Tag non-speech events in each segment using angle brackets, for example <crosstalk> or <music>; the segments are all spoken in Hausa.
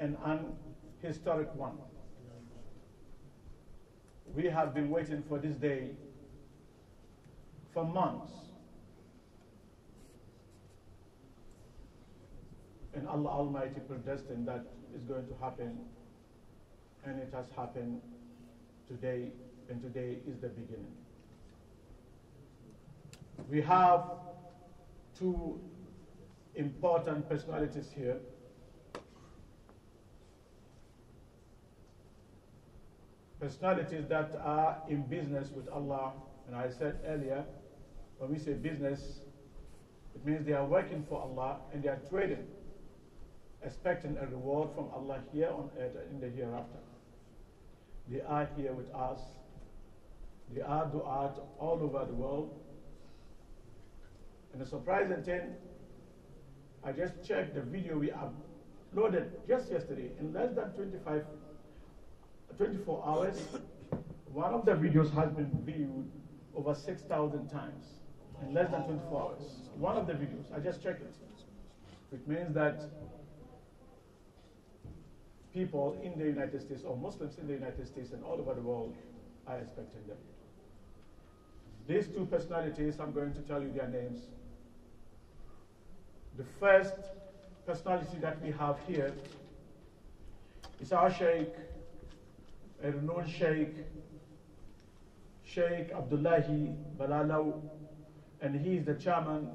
an unhistoric one. We have been waiting for this day for months. And Allah Almighty predestined that is going to happen, and it has happened today, and today is the beginning. We have two important personalities here personalities that are in business with Allah. And I said earlier, when we say business, it means they are working for Allah and they are trading, expecting a reward from Allah here on earth and in the hereafter. They are here with us. They are du'at all over the world. And the surprising thing, I just checked the video we uploaded just yesterday in less than 25 24 hours. One of the videos has been viewed over 6,000 times in less than 24 hours. One of the videos, I just checked it. It means that people in the United States or Muslims in the United States and all over the world are expecting them. These two personalities, I'm going to tell you their names. The first personality that we have here is our Sheikh Ernul Sheikh, Sheikh Abdullahi Balalaw, and he is the chairman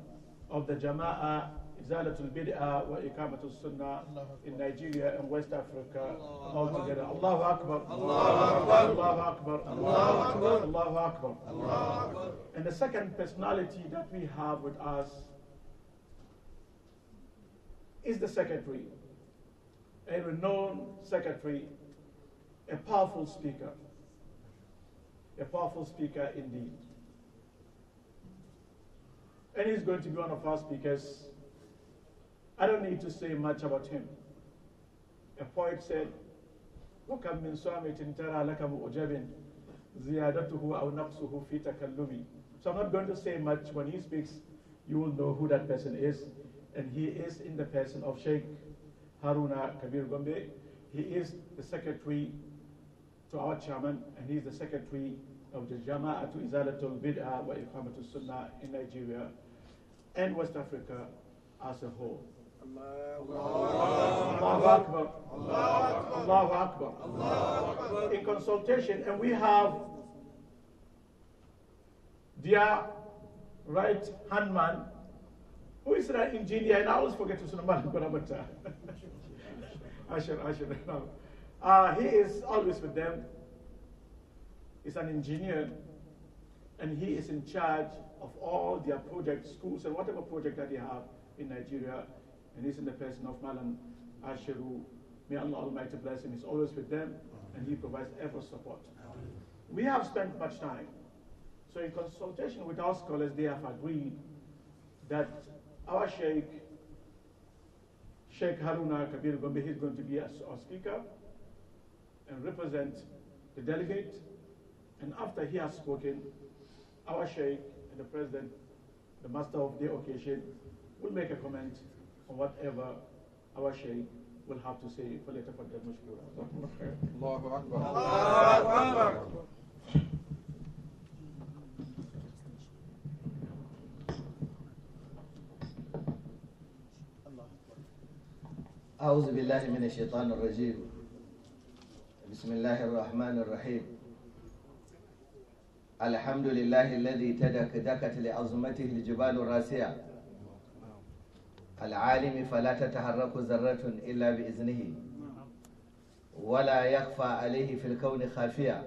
of the Jama'ah Izalatul Bid'ah wa Ikamatul Sunnah in Nigeria and West Africa altogether. Allahu Akbar. Allahu Akbar. Allahu Akbar. Allahu Akbar. And the second personality that we have with us is the secretary, a renowned secretary a powerful speaker. A powerful speaker indeed. And he's going to be one of our speakers. I don't need to say much about him. A poet said, وكم من صامت ترى لك مؤجب زيادته أو نقصه fita kalumi." So I'm not going to say much. When he speaks, you will know who that person is. And he is in the person of Sheikh Haruna Kabir Gombe. He is the secretary to our chairman, and he's the secretary of the Jama'at to Izalatul Bid'ah wa Iqamatul Sunnah in Nigeria and West Africa as a whole. Allahu Akbar. Allahu Akbar. Akbar. In consultation, and we have their right hand man, who is an engineer, and I always forget <laughs> to say, <laughs> Asher, Asher, uh, he is always with them. He's an engineer, and he is in charge of all their projects, schools, and whatever project that they have in Nigeria. And he's in the person of Malam Asheru. May Allah Almighty bless him. He's always with them, and he provides ever support. We have spent much time. So in consultation with our scholars, they have agreed that our Sheikh, Sheikh Haruna Kabir Gombe, is going to be our speaker and represent the delegate. And after he has spoken, our sheikh and the president, the master of the occasion, will make a comment on whatever our sheikh will have to say for later for the mashkura. أعوذ بالله من الشيطان الرجيم بسم الله الرحمن الرحيم الحمد لله الذي تدك دكت لعظمته الجبال الراسية العالم فلا تتحرك ذرة إلا بإذنه ولا يخفى عليه في الكون خافية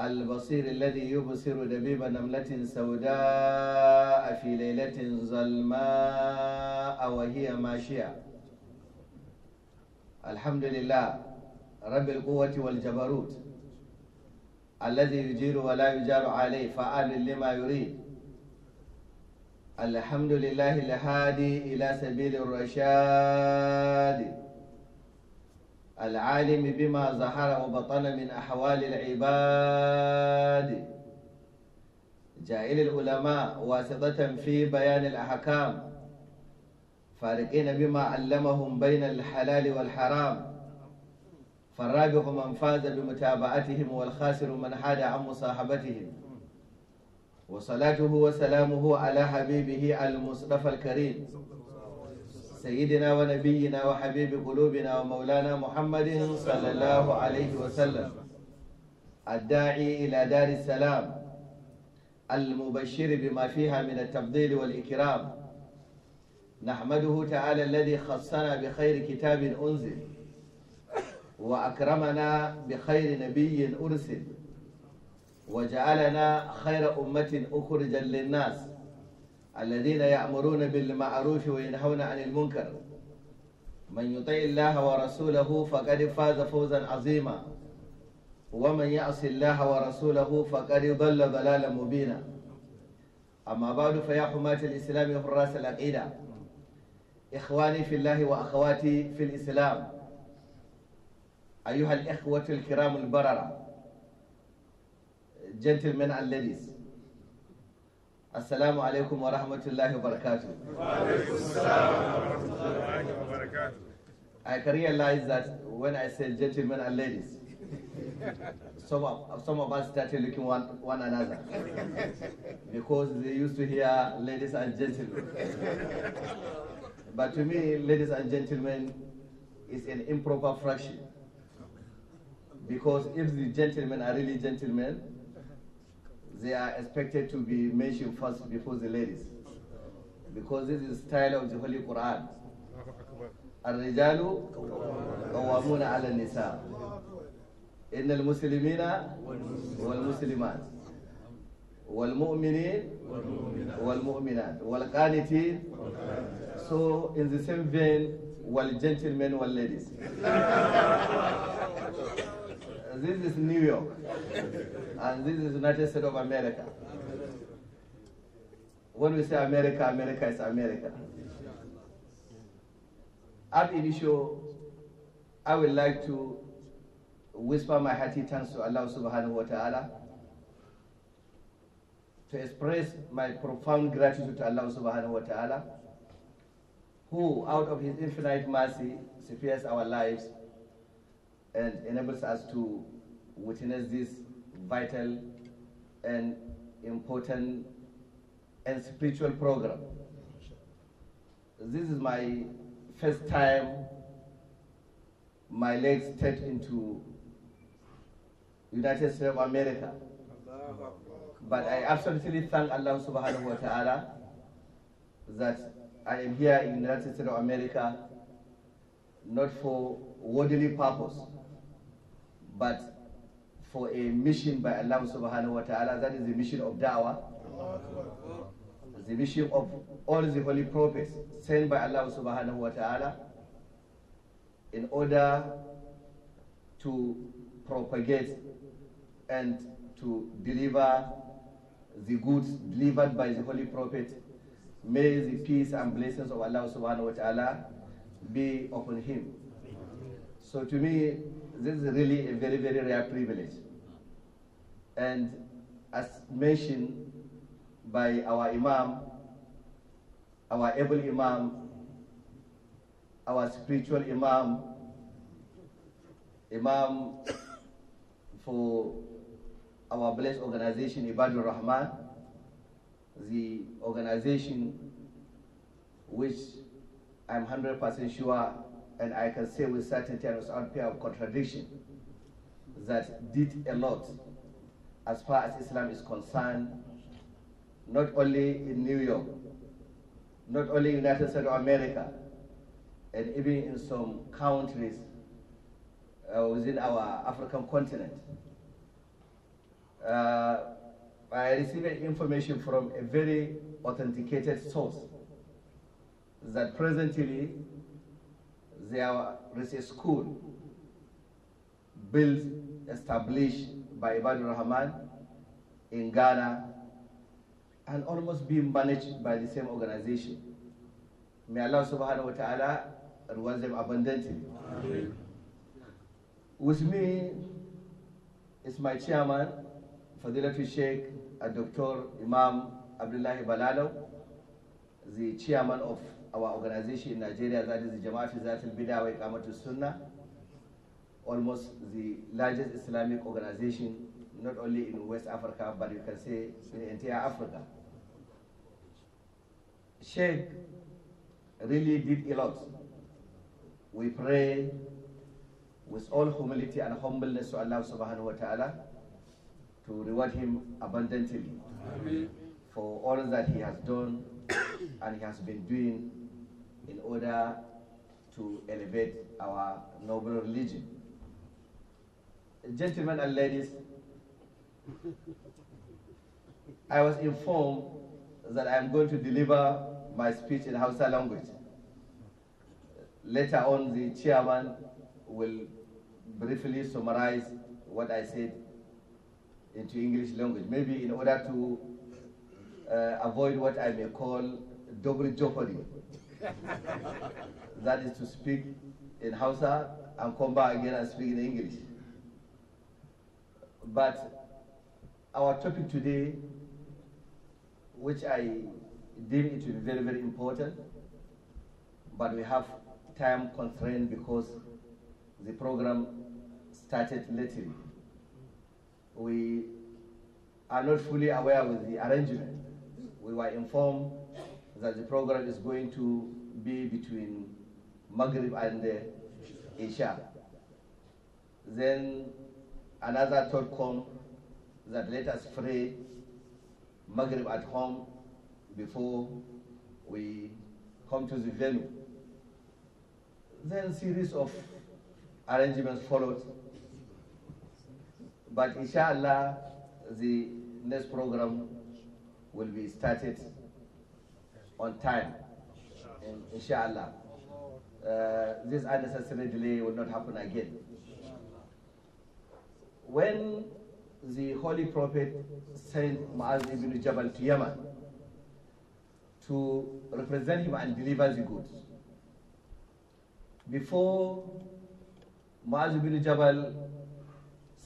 البصير الذي يبصر دبيب نملة سوداء في ليلة ظلماء وهي ماشية الحمد لله رب القوة والجبروت الذي يجير ولا يجار عليه فعال لما يريد الحمد لله الهادي إلى سبيل الرشاد العالم بما ظهر وبطن من أحوال العباد جائل العلماء واسطة في بيان الأحكام فارقين بما علمهم بين الحلال والحرام فالرابح من فاز بمتابعتهم والخاسر من حاد عن مصاحبتهم وصلاته وسلامه على حبيبه المصطفى الكريم سيدنا ونبينا وحبيب قلوبنا ومولانا محمد صلى الله عليه وسلم الداعي إلى دار السلام المبشر بما فيها من التفضيل والإكرام نحمده تعالى الذي خصنا بخير كتاب أنزل وأكرمنا بخير نبي أرسل وجعلنا خير أمة أخرجا للناس الذين يأمرون بالمعروف وينهون عن المنكر من يطع الله ورسوله فقد فاز فوزا عظيما ومن يعص الله ورسوله فقد ضل ضلالا مبينا أما بعد فيا حماة الإسلام وحراس العقيدة إخواني في الله وأخواتي في الإسلام أيها الإخوة الكرام البررة gentlemen and ladies Assalamu alaikum wa rahmatullahi wa barakatuh. I can realize that when I say gentlemen and ladies, some of, some of us started looking one, one another because they used to hear ladies and gentlemen. But to me, ladies and gentlemen is an improper fraction because if the gentlemen are really gentlemen, they are expected to be mentioned first before the ladies. Because this is style of the Holy Quran. الرجال قوامون على النساء إن المسلمين والمسلمات والمؤمنين والمؤمنات والقانتين So in the same vein, gentlemen, wal ladies. <laughs> this is New York, and this is United States of America. When we say America, America is America. At initial, I would like to whisper my hearty thanks to Allah subhanahu wa ta'ala, to express my profound gratitude to Allah subhanahu wa ta'ala, who out of his infinite mercy spares our lives and enables us to witness this vital and important and spiritual program. This is my first time my legs stepped into United States of America. But I absolutely thank Allah subhanahu wa ta'ala that I am here in United States of America not for worldly purpose, but for a mission by Allah subhanahu wa ta'ala, that is the mission of da'wah, the mission of all the holy prophets sent by Allah subhanahu wa ta'ala in order to propagate and to deliver the goods delivered by the holy prophet. May the peace and blessings of Allah subhanahu wa ta'ala be upon him. So to me, this is really a very, very rare privilege. And as mentioned by our Imam, our able Imam, our spiritual Imam, Imam for our blessed organization, Ibadur Rahman, the organization which I'm 100% sure and I can say with certainty and without fear of contradiction, that did a lot as far as Islam is concerned, not only in New York, not only United States of America, and even in some countries uh, within our African continent. Uh, I received information from a very authenticated source that presently there is a school built, established by Ibadur Rahman in Ghana and almost being managed by the same organization. May Allah subhanahu wa ta'ala reward them abundantly. Amen. With me is my chairman, Fadilatul Sheikh, Dr. Imam Abdullah Balalo, the chairman of our organization in Nigeria, that is the Jamaat Zatul Bida wa Iqamatul Sunnah, almost the largest Islamic organization, not only in West Africa, but you can say in entire Africa. Sheikh really did a lot. We pray with all humility and humbleness to Allah subhanahu wa ta'ala to reward him abundantly Amen. for all that he has done and he has been doing in order to elevate our noble religion. Gentlemen and ladies, I was informed that I'm going to deliver my speech in Hausa language. Later on, the chairman will briefly summarize what I said into English language, maybe in order to uh, avoid what I may call double jeopardy. <laughs> that is to speak in Hausa and come back again and speak in English. But our topic today, which I deem it to be very, very important, but we have time constraint because the program started lately. We are not fully aware with the arrangement. We were informed that the program is going to be between Maghrib and Asia. Isha. Then another thought come that let us pray Maghrib at home before we come to the venue. Then series of arrangements followed. But inshallah, the next program will be started on time, in, inshallah. Uh, this unnecessary delay will not happen again. When the Holy Prophet sent Maaz ibn Jabal to Yemen to represent him and deliver the goods, before Maaz ibn Jabal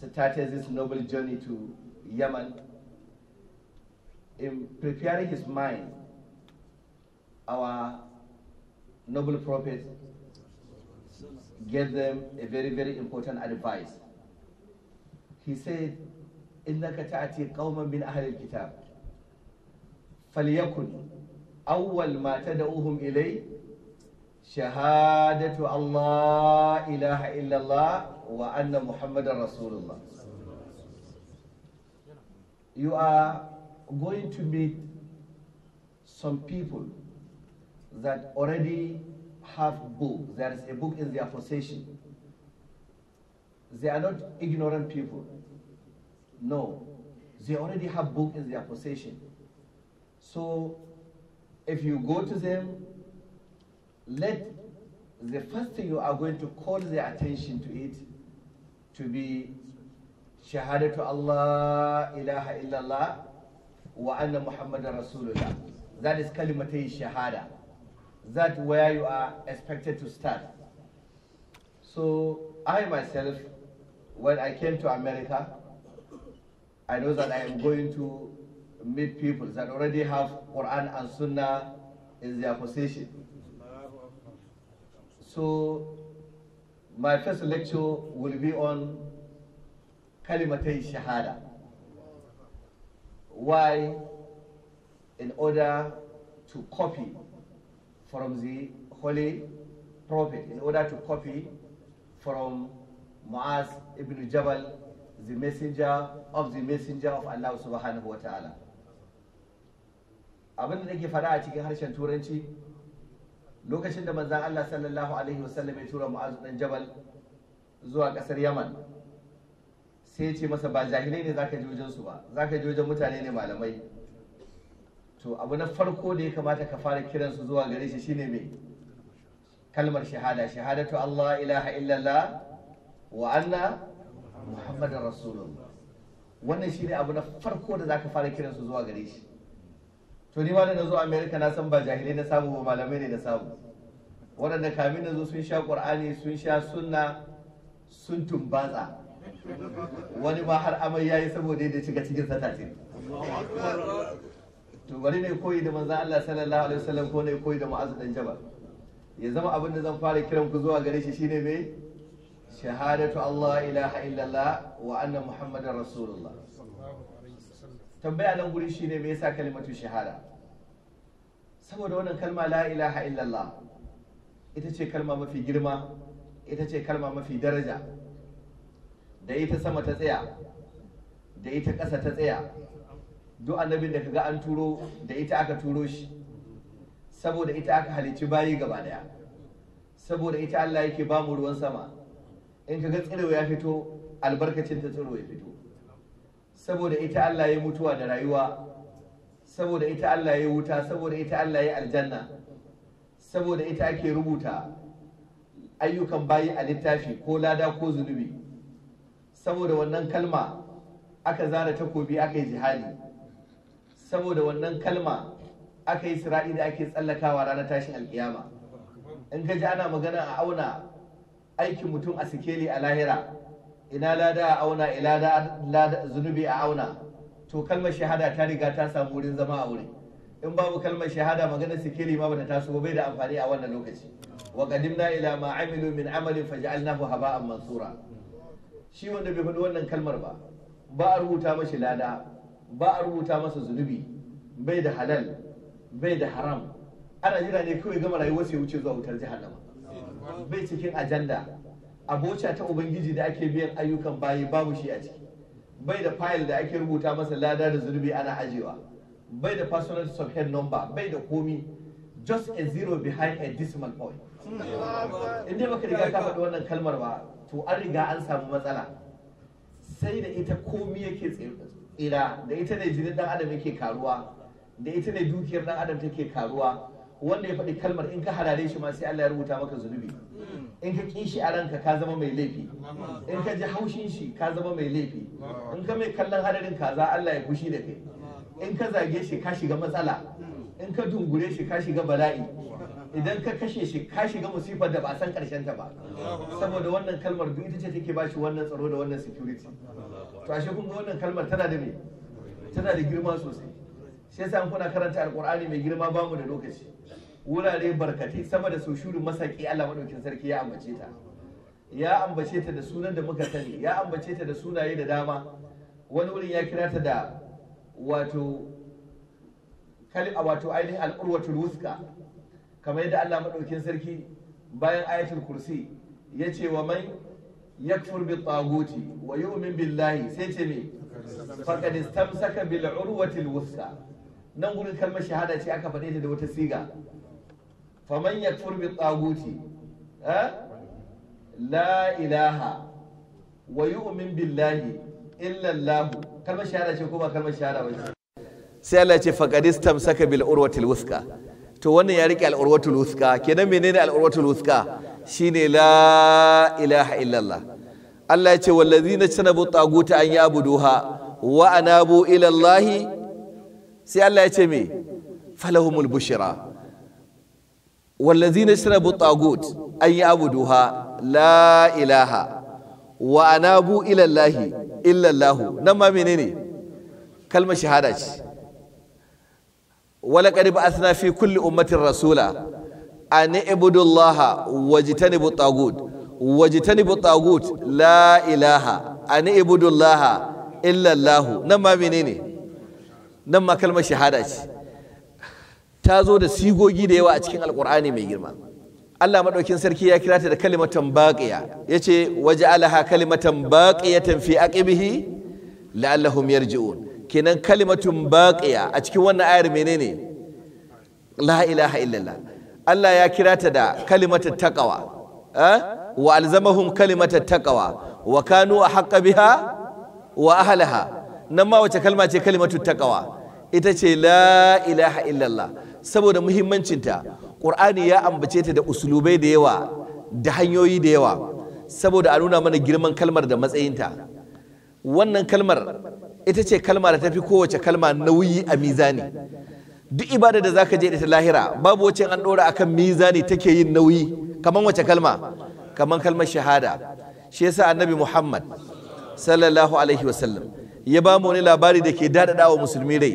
started this noble journey to Yemen, in preparing his mind our noble prophet gave them a very, very important advice. He said, إنك تأتي قوما من أهل الكتاب فليكن أول ما تدعوهم إليه شهادة الله إله إلا الله وأن محمد رسول الله You are going to meet some people that already have books. There is a book in their possession. They are not ignorant people. No, they already have book in their possession. So if you go to them, let the first thing you are going to call their attention to it to be Shahada to Allah, ilaha illallah, wa anna Muhammad Rasulullah. That is kalimatay shahada that where you are expected to start. So I myself, when I came to America, I know that I am going to meet people that already have Quran and Sunnah in their possession. So my first lecture will be on Kalimatay Shahada. Why? In order to copy from the Holy Prophet in order to copy from Muaz ibn Jabal, the messenger of the messenger of Allah subhanahu wa ta'ala. Abin da nake faɗa a cikin harshen Turanci, lokacin da manzan Allah sallallahu Alaihi wasallam ya tura Mu'az ibn Jabal zuwa ƙasar Yaman, sai ya ce masa ba jahilai ne zaka je wajensu ba, zaka ji wajen mutane ne malamai. to abu na farko da ya kamata ka fara kiransu zuwa gare shi shine mai kalmar shahada shahadatu Allah ilaha illallah wa anna muhammadar rasulullah wannan shine abu na farko da zaka fara kiransu zuwa gare shi to ni ma da nazo America na san ba jahilai na samu ba malamai ne na samu waɗanda kamin na zo sun sha qur'ani sun sha sunna sun tumbatsa wani ma har amai yayi saboda yadda shiga cikin satatin to bari ne koyi da manzon Allah sallallahu alaihi wasallam ko ne koyi da Mu'az dan Jabal ya zama abin da zan fara kiran ku zuwa gare shi shine me shahadatu Allah ilaha illallah wa anna muhammadar rasulullah tambaya nan guri shine me yasa kalimatu shahada saboda wannan kalma la ilaha illallah ita ce kalma mafi girma ita ce kalma mafi daraja da ita sama ta tsaya da ita ƙasa ta tsaya duk annabin da kaga an turo da ita aka turo shi saboda ita aka halicci bayi gaba daya saboda ita Allah yake ba mu ruwan sama in kaga tsirewa ya fito albarkacin ta tsirewa ya fito saboda ita Allah ya mutuwa da rayuwa saboda ita Allah ya wuta saboda ita Allah ya aljanna saboda ita ake rubuta ayyukan bayi a littafi ko lada ko zunubi saboda wannan kalma aka zara takobi aka yi jihadi saboda wannan kalma aka yi siradi da ake tsallakawa ranar tashin alkiyama in ka ji ana magana a auna aikin mutum a sikeli a lahira ina lada a auna ila da zunubi a auna to kalmar shahada ta riga ta samu wurin zama a wuri? in babu kalmar shahada maganar sikeli ma bata taso bai da amfani a wannan lokaci wa qadimna ila ma amilu min amalin faj'alnahu haba'an mansura shi wanda bai faɗi wannan kalmar ba ba a rubuta mashi lada ba a rubuta masa zunubi bai da halal bai da haram ana jira ne kawai gama rayuwar sai wuce zuwa wutar jahannama bai cikin ajanda abota ta ubangiji da ake biyan ayyukan bayi babu shi a ciki bai da fayil da ake rubuta masa lada da zunubi ana ajewa bai da personal subhead number bai da komi just a zero behind a decimal point in dai baka riga ka faɗi wannan kalmar ba to an riga an samu matsala sai da ita komi yake tsaye ila da ita ne jinin dan adam yake karuwa da ita ne dukiyar dan adam take karuwa wanda ya faɗi kalmar in ka halale shi ma sai Allah ya rubuta maka zunubi in ka ƙi shi a ranka ka zama mai laifi in ka ji haushin shi ka zama mai laifi in ka mai kallon hadarin kaza Allah ya fushi da kai in ka zage shi ka shiga matsala in ka dungure shi ka shiga bala'i idan ka kashe shi ka shiga musifar da ba san karshen ta ba saboda wannan kalmar duk ita ce take ba shi wannan tsaro da wannan security to ashe kun wannan kalmar tana da me tana da girma sosai shi yasa an kuna karanta alqur'ani mai girma bamu da lokaci wurare barkatai sama da soshurin masaki Allah madaukin sarki ya ambace ta ya ambace ta da sunan da muka sani ya ambace ta da sunaye da dama wani wurin ya kira ta da wato wato ainihin al'urwatul wuska kamar yadda Allah madaukin sarki bayan ayatul kursi yace wa man yakfur bi taguti wa yu'min billahi sai ce me faqad istamsaka bil urwati al nan gurin kalmar shahada ce aka faɗe ta da wata siga faman yakfur bi taguti la ilaha wa yu'min billahi illa Allah kalmar shahada ce ko ba kalmar shahada ba sai Allah ce faqad istamsaka bil urwati al to wannan ya rike al urwatul wuthqa kenan menene al urwatul wuthqa shine la ilaha illallah Allah ya ce wallazina tanabu taguta an ya'buduha wa anabu ila Allah sai Allah ya ce me falahumul bushra wallazina tanabu tagut an ya'buduha la ilaha wa anabu ila Allah illa Allah nan ma menene kalma shahada ce wala qad ba'athna fi kulli ummatin rasula Ani ibudullaha wajtanibu tagut wajtanibu tagut la ilaha an ibudullaha illa nan ma menene nan ma kalmar shahada ce ta zo da sigogi da yawa a cikin alkur'ani mai girma Allah maɗaukin sarki ya kira ta da kalimatan baƙiya ya ce waje alaha kalimatan baƙiyatan fi aqibihi la'allahum yarji'un kenan kalimatun baƙiya a cikin wannan ayar menene illallah Allah ya kira ta da kalimatar taqwa eh? wa alzamahum kalimatar taqwa wa kanu haƙa biha wa ahlaha nan ma wace kalma ce kalimatu taqwa ita ce la ilaha illallah saboda muhimmancinta ƙur'ani ya ambace ta da usulubai da yawa da hanyoyi da yawa saboda a nuna mana girman kalmar da matsayinta wannan kalmar ita ce kalma da tafi kowace kalma nauyi a mizani duk ibada da zaka je da ta lahira babu wacce an dora akan mizani take yin nauyi kaman wace kalma kaman kalmar shahada shi yasa annabi Muhammad sallallahu alaihi wasallam ya ba mu wani labari da ke dadadawa musulmi rai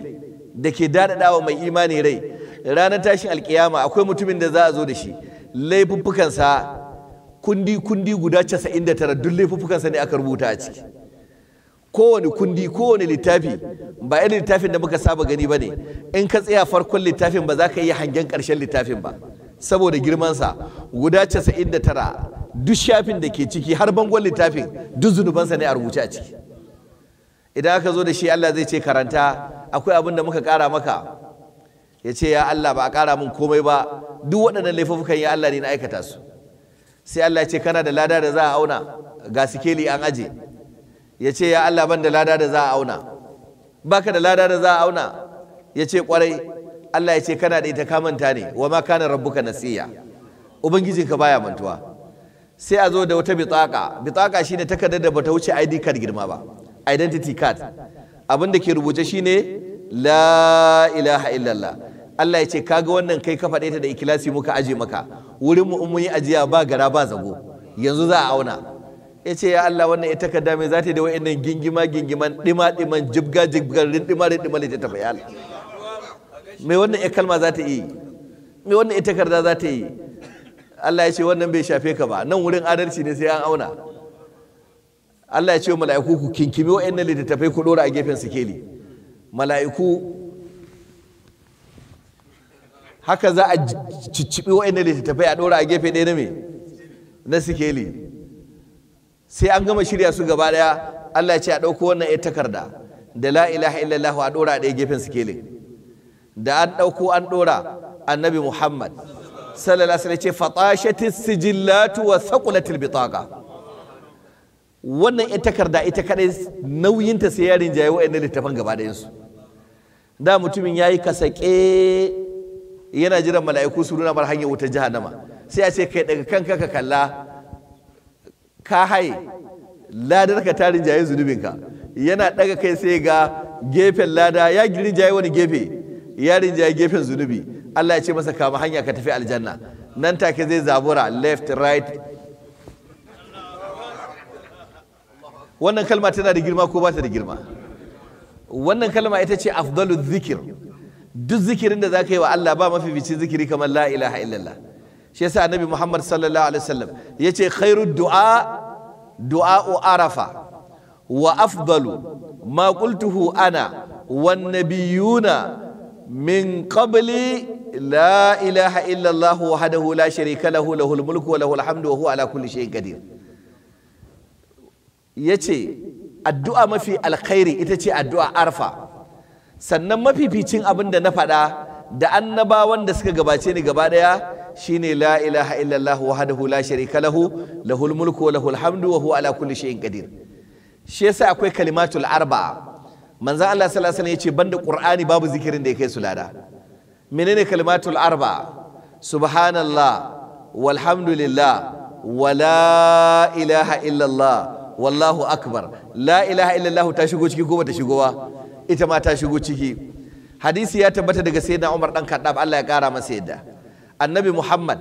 da ke dadadawa mai imani rai ranar tashin alkiyama akwai mutumin da za a zo da shi laifuffukansa kundi kundi guda 99 duk laifuffukansa ne aka rubuta a ciki kowane kundi kowane littafi ba irin littafin da muka saba gani ba ne in ka tsaya farkon littafin ba za ka yi hangen ƙarshen littafin ba saboda girmansa guda casa'in da tara duk shafin da ke ciki har bangon littafin duk zunubansa ne a rubuce a ciki idan aka zo da shi Allah zai ce karanta akwai abin da muka ƙara maka ya ce ya Allah ba a ƙara min komai ba duk waɗannan laifukan ya Allah ne na aikata su sai Allah ya ce kana da lada da za a auna ga sikeli an aje ya ce ya Allah ban da lada da za a auna baka da lada da za a auna ya ce kwarai Allah ya ce kana da ita ka manta ne wa ma kana rabbuka nasiya ubangijinka baya mantuwa sai a zo da wata bitaka shi shine takardar da bata wuce ID card girma ba identity card abin da ke rubuce shine la ilaha illallah Allah ya ce kaga wannan kai ka faɗe ta da ikilasi muka aje maka wurin mu in mun yi ajiya ba gara ba zago yanzu za a auna ya ce ya Allah wannan ita ka dame za ta yi da wa'annan gingima gingiman dima diman jibga jibgar rin dima rin dima ta tafi Allah mai wannan ya kalma za ta yi mai wannan ita karda za ta yi Allah ya ce wannan bai shafe ka ba nan wurin adalci ne sai an auna Allah ya ce mala'iku ku kinkimi wa'annan littattafai ku dora a gefen sikeli mala'iku haka za a cicciɓi wa'annan littattafai a dora a gefe ɗaya na me na sikeli sai an gama shirya su gaba daya Allah ya ce a dauko wannan ya takarda da la ilaha illallah a ɗora daya gefen sikelin da an ɗauko an ɗora annabi muhammad sallallahu alaihi ce fatashatis sijillatu wa thaqulatil bitaqa wannan ya takarda ita kadai nauyinta sai yarin rinjaye wa'annan littafan gaba dayan su da mutumin yayi kasake yana jiran mala'iku su nuna bar hanyar wutar jahannama sai a ce kai daga kanka ka kalla ka haye ladar ka tarin jaye zunubinka yana daga kai sai ga gefen lada ya rinjaye wani gefe ya rinjaye gefen zunubi Allah ya ce masa kama hanya ka tafi aljanna nan take zai zabura left right wannan kalma tana da girma ko ba ta da girma wannan kalma ita ce afdalu zikir duk zikirin da za ka yi wa Allah ba mafi mafificin zikiri kamar la ilaha illallah shi yasa annabi Muhammad sallallahu alaihi wasallam ce khairu du'a du'a'u arafa wa Afbalu ma qultuhu ana wan nabiyuna min qabli la ilaha illa Allah wahdahu la sharika lahu lahul mulku wa lahul hamdu wa huwa ala kulli shay'in qadir yace addu'a mafi alkhairi ita ce addu'a arfa sannan mafificin abin da na faɗa da annabawan da suka gabace ni gaba ɗaya shine la ilaha illallah wahdahu la sharika lahu lahul mulku wa lahul hamdu wa huwa ala kulli shay'in qadir shi yasa akwai kalimatul arba'a manzo Allah sallallahu alaihi wasallam yace banda qur'ani babu zikirin da yake su lada menene kalimatul arba'a subhanallah walhamdulillah wa la ilaha illallah wallahu akbar la ilaha illallah ta shigo ciki ko ta shigo ba ita ma ta shigo ciki hadisi ya tabbata daga sayyidina Umar dan Khattab Allah ya kara masa yadda annabi muhammad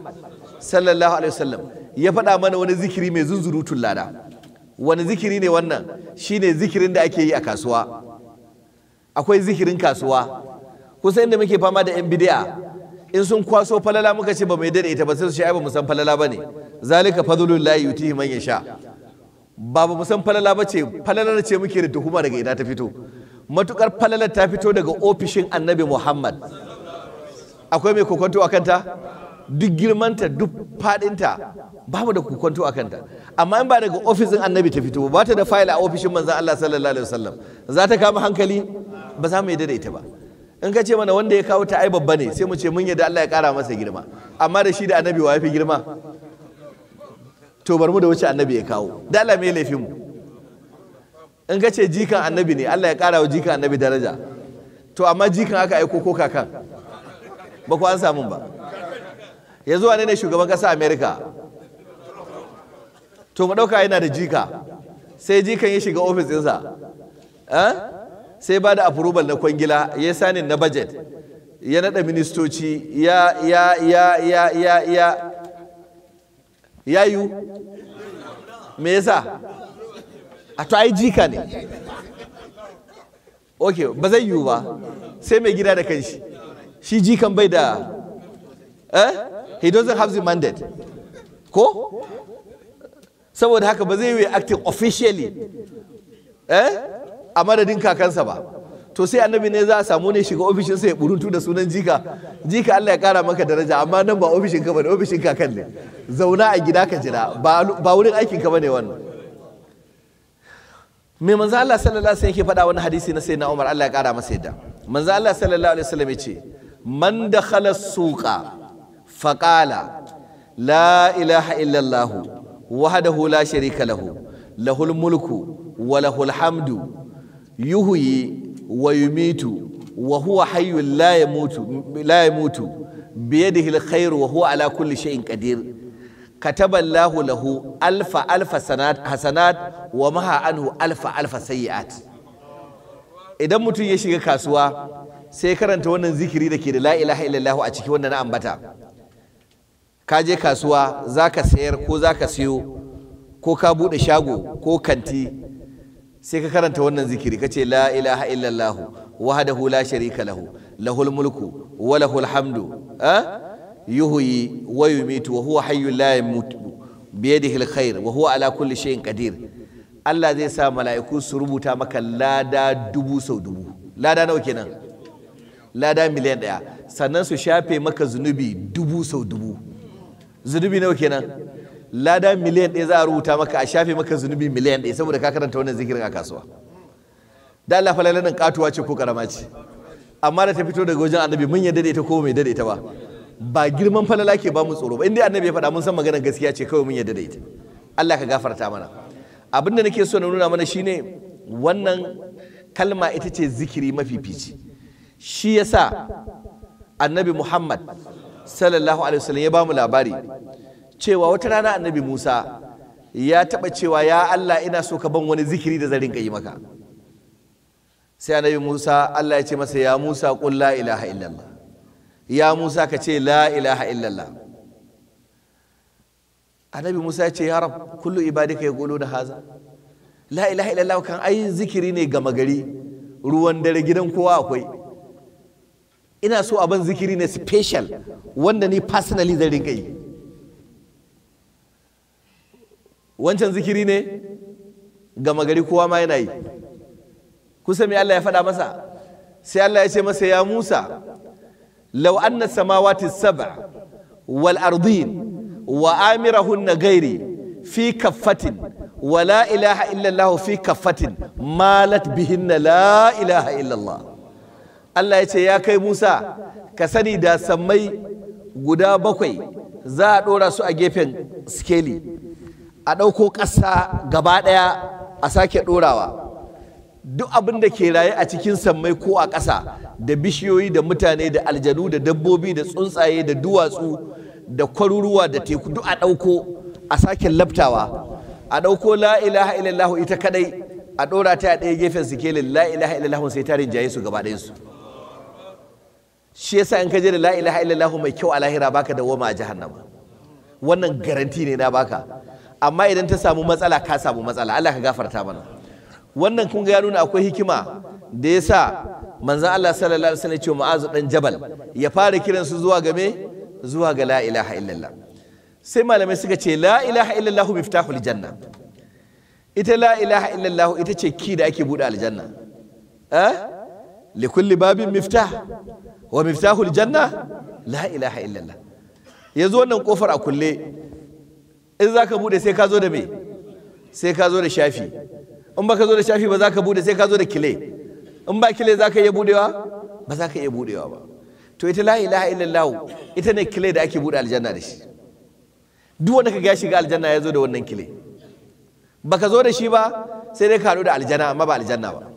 sallallahu alaihi wasallam ya faɗa mana wani zikiri mai zunzurutun lada wani zikiri ne wannan shine zikirin da ake yi a kasuwa akwai zikirin kasuwa kusa inda muke fama da yan bidi'a in sun kwaso falala muka ce ba mai dade ita ba sai su ce ai ba san falala bane zalika fadlullahi yutihi man yasha ba ba falala ba ce falalar ce muke da tuhuma daga ina ta fito matukar falalar ta fito daga ofishin annabi muhammad akwai mai kokonto a kanta duk girmanta duk fadinta babu da kokonto a kanta amma in ba daga ofisin annabi ta fito ba ta da fayil a ofishin manzan Allah sallallahu alaihi wasallam za ta kama hankali ba za mu yadda da ita ba in ka ce mana wanda ya kawo ta ai babba ne sai mu ce mun yadda Allah ya kara masa girma amma da shi da annabi wa yafi girma to bar mu da wuce annabi ya kawo da Allah me laifin mu in ka ce jikan annabi ne Allah ya kara wa jikan annabi daraja to amma jikan aka aiko ko kakan ba ku an samun ba Ya zuwa ne ne shugaban kasa Amerika? to mu ɗauka yana da jika sai jikan ya shiga ofis ɗinsa eh? sai ba da approval na kwangila ya sanin na budget ya naɗa ministoci ya ya ya ya ya ya ya yu me yasa a to ai jika ne ok ba zai yiwu ba sai mai gida da kanshi shi jikan bai da eh he doesn't have the mandate ko saboda haka ba zai yi acting officially eh a madadin kakansa ba to sai annabi ne za a samu ne shiga ofishin sai ya buruntu da sunan jika jika Allah ya kara maka daraja amma nan ba ofishin ka bane ofishin kakan ne zauna a gida ka jira ba wurin aikin ka bane wannan me manzo Allah sallallahu alaihi wasallam yake faɗa wani hadisi na sayyidina Umar Allah ya kara masa yadda manzo Allah sallallahu alaihi wasallam yace man dakhala suqa faqala la ilaha illallah lahul mulku wa lahul hamdu yuhyi wa yumitu wa huwa hayyun la yamutu la yamutu بيده الخير وهو على كل idan mutum ya shiga kasuwa sai karanta wannan zikiri da ke da la ilaha illallah a ciki wanda na ambata ka je kasuwa za ka sayar ko za ka siyo ko ka buɗe shago ko kanti sai ka karanta wannan zikiri ka ce la ilaha illallah wahdahu la sharika lahu lahul mulku wa lahul hamdu yuhyi wa yumitu wa huwa hayyul la yamut bi alkhair wa huwa ala kulli shay'in qadir Allah zai sa mala'iku su rubuta maka lada dubu sau dubu lada nawa kenan lada miliyan ɗaya sannan su shafe maka zunubi dubu sau dubu zunubi nawa kenan lada miliyan ɗaya za a rubuta maka a shafe maka zunubi miliyan ɗaya saboda ka karanta wannan zikirin a kasuwa da Allah fa lalanin katuwa ce ko karama ce amma da ta fito daga wajen annabi mun yadda da ita ko mai ta ba ba girman falala ke ba mu tsoro ba inda annabi ya faɗa mun san maganar gaskiya ce kawai mun yadda da ita Allah ka gafarta mana abin da nake so na nuna mana shine wannan kalma ita ce zikiri mafi fici shi ya sa annabi Muhammad sallallahu alaihi wasallam ya bamu labari cewa wata rana annabi Musa ya taba cewa ya Allah ina so ka ban wani zikiri da zarin yi maka sai annabi Musa Allah ya ce masa ya Musa kun la ilaha illallah ya Musa ka ce la ilaha illallah annabi Musa ya ce ya rab kullu ibadika da haza la ilaha illallah kan ayin zikiri ne gama gari ruwan dare gidan kowa akwai ina so abin zikiri ne special wanda ni personally zai rinka yi wancan zikiri ne gama gari kowa ma yana yi kusa me Allah ya faɗa masa sai Allah ya ce masa ya Musa law anna samawati sab'a wal ardin wa amirahunna gairi fi kaffatin wa la ilaha illallah fi kaffatin malat bihinna la ilaha illallah Allah ya ce ya kai Musa ka sani da sammai guda bakwai za a ɗora su a gefen skeli a ɗauko ƙasa gaba ɗaya a sake ɗorawa duk abin da ke raye a cikin sammai ko a ƙasa da bishiyoyi da mutane da aljanu da dabbobi da tsuntsaye da duwatsu da kwaruruwa da teku duk a ɗauko a sake labtawa a ɗauko la ilaha ita kadai a ɗora ta ɗaya gefen sikelin la ilaha sai ta rinjaye su gaba shi yasa in ka je da la ilaha illallah mai kyau a lahira baka da woma a jahannama wannan garanti ne na baka amma idan ta samu matsala ka samu matsala Allah ka gafarta mana wannan kun ga ya nuna akwai hikima da yasa manzon Allah sallallahu alaihi wasallam ya ce Mu'azu dan Jabal ya fara kiran su zuwa game zuwa ga la ilaha illallah sai malamai suka ce la ilaha illallah miftahul janna ita la ilaha illallah ita ce ki da ake buɗe aljanna eh likulli babin miftah wa miftahul janna la ilaha illallah yanzu wannan kofar a kulle in zaka bude sai ka zo da me sai ka zo da shafi in baka zo da shafi ba zaka bude sai ka zo da kile in ba kile zaka ka iya budewa ba zaka iya budewa ba to ita la ilaha illallah ita ne kile da ake bude aljanna da shi duk wanda ka ga shiga aljanna ya zo da wannan kile baka zo da shi ba sai dai ka haɗu da aljanna amma ba aljanna ba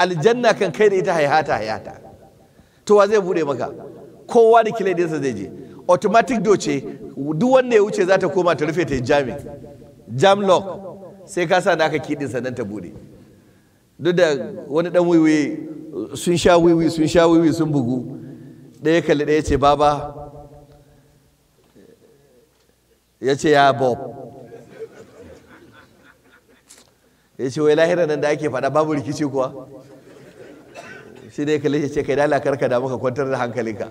aljanna kan kai da ita hayata hayata to wa zai bude maka kowa da kile da zai je automatic doce duk wanda ya wuce za ta koma ta rufe ta yi jami jam lock sai ka sa aka kidin sannan ta bude duk da wani dan wiwi sun sha wiwi sun sha wiwi sun bugu ɗaya kalli ɗaya ce baba ya ce ya bob ya ce wai lahira nan da ake faɗa babu rikici kuwa shi ne kalle ce kai dala karka da maka kwantar da hankalinka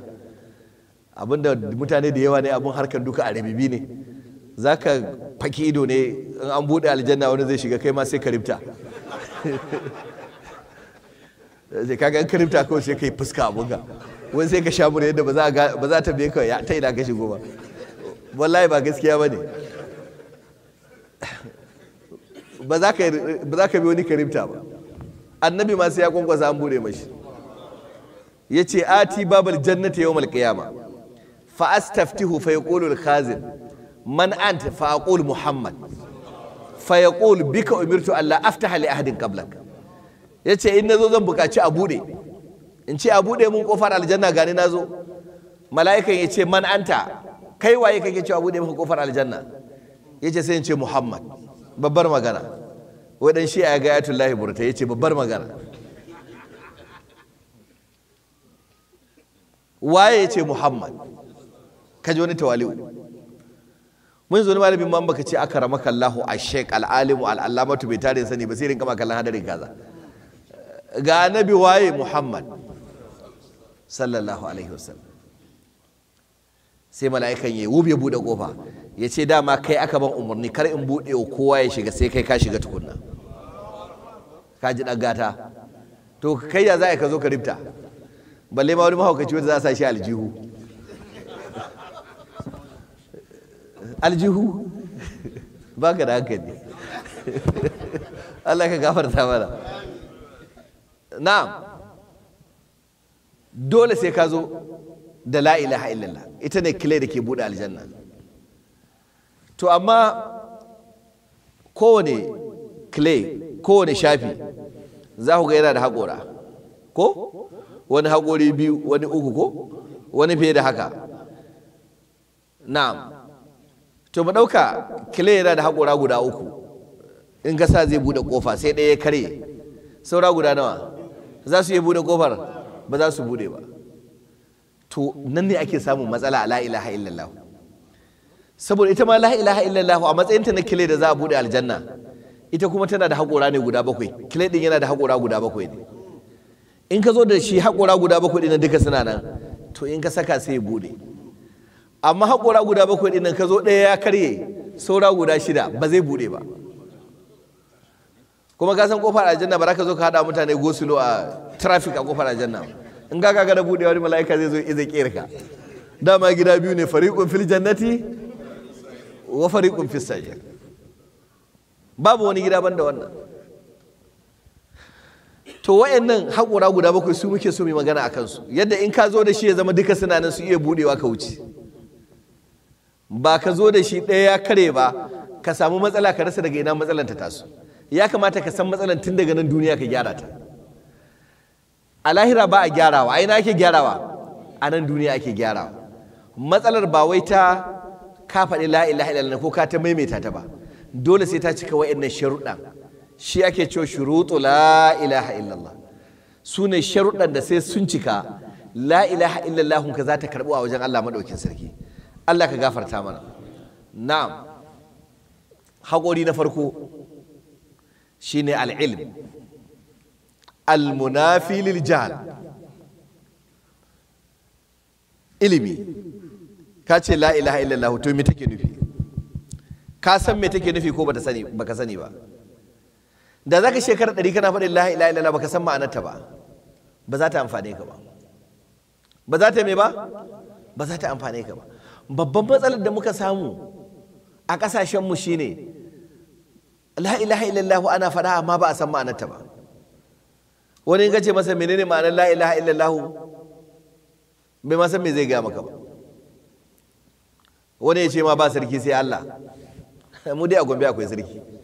abinda mutane da yawa ne abin harkar duka a ribibi ne ka faki ido ne in an buɗe aljanna wani zai shiga kai ma sai ka ribta <laughs> sai kaga in ka ribta kawai sai kai fuska ka wani sai ka sha mura yadda ba za ta biye ka ya ta ina ka shigo ba wallahi ba gaskiya ba ne ba za ka bi wani ribta ba annabi ma sai ya kwankwasa an bude mashi ya ce ati babal jannata yawmal qiyama fa astaftihu fa ya al khazin man ta fa aqul muhammad fa ya yaqul bika umirtu alla afta hali ahadin ya yace in nazo zan bukaci a bude in ce a bude mun kofar aljanna gani nazo mala'ikan ya ce man anta kai waye kake cewa bude maka kofar aljanna yace sai in ce muhammad babbar magana waɗanshi a ga tullahi burta yace babbar magana waye ya ce muhammad ka ji wani tawali'u mun zo ni malamin man baka ce aka rama kallahu a shek al'alimu al'allamatu bai tare sani ba sai rinka ma kallon hadarin kaza ga nabi waye muhammad sallallahu alaihi wasallam sai mala'ikan ya wube bude kofa ya ce dama kai aka ban umarni kar in bude wa kowa ya shiga sai kai ka shiga tukunna ka ji ɗan gata to kai ya za ka zo ka ribta balle ma wani mahaukaci wanda za a sa shi aljihu aljihu ba ka da hankali Allah ka gafarta mana na'am dole sai ka zo da la ilaha illallah ita ne kile da ke buɗe aljanna to amma kowane kile kowane shafi za ku ga yana da haƙora ko wani haƙori biyu wani uku ko wani fiye da haka na'am to mu ɗauka kile yana da haƙora guda uku in ka sa zai buɗe ƙofa sai ɗaya ya karye saura guda nawa za su iya buɗe ƙofar ba za su buɗe ba to nan ne ake samun matsala a la ilaha illallah saboda ita ma la ilaha illallah a matsayinta na kile da za a buɗe aljanna ita kuma tana da haƙora ne guda bakwai kile ɗin yana da haƙora guda bakwai ne in ka zo da shi haƙora guda bakwai ɗin duka suna nan to in ka saka sai ya bude amma haƙora guda bakwai ɗin ka zo ɗaya ya karye saura guda shida ba zai bude ba kuma ka san kofar aljanna ba za ka zo ka haɗa mutane gosulo a traffic a kofar aljanna in ka ga da buɗe wani mala'ika zai zo iza ƙera ka dama gida biyu ne fariƙun fil jannati wa fariƙun fis sajid babu wani gida banda wannan to wa'annan haƙura guda bakwai su muke so mu magana a kansu yadda in ka zo da shi ya zama duka suna nan su iya buɗewa ka wuce ba ka zo da shi ɗaya ya kare ba ka samu matsala ka rasa daga ina matsalan ta taso ya kamata ka san matsalan tun daga nan duniya ka gyara ta a lahira ba a gyarawa a ina ake gyarawa a nan duniya ake gyarawa matsalar ba wai ta ka faɗi la illallah ko ka ta maimaita ta ba dole sai ta cika wa'annan sharuɗa shi ake cewa shuruɗu la ilaha illallah su ne sharuɗan da sai sun cika la ilaha illallah ka za ta karɓu a wajen Allah maɗaukin sarki Allah ka gafarta mana na'am haƙori na farko shine al'ilm al-munafi lil ilimi ka ce la ilaha illallah to me take nufi ka san me take nufi ko bata sani baka sani ba da za ka shekara ɗari kana faɗin la ila illallah baka san ma'anarta ba ba za ta amfane ka ba ba za ta me ba ba za ta amfane ka ba babban matsalar da muka samu a ƙasashenmu shine la ilaha illallah ana faɗa amma ba a san ma'anarta ba wani in ce masa menene ma'anar la ilaha illallah bai ma san me zai gaya maka ba wani ya ce ma ba sarki sai Allah <laughs> mu dai a gombe akwai sarki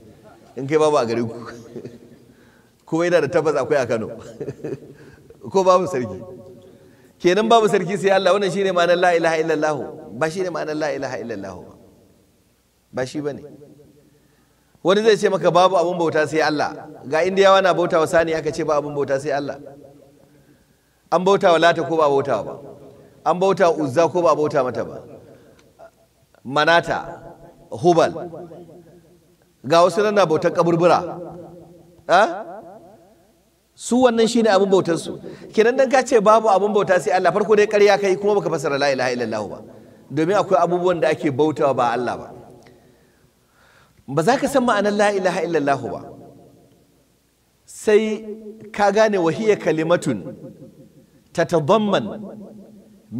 in kai babu a gare ku kuma yana da tabbas akwai a Kano ko babu sarki kenan babu sarki sai Allah wannan shine ma'anar la ilaha illallah ba shine ma'anar la ilaha illallah ba shi bane wani zai ce maka babu abun bauta sai Allah ga indiyawa na bauta wa sani aka ce ba abun bauta sai Allah an bauta wa lata ko ba bauta ba an bauta uzza ko ba bauta mata ba manata hubal ga wasu nan bautar kaburbura su wannan shine abin bautar su kenan dan ka ce babu abin bauta sai Allah farko dai ƙarya kai kuma baka fasara la ilaha illallah ba domin akwai abubuwan da ake bautawa ba Allah ba ba za ka san ma'anar la ilaha illallah ba sai ka gane wahiya kalimatun tatadamman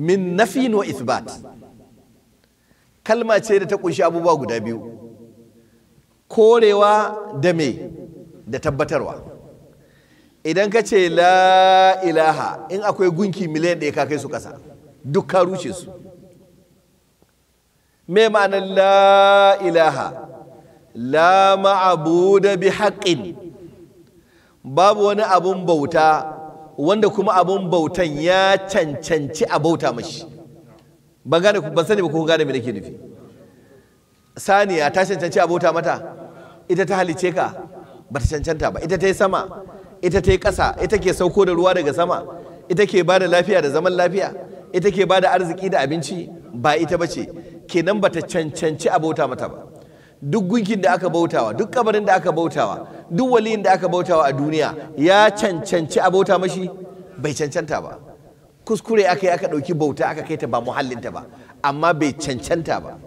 min nafin wa ithbat kalma ce da ta kunshi abubuwa guda biyu korewa da me da tabbatarwa idan ka ce la ilaha in akwai gunki miliyan ɗaya ka kai su ƙasa duk ka rushe su me ma'anar la ilaha la bi haƙƙin babu wani abun bauta wanda kuma abun bautan ya cancanci a bauta mashi ban sani ba ko gane me nake nufi saniya ta cancanci abota mata ita ta halice ka ba ta cancanta ba ita ta yi sama ita ta yi ƙasa ita ke sauko da ruwa daga sama ita ke ba da lafiya da zaman lafiya ita ke ba da arziki da abinci ba ita ba ce kenan ba ta cancanci abota mata ba duk gunkin da aka bautawa duk kabarin da aka bautawa duk waliyin da aka bautawa a duniya ya cancanci abota mashi bai cancanta ba kuskure aka yi aka ɗauki bauta aka kai ta ba muhallinta ba amma bai cancanta ba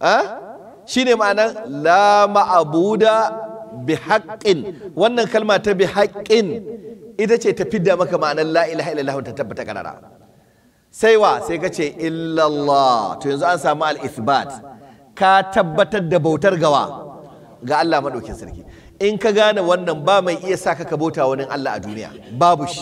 ah? shine ma'anar la ma'abuda bi haƙƙin wannan kalma ta bi haƙƙin ita ce ta fidda maka ma'anar la ilaha illallah ta tabbata karara sai wa sai ka ce illallah to yanzu an samu al ka tabbatar da bautar gawa ga Allah madaukin sarki in ka gane wannan ba mai iya saka ka bauta wani Allah a duniya babu shi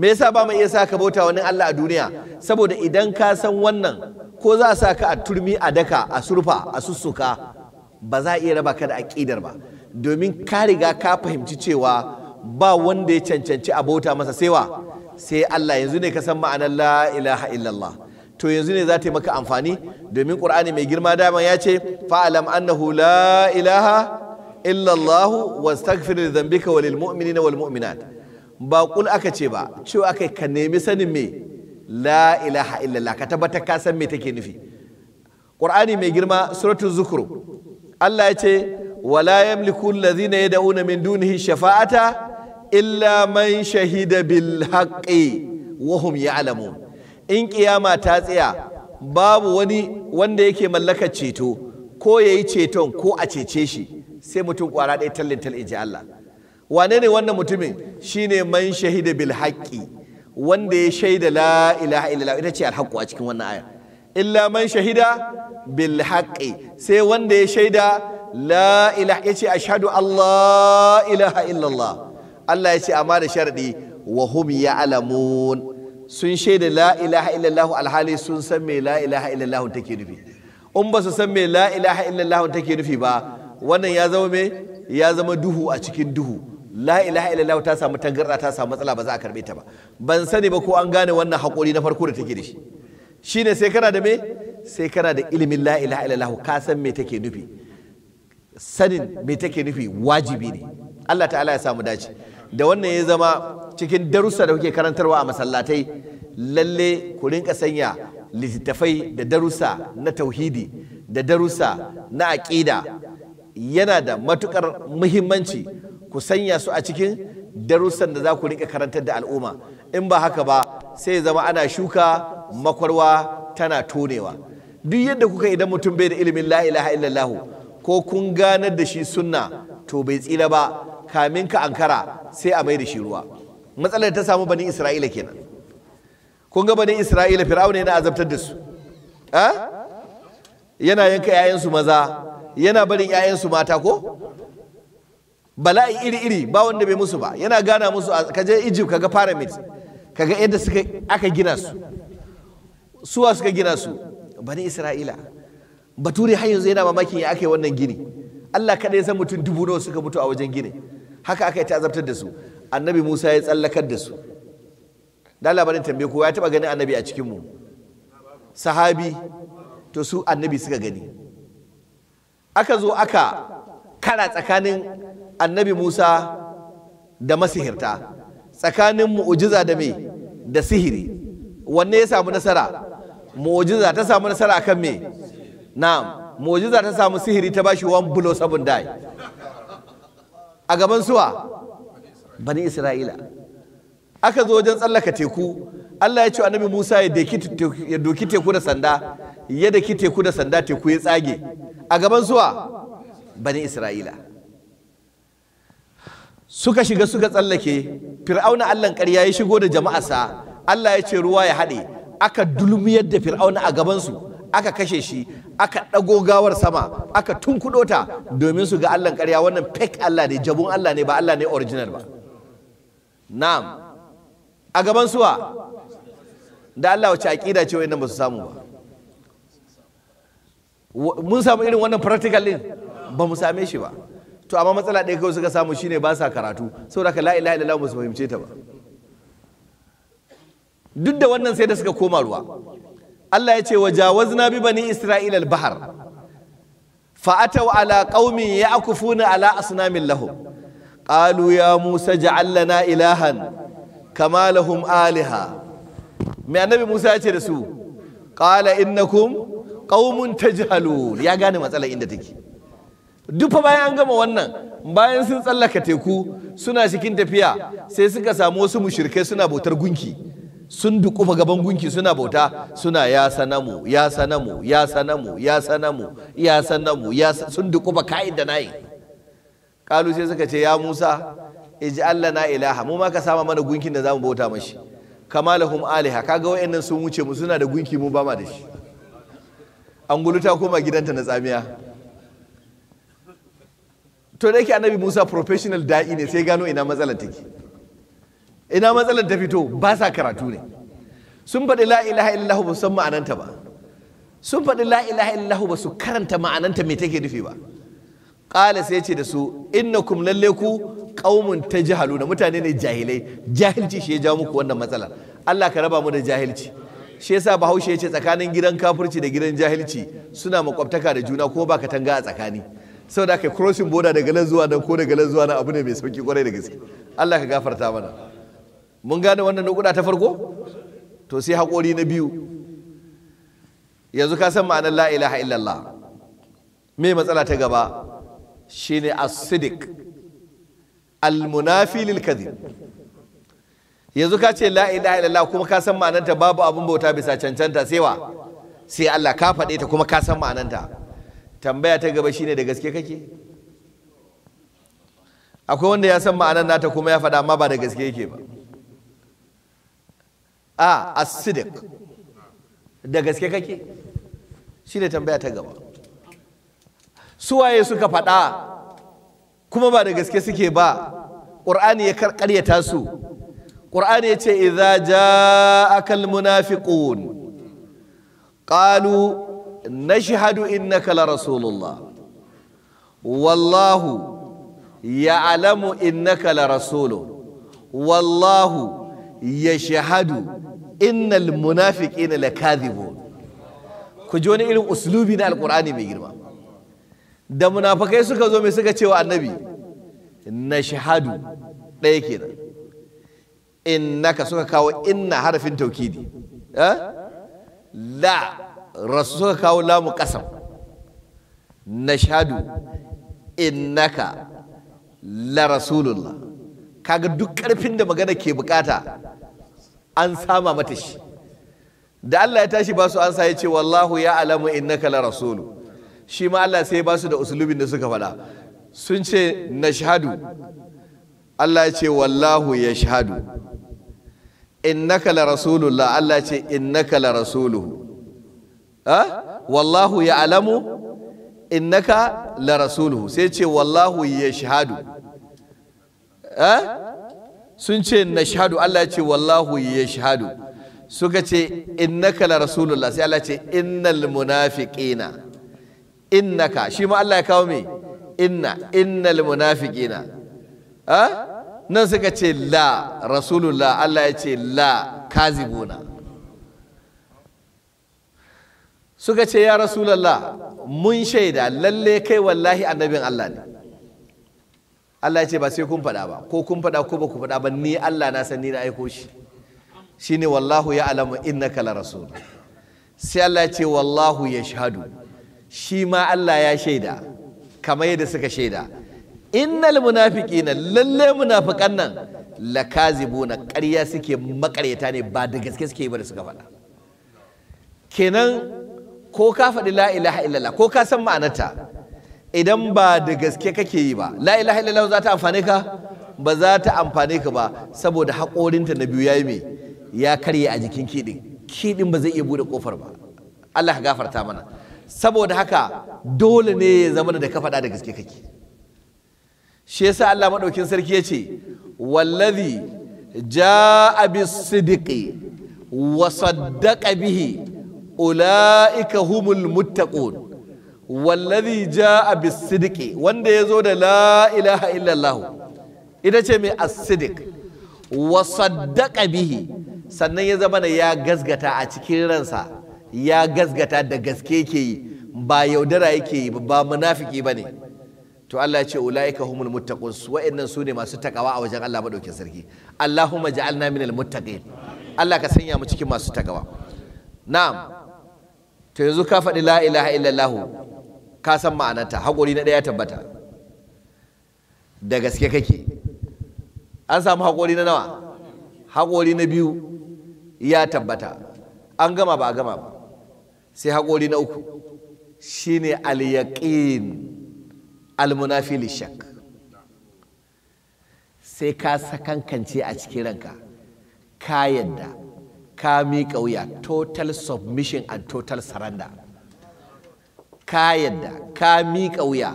me yasa ba mu iya sa ka bauta wani Allah a duniya saboda idan ka san wannan ko za a sa ka a turmi a daka a surfa a sussuka ba za a iya raba ka da aƙidar ba domin ka riga ka fahimci cewa ba wanda ya cancanci a bauta masa sewa sai Allah yanzu ne ka san ma'anar la ilaha illallah to yanzu ne za ta yi maka amfani domin Qur'ani mai girma dama ya ce fa'alam annahu la ilaha illallah wastaghfir li dhanbika walil mu'minina wal mu'minat ba kul aka ce ba cewa aka ka nemi sanin me la ilaha illallah ka tabbatar ka san me take nufi qur'ani mai girma suratul zukru Allah ya ce wala yamliku allazina yad'una min dunihi shafa'ata illa man shahida bil haqqi wa hum ya'lamun in kiyama ta tsaya babu wani wanda yake mallakar ceto ko yayi ceton ko a cece shi sai mutum kwara ɗaya tallin tal Allah wane ne wannan mutumin shine man shahida bil haqqi wanda ya shaida la ilaha illallah ita ce alhaqqu a cikin wannan aya illa man shahida bil haqqi sai wanda ya shaida la ilaha yace ashhadu allah ilaha illallah Allah ya ce amma da sharadi wa hum ya'lamun sun shaida la ilaha illallah alhali sun san me la ilaha illallah take nufi in ba su san me la ilaha illallah take nufi ba wannan ya zama me ya zama duhu a cikin duhu la ilaha illallah ta samu tangarda ta samu matsala ba za a karbe ta ba ban sani ba ko an gane wannan hakuri na farko da take da shi shine sai kana da me sai kana da ilimin la ilaha illallah ka san me take nufi sanin me take nufi wajibi ne Allah ta'ala ya samu dace da wannan ya zama cikin darussa da kuke karantarwa a masallatai lalle ku rinka sanya littattafai da darussa na tauhidi da darussa na aƙida yana da matukar muhimmanci ku sanya su a cikin darussan da za ku rika karantar da al'umma in ba haka ba sai zama ana shuka makwarwa tana tonewa duk yadda kuka idan mutum bai da ilimin la ilaha illallah ko kun ganar da shi sunna to bai tsira ba kamin ka ankara sai a mai da shi ruwa matsalar ta samu bani isra'ila kenan kun ga bani isra'ila fir'auna yana azabtar da su eh? yana yanka 'ya'yansu maza yana barin 'ya'yansu mata ko bala'i iri-iri ba wanda bai musu ba yana gana musu a kaje egypt kaga pyramids kaga yadda suka aka gina su suwa suka gina su bani isra'ila bature har yanzu yana mamakin ya aka wannan gini allah kada ya san mutum dubu nawa suka mutu a wajen gini haka aka yi ta azabtar da su annabi musa ya tsallakar da su da labarin tambaye kowa ya taba ganin annabi a cikin mu sahabi to su annabi suka gani aka zo aka kara tsakanin annabi Musa da masihirta tsakanin mu'ujiza da me da sihiri wanne ya samu nasara mu'ujiza ta samu nasara akan me na'am mu'ujiza ta samu sihiri ta bashi wan bulo sabun dai. a gaban suwa bani isra'ila aka zo wajen tsallaka teku Allah ya ce annabi Musa ya doki teku da sanda ya daki teku da sanda teku ya tsage a gaban suwa bani isra'ila suka shiga suka tsallake fir'auna allan karya ya shigo da jama'arsa allah ya ce ruwa ya haɗe aka dulmiyar da fir'auna a gabansu aka kashe shi aka ɗago gawar sama aka tunkuɗo ta domin su ga allan ƙarya wannan fake allah ne jabun allah ne ba allah ne original ba na'am a gaban suwa da allah wace aƙida ce wa'annan ba su samu ba mun samu irin wannan practical din ba mu same shi ba to amma matsala ɗaya kawai suka samu shine ba sa karatu saboda ka la'ila, ilaha illallah ba fahimce ta ba duk da wannan sai da suka koma ruwa Allah ya ce wa jawazna bi bani isra'ila al-bahr fa ataw ala qaumin ya'kufuna ala asnamin lahum qalu ya musa ja'al lana ilahan kama lahum aliha me annabi Musa ya ce da su qala innakum qaumun tajhalun ya gane matsalar inda take fa bayan an gama wannan bayan sun tsallaka teku suna cikin tafiya sai suka samu wasu mushirkai suna bautar gunki sun dukufa gaban gunki suna bauta suna ya sanamu ya sanamu ya sanamu ya sanamu ya sanamu ya sun dukufa kai da nayi kalu sai suka ce ya Musa Allah na ilaha mu ma ka sama mana gunkin da zamu bauta mashi kama lahum aliha kaga wayannan sun wuce mu suna da gunki mu ba ma da shi angulu ta koma gidanta na tsamiya to da yake annabi musa professional da'i ne sai gano ina matsalar take ina matsalar ta fito ba sa karatu ne sun faɗi la'ilaha illahu ba san ma'ananta ba sun faɗi la'ilaha illahu ba su karanta ma'ananta mai take nufi ba ƙala sai ce da su innakum lalle ku ta jihalu da mutane ne jahilai jahilci shi ya jawo muku wannan matsalar Allah ka raba mu da jahilci shi yasa bahaushe ya ce tsakanin gidan kafurci da gidan jahilci suna makwabtaka da juna ko ba katanga a tsakani saboda aka crossing border daga nan zuwa nan ko daga nan zuwa nan abu ne mai sauki kwarai da gaske Allah ka gafarta mana mun gane wannan nukuda ta farko to sai haƙori na biyu yanzu ka san ma'anar la ilaha illallah me matsala ta gaba shine as-sidiq al-munafi lil kadhib yanzu ka ce la ilaha illallah kuma ka san ta babu abin bauta bisa cancanta sai wa sai Allah ka faɗe ta kuma ka san ta tambaya ta gaba shine da gaske kake akwai wanda ya san ma'anar nata kuma ya faɗa amma ba da gaske yake ba a asidik da gaske kake shine tambaya ta gaba suwaye suka faɗa kuma ba da gaske suke ba ƙur'ani ya karkaryata su ƙur'ani ya ce idza fi munafiqun qalu نشهد إنك لرسول الله والله يعلم إنك لرسوله والله يشهد إن المنافقين لكاذبون كجوني إلو أسلوبنا القرآن بيجرما da munafakai suka zo mai suka cewa annabi na shahadu ɗaya kenan innaka suka kawo inna harafin taukidi la rasu suka kawo lamu kasam nashadu innaka la rasulullah kaga duk karfin da magana ke bukata an sama mata shi da Allah ya tashi basu an sa ya ce wallahu ya alamu innaka la rasulu shi ma Allah sai basu da usulubin da suka faɗa sun ce na shahadu. Allah ya ce wallahu ya shahadu innaka la rasulullah Allah ya ce innaka la rasuluhu wallahu ya alamu innaka la rasuluhu sai ce wallahu ya shahadu sun ce na shahadu Allah ya ce wallahu ya shahadu suka ce innaka la rasulullah sai Allah ce innal munafiqina innaka shi ma Allah ya kawo me nan suka ce la Allah ce la kazibuna suka ce ya rasulallah mun shaida lalle kai wallahi annabin Allah ne Allah ya ce ba sai kun faɗa ba ko kun faɗa ko ba ku faɗa ba ni Allah na san ni na aiko shi shine wallahu ya alamu innaka kala rasul sai Allah ya ce wallahu ya shahadu shi ma Allah ya shaida kamar yadda suka shaida innal munafiqina lalle munafiqan nan na ƙarya suke makaryata ne ba da gaske suke yi ba da suka faɗa kenan ko ka faɗi la ilaha illallah ko ka san ma'anarta idan ba da gaske kake yi ba la ilaha illallah za ta amfane ka ba za ta amfane ka ba saboda haƙorinta na biyu yi mai ya karye a jikin kiɗin kiɗin ba zai iya buɗe ƙofar ba Allah ka gafarta mana saboda haka dole ne ya zama da ka faɗa da gaske kake shi yasa Allah maɗaukin sarki ya ce wallazi ja'a bis sidqi wa saddaqa bihi ula'ika humul muttaqun wallazi ja'a bis-sidqi wanda yazo da la ilaha illallah ita ce mai as-sidq wa saddaqa bihi sannan ya zama ya gasgata a cikin ransa ya gasgata da gaske yake yi ba yaudara yake yi ba munafiki bane to Allah ya ce ula'ika humul muttaqun wa'annan su ne masu takawa a wajen Allah madaukin sarki Allahumma ja'alna minal muttaqin Allah ka sanya mu cikin masu takawa na'am to yanzu ka faɗi la ilaha illallah ka san ma'anarta haƙuri na ɗaya tabbata da gaske kake an samu haƙuri na nawa haƙori na biyu ya tabbata an gama ba a gama ba sai haƙori na uku shine al-yaqin al sai ka sakankance a cikin ranka ka yadda ka miƙa wuya total submission and total surrender ka yadda ka miƙa wuya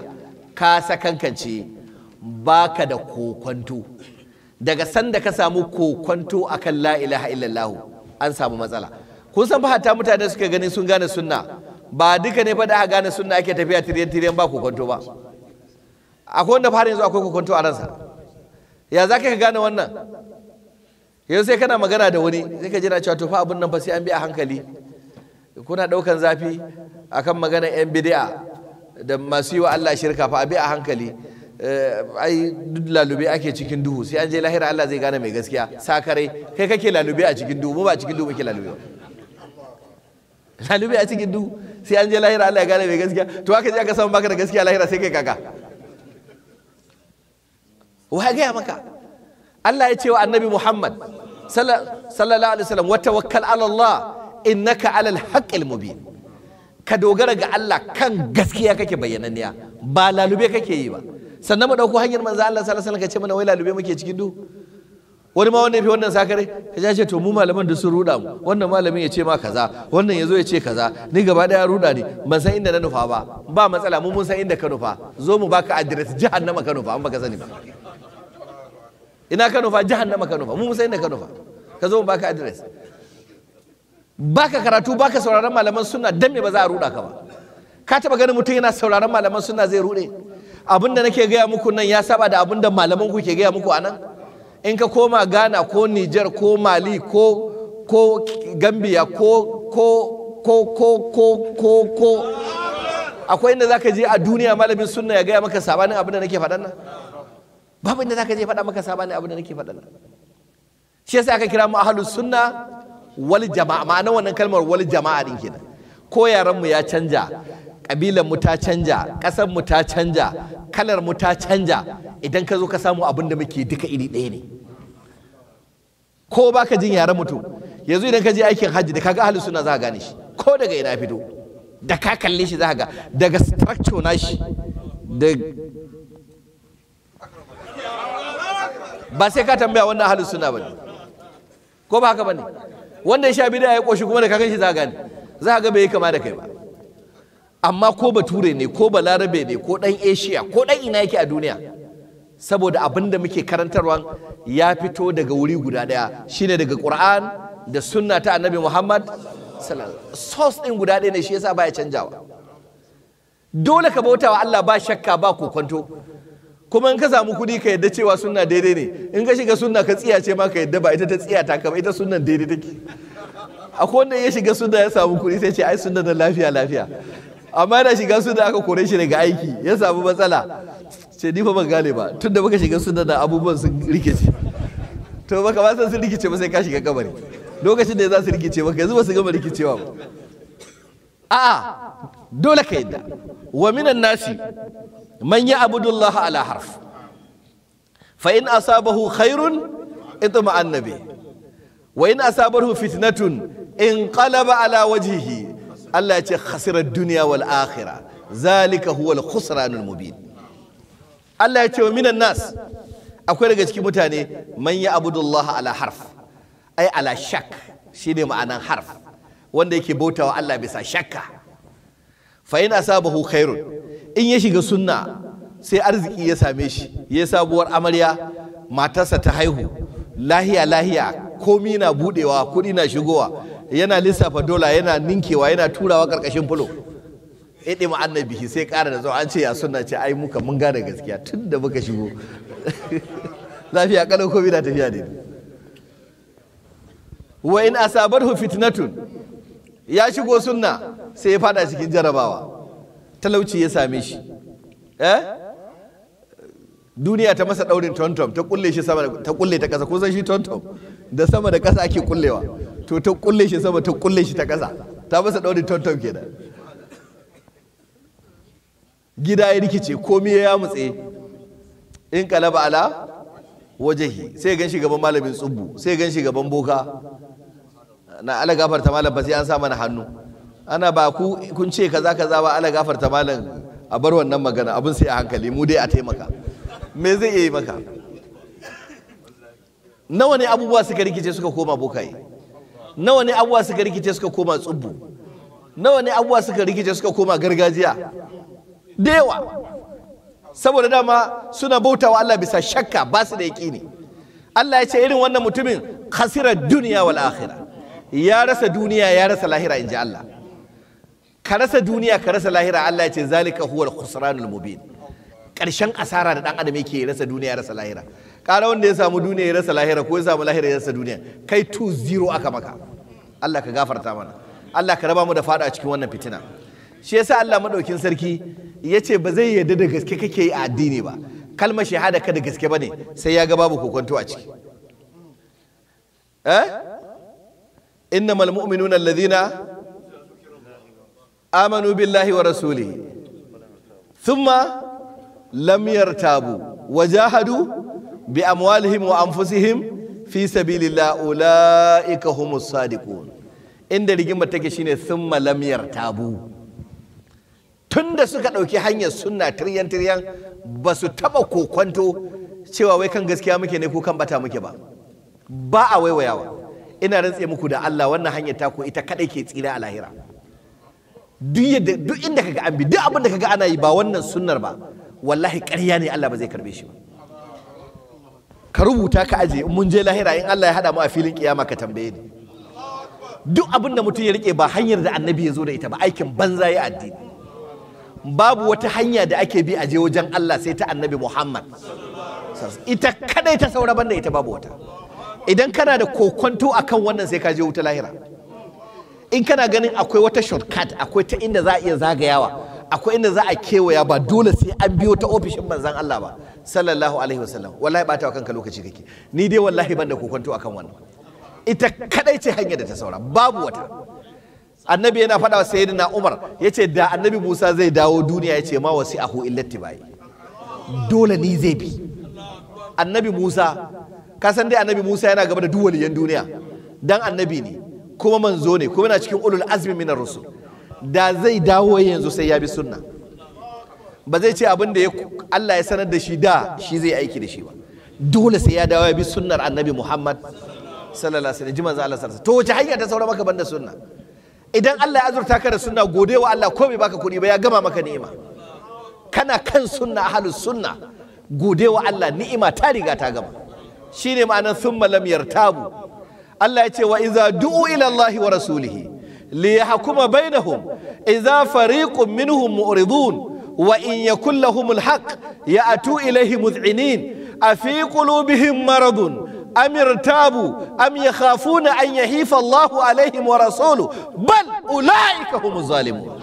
ka sakankance ka da kokwanto daga sanda ka samu kokwanto a kan ilaha illallah an samu matsala kun san fahata mutane suka gani sun gane sunna ba duka ne faɗa da gane sunna ake tafiya tiryan tiryan ba kokwanto ba akwai wanda fara yanzu akwai kokwanto a ransa ya za ka gane wannan yau sai kana magana da wani sai ka jira cewa to fa abun nan fa sai an bi a hankali kuna daukan zafi akan magana yan bid'a da masu yi wa Allah shirka fa a bi a hankali eh, ai duk lalube ake cikin duhu sai an je lahira Allah zai gane mai gaskiya sakare kai kake lalube a cikin duhu mu ba cikin duhu muke lalube lalube a cikin duhu sai an je lahira Allah ya gane mai gaskiya to aka je aka samu baka da gaskiya lahira sai kai kaka wa ga maka Allah ya ce wa annabi Muhammad sallallahu alaihi wasallam wa tawakkal ala Allah innaka alal haqqil mubin ka dogara ga Allah kan gaskiya kake bayyananniya ba lalube kake yi ba sannan mu dauko hanyar manzo Allah sallallahu alaihi wasallam ka ce mana wai lalube muke cikin du wani ma wanda ya fi wannan sakare ya ce to mu malaman da sun ruda mu wannan malamin ya ce ma kaza wannan ya zo ya ce kaza ni gaba daya ruda ne ban san inda na nufa ba ba matsala mu mun san inda ka nufa zo mu baka address jahannama ka nufa an baka sani ba ina ka nufa jahannama ka nufa mu musa inda ka nufa ka zo baka address baka karatu baka sauraron malaman sunna dan me ba za a ruda ka ba ka taba ganin mutum yana sauraron malaman sunna zai rude abin da nake gaya muku nan ya saba da abin da malaman ku ke gaya muku anan in ka koma Ghana ko Niger ko Mali ko ko Gambia ko ko ko ko ko ko ko akwai inda zaka je a duniya malamin sunna ya gaya maka sabanin abin da nake faɗan nan babu inda zaka je faɗa maka sabani abin da nake faɗa nan shi yasa aka kira mu ahlus sunna wal jama'a ma'ana wannan kalmar wal jama'a din kenan ko yaran mu ya canja kabilan mu ta canja kasar mu ta canja kalar mu ta canja idan ka zo ka samu abin da muke duka iri ɗaya ne ko baka jin yaran mutum yanzu idan ka je aikin hajji da kaga ahlus sunna za ka gane shi ko daga ina fito da ka kalle shi za ka ga daga structure na shi da ba sai ka tambaya wannan ahlus sunna bane ko ba haka bane wanda ya sha bid'a ya koshi kuma da ka ganshi za gane za ga bai kama da kai ba amma ko bature ne ko balarabe ne ko dan asia ko dan ina yake a duniya saboda abin da muke karantarwa ya fito daga wuri guda daya shine daga qur'an da sunna ta annabi muhammad source din guda ɗaya ne shi yasa baya canjawa dole ka bauta wa Allah ba shakka ba kwanto. kuma in ka samu kuɗi ka yadda cewa sunna daidai ne in ka shiga sunna ka tsiya ce ma ka yadda ba ita ta tsiyata ka ba ita sunnan daidai take a wanda ya shiga sunna ya samu kuɗi sai ce ai sunna na lafiya lafiya amma da shiga sunna aka kore shi daga aiki ya samu matsala ce ni fa ban gane ba tun da baka shiga sunna da abubuwan sun rikice to baka ba san sun rikice ba sai ka shiga kabari lokacin da za su rikice maka yanzu ba su gama rikicewa ba a'a dole ka yadda wa minan nasi man ya abudullaha ala harf fa in asabahu khairun itma annabi wa in asabahu fitnatun in qalaba ala wajihi. Allah ya ce khasira duniya wal akhirah zalika huwa al khusranul mubin Allah ya ce wa minan nas akwai daga cikin mutane man ya ala harf ai ala shak shine ma'anan harf wanda yake bautawa Allah bisa shakka fa yana sabahu khairun in ya shiga sunna sai arziki ya same shi ya sabuwar amarya matarsa ta haihu lahiya lahiya komi na budewa kudi na shigowa yana lissafa dola yana ninkewa yana turawa karkashin fulo ɗaiɗe ma annabi sai ƙara da zuwa an ce ya sunna ce ai muka mun gane gaskiya tun da muka shigo <laughs> lafiya kalau komi na tafiya ne wa in asabarhu fitnatun ya shigo sunna sai ya fada cikin jarabawa talauci ya same shi eh duniya ta masa daurin tontom ta kulle shi sama ta kulle ta kasa ko san shi tontom da sama da kasa ake kullewa to ta kulle shi sama ta kulle shi ta kasa ta masa daurin tontom kenan gida ya rikice komai ya mutse in kalaba ala wajahi sai gan shi gaban malamin tsubbu sai gan shi gaban boka na ala gafarta malam ba sai an sa mana hannu ana ba ku kun ce kaza kaza ba ala gafarta malam a bar wannan magana abin sai a hankali mu dai a taimaka me zai iya yi maka nawa ne abubuwa suka rikice suka koma bokaye nawa ne abubuwa suka rikice suka koma tsubbu nawa ne abubuwa suka rikice suka koma gargajiya dewa saboda dama suna bautawa Allah bisa shakka ba su da yaƙini Allah ya ce irin wannan mutumin khasirar duniya wal akhirah ya rasa duniya ya rasa lahira in ji Allah ka rasa duniya ka rasa lahira Allah ya ce zalika huwal khusranul mubin karshen asara da dan adam yake rasa duniya ya rasa lahira kara wanda ya samu duniya ya rasa lahira ko ya samu lahira ya rasa duniya kai 2-0 aka maka Allah ka gafarta mana Allah ka raba mu da fada a cikin wannan fitina shi yasa Allah madaukin sarki ya ce ba zai yarda da gaske kake yi a addini ba Kalma shahada ka da gaske bane sai ya ga babu kokonto a ciki eh innamal mu'minuna alladhina amanu billahi wa rasulihi thumma tabu wa jahadu bi amwalihim wa anfusihim fi sabilillah ulaika humus sadiqun inda rigimar take shine thumma lamyar tabu. tunda suka dauki hanyar sunna tiryan tiryan ba su taba kokwanto cewa wai kan gaskiya muke ne ko kan bata muke ba ba a waiwayawa ina rantse muku da Allah wannan hanyar ta ko ita kadai ke tsira a lahira duk inda kaga an bi duk abin da kaga ana yi ba wannan sunnar ba wallahi ƙarya ne Allah ba zai karbe shi ba ka rubuta ka aje in mun je lahira in Allah ya hada mu a filin kiyama ka tambaye ni duk abin da mutum ya rike ba hanyar da annabi ya zo da ita ba aikin banza ya addini babu wata hanya da ake bi a je wajen Allah sai ta annabi Muhammad ita kadai ta saura banda ita babu wata idan kana da kokonto akan wannan sai ka je wuta lahira in kana ganin akwai wata shortcut akwai ta inda za a iya zagayawa akwai inda za a kewaya ba dole sai an biyo ta ofishin manzan Allah ba sallallahu alaihi wasallam wallahi bata kanka lokaci kake ni dai wallahi ban da kokonto akan wannan ita kadai ce hanyar da ta saura babu wata annabi yana faɗa wa sayyidina Umar yace da annabi Musa zai dawo duniya yace ma wasi ahu illati bai dole ni zai bi annabi Musa ka san dai annabi Musa yana gaba da duk waliyan duniya dan annabi ne kuma manzo ne kuma yana cikin ulul azmi minar rusul da zai dawo yanzu sai ya bi sunna ba zai ce abin da Allah ya sanar da shi da shi zai aiki da shi ba dole sai ya dawo ya bi sunnar annabi Muhammad sallallahu alaihi wasallam manzo Allah sallallahu to wace hanya ta saura maka banda sunna idan Allah ya azurta ka da sunna gode wa Allah ko bai baka kuɗi ba ya gama maka ni'ima kana kan sunna ahlus sunna gode wa Allah ni'ima ta riga ta gama shine ma'anar sun malam yartabu Allah ya ce wa iza du'u ila Allah wa rasulihi li yahkuma bainahum iza fariqun minhum mu'ridun wa in yakul lahum alhaq ya'tu ilayhi mud'inin afi qulubihim maradun am irtabu am yakhafuna an yahifa Allah alaihim wa rasuluhu bal ulaika humuz zalimun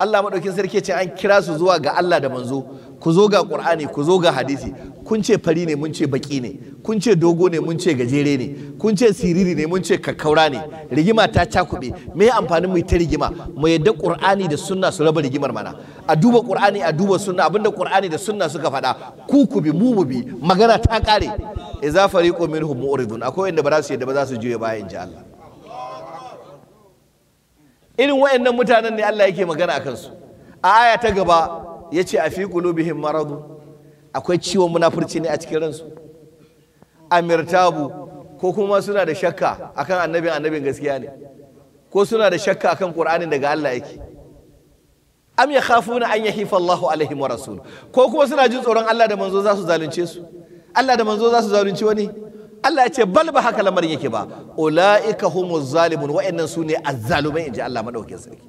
Allah madaukin sarki ce an kira su zuwa ga Allah da manzo ku zo ga ƙurani ku zo ga hadisi kun ce fari ne mun ce baki ne kun ce dogo ne mun ce gajere ne kun ce siriri ne mun ce kakkaura ne rigima ta cakuɓe me amfanin mu ta rigima mu yadda ƙurani da sunna su raba rigimar mana a duba ƙur'ani a duba sunna abinda ƙur'ani da sunna suka faɗa ku ku bi mu mu bi magana ta ƙare iza fariqu minhum mu'ridun akwai wanda ba za su yadda ba za su juye baya insha Allah irin wayannan mutanen ne Allah yake magana akan su a aya ta gaba ya ce a fi gulubihin maradu akwai ciwon munafurci ne a cikin ransu amirtabu ko kuma suna da shakka akan annabin annabin gaskiya ne ko suna da shakka akan qur'anin daga Allah yake am ya khafuna an yahifa Allahu alaihim wa rasul ko kuma suna jin tsoron Allah da manzo za su zalunce su Allah da manzo za su zalunci wani Allah ya ce bal ba haka lamarin yake ba ulaika humuz zalimun wa'annan sune azzalumai inji Allah madaukin sarki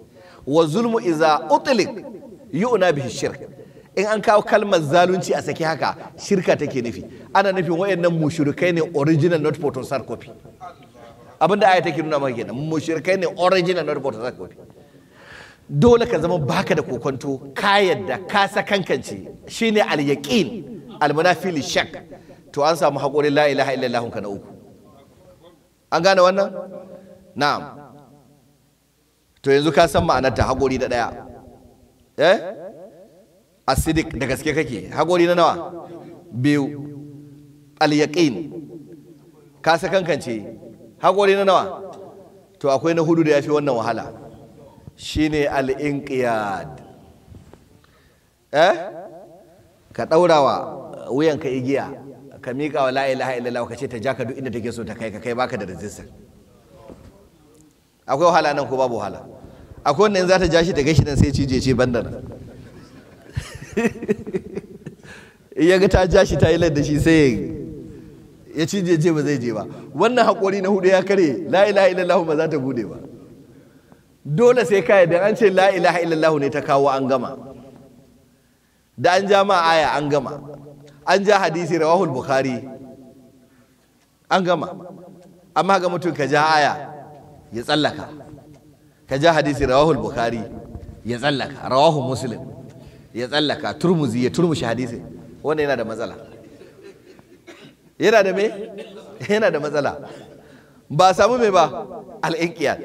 wa zulmu iza utlik yu'na bihi shirk in an kawo kalmar zalunci a saki haka shirka take nufi ana nufin wayannan mushrikai ne original not photosar copy abinda aya take nuna maka kenan mushrikai ne original not photosar copy dole ka zama baka da kokonto ka yadda ka sa kankance shine al-yaqin al munafil shak to an samu hakuri la ilaha illallah kana uku an gane wannan na'am to yanzu ka san ma'anarta hakuri da ɗaya eh asidik da gaske kake hakori na nawa biyu al'yaqin yaqin kankan ce hakori na nawa to akwai na hudu da ya fi wannan wahala shine al-inqiyad eh ka daurawa wuyanka igiya ka miƙa wa la ilaha illallah ka ce ta ja duk inda take so ta kai ka kai baka da rajistar akwai wahala nan ko babu wahala akwai wannan za ta ja shi ta gashi nan sai cije ce banda nan ya ga ta ja shi ta yi da shi sai ya cije ce ba zai je ba wannan haƙori na hudu ya kare la ilaha illallah ba za ta bude ba dole sai kayan da an ce la ilaha illallah ne ta kawo an gama da an ja ma aya an gama an ja hadisi rawahul bukhari an gama amma ga mutum ka ja aya ya tsallaka ka ja hadisi rawahul bukhari ya tsallaka rawahu muslim ya tsallaka turmuzi ya turmushi hadisi wanda yana da matsala yana da me yana da matsala ba samu mai ba Al'inkiya.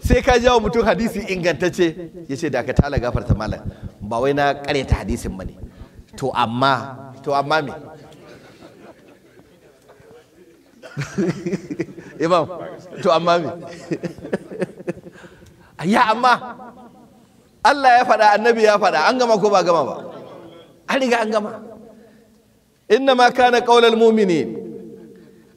sai ka jawo mutum hadisi ingantacce ya ce da ka tala gafarta malam ba wai na karyata hadisin ba ne to amma to amma me <laughs> imam to amma me <laughs> ya amma Allah ya faɗa annabi ya faɗa an gama ko ba gama ba an riga an gama inna ma kana qaulal mu'minin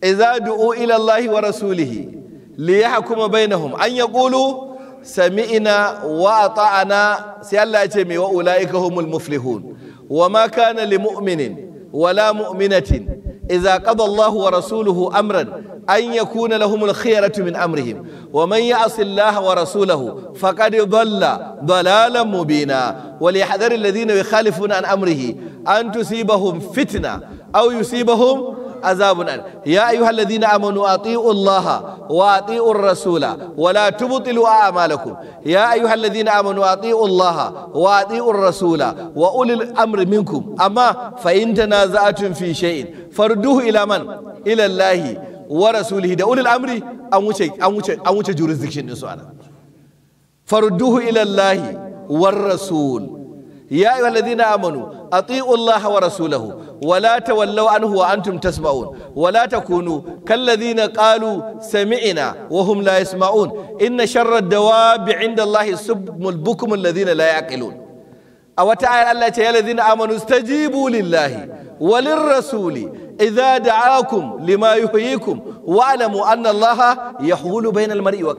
idza du'u ila Allah wa rasulihi li yahkuma bainahum an yaqulu sami'na wa ata'na sai Allah ya ce me wa ulaika humul muflihun wa ma kana li mu'minin wala mu'minatin idza qada Allah wa rasuluhu amran أن يكون لهم الخيرة من أمرهم ومن يعص الله ورسوله فقد ضل ضلالا مبينا وليحذر الذين يخالفون عن أمره أن تصيبهم فتنة أو يصيبهم عذاب أليم يا أيها الذين آمنوا أطيعوا الله وأطيعوا الرسول ولا تبطلوا أعمالكم يا أيها الذين آمنوا أطيعوا الله وأطيعوا الرسول وأولي الأمر منكم أما فإن تنازعتم في شيء فردوه إلى من؟ إلى الله wa rasulihi da ulul amri an wuce an wuce an wuce jurisdiction din su ana farudduhu ila Allah war rasul ya ayyuhal ladina amanu ati'u Allah wa rasulahu wa la tawallaw anhu wa antum tasma'un wa la takunu kal ladina qalu sami'na wa hum la yasma'un inna sharra dawabi 'inda Allah submul bukum alladhina la yaqilun a wata ayar Allah ce ya ladina amanu stajibu lillahi walin rasuli idza da'akum lima yuhyikum wa'lamu anna allaha yahulu bainal mar'i wa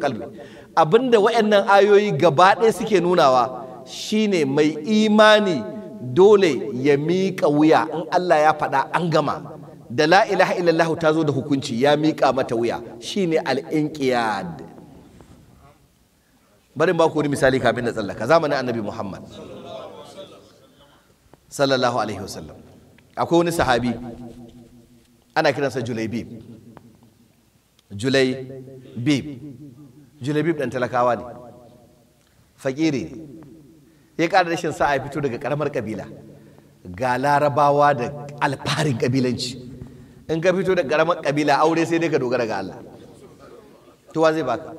abinda wayannan ayoyi gaba ɗaya suke nunawa shine mai imani dole ya miƙa wuya in Allah ya faɗa an gama da la ilaha illallah ta zo da hukunci ya miƙa mata wuya shine al-inqiyad barin ba ku wani misali kafin da tsallaka zamanin annabi Muhammad sallallahu alaihi wasallam akwai wani sahabi ana kiransa julaibib julaibib julaibib ɗan talakawa ne fakiri ya ƙara rashin sa'a ya fito daga ƙaramar ƙabila ga larabawa da alfarin ƙabilanci in ka fito da ƙaramar ƙabila aure sai dai ka dogara ga Allah wa zai baka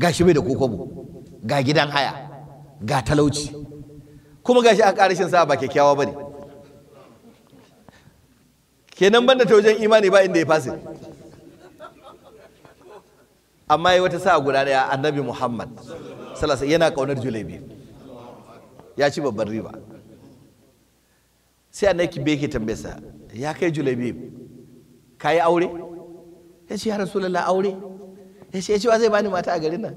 gashi bai da kokobo ga gidan haya ga talauci kuma gashi a ƙarashin sa ba kyakkyawa bane kenan banda ta wajen imani ba inda ya fasi amma yi wata sa'a guda daya annabi muhammad salasa yana kaunar julebi ya ci babban riba sai annabi bai ke tambesa ya kai julebi ka yi aure ya ce ya rasulallah aure ya ce ya ce wa zai bani mata a garin nan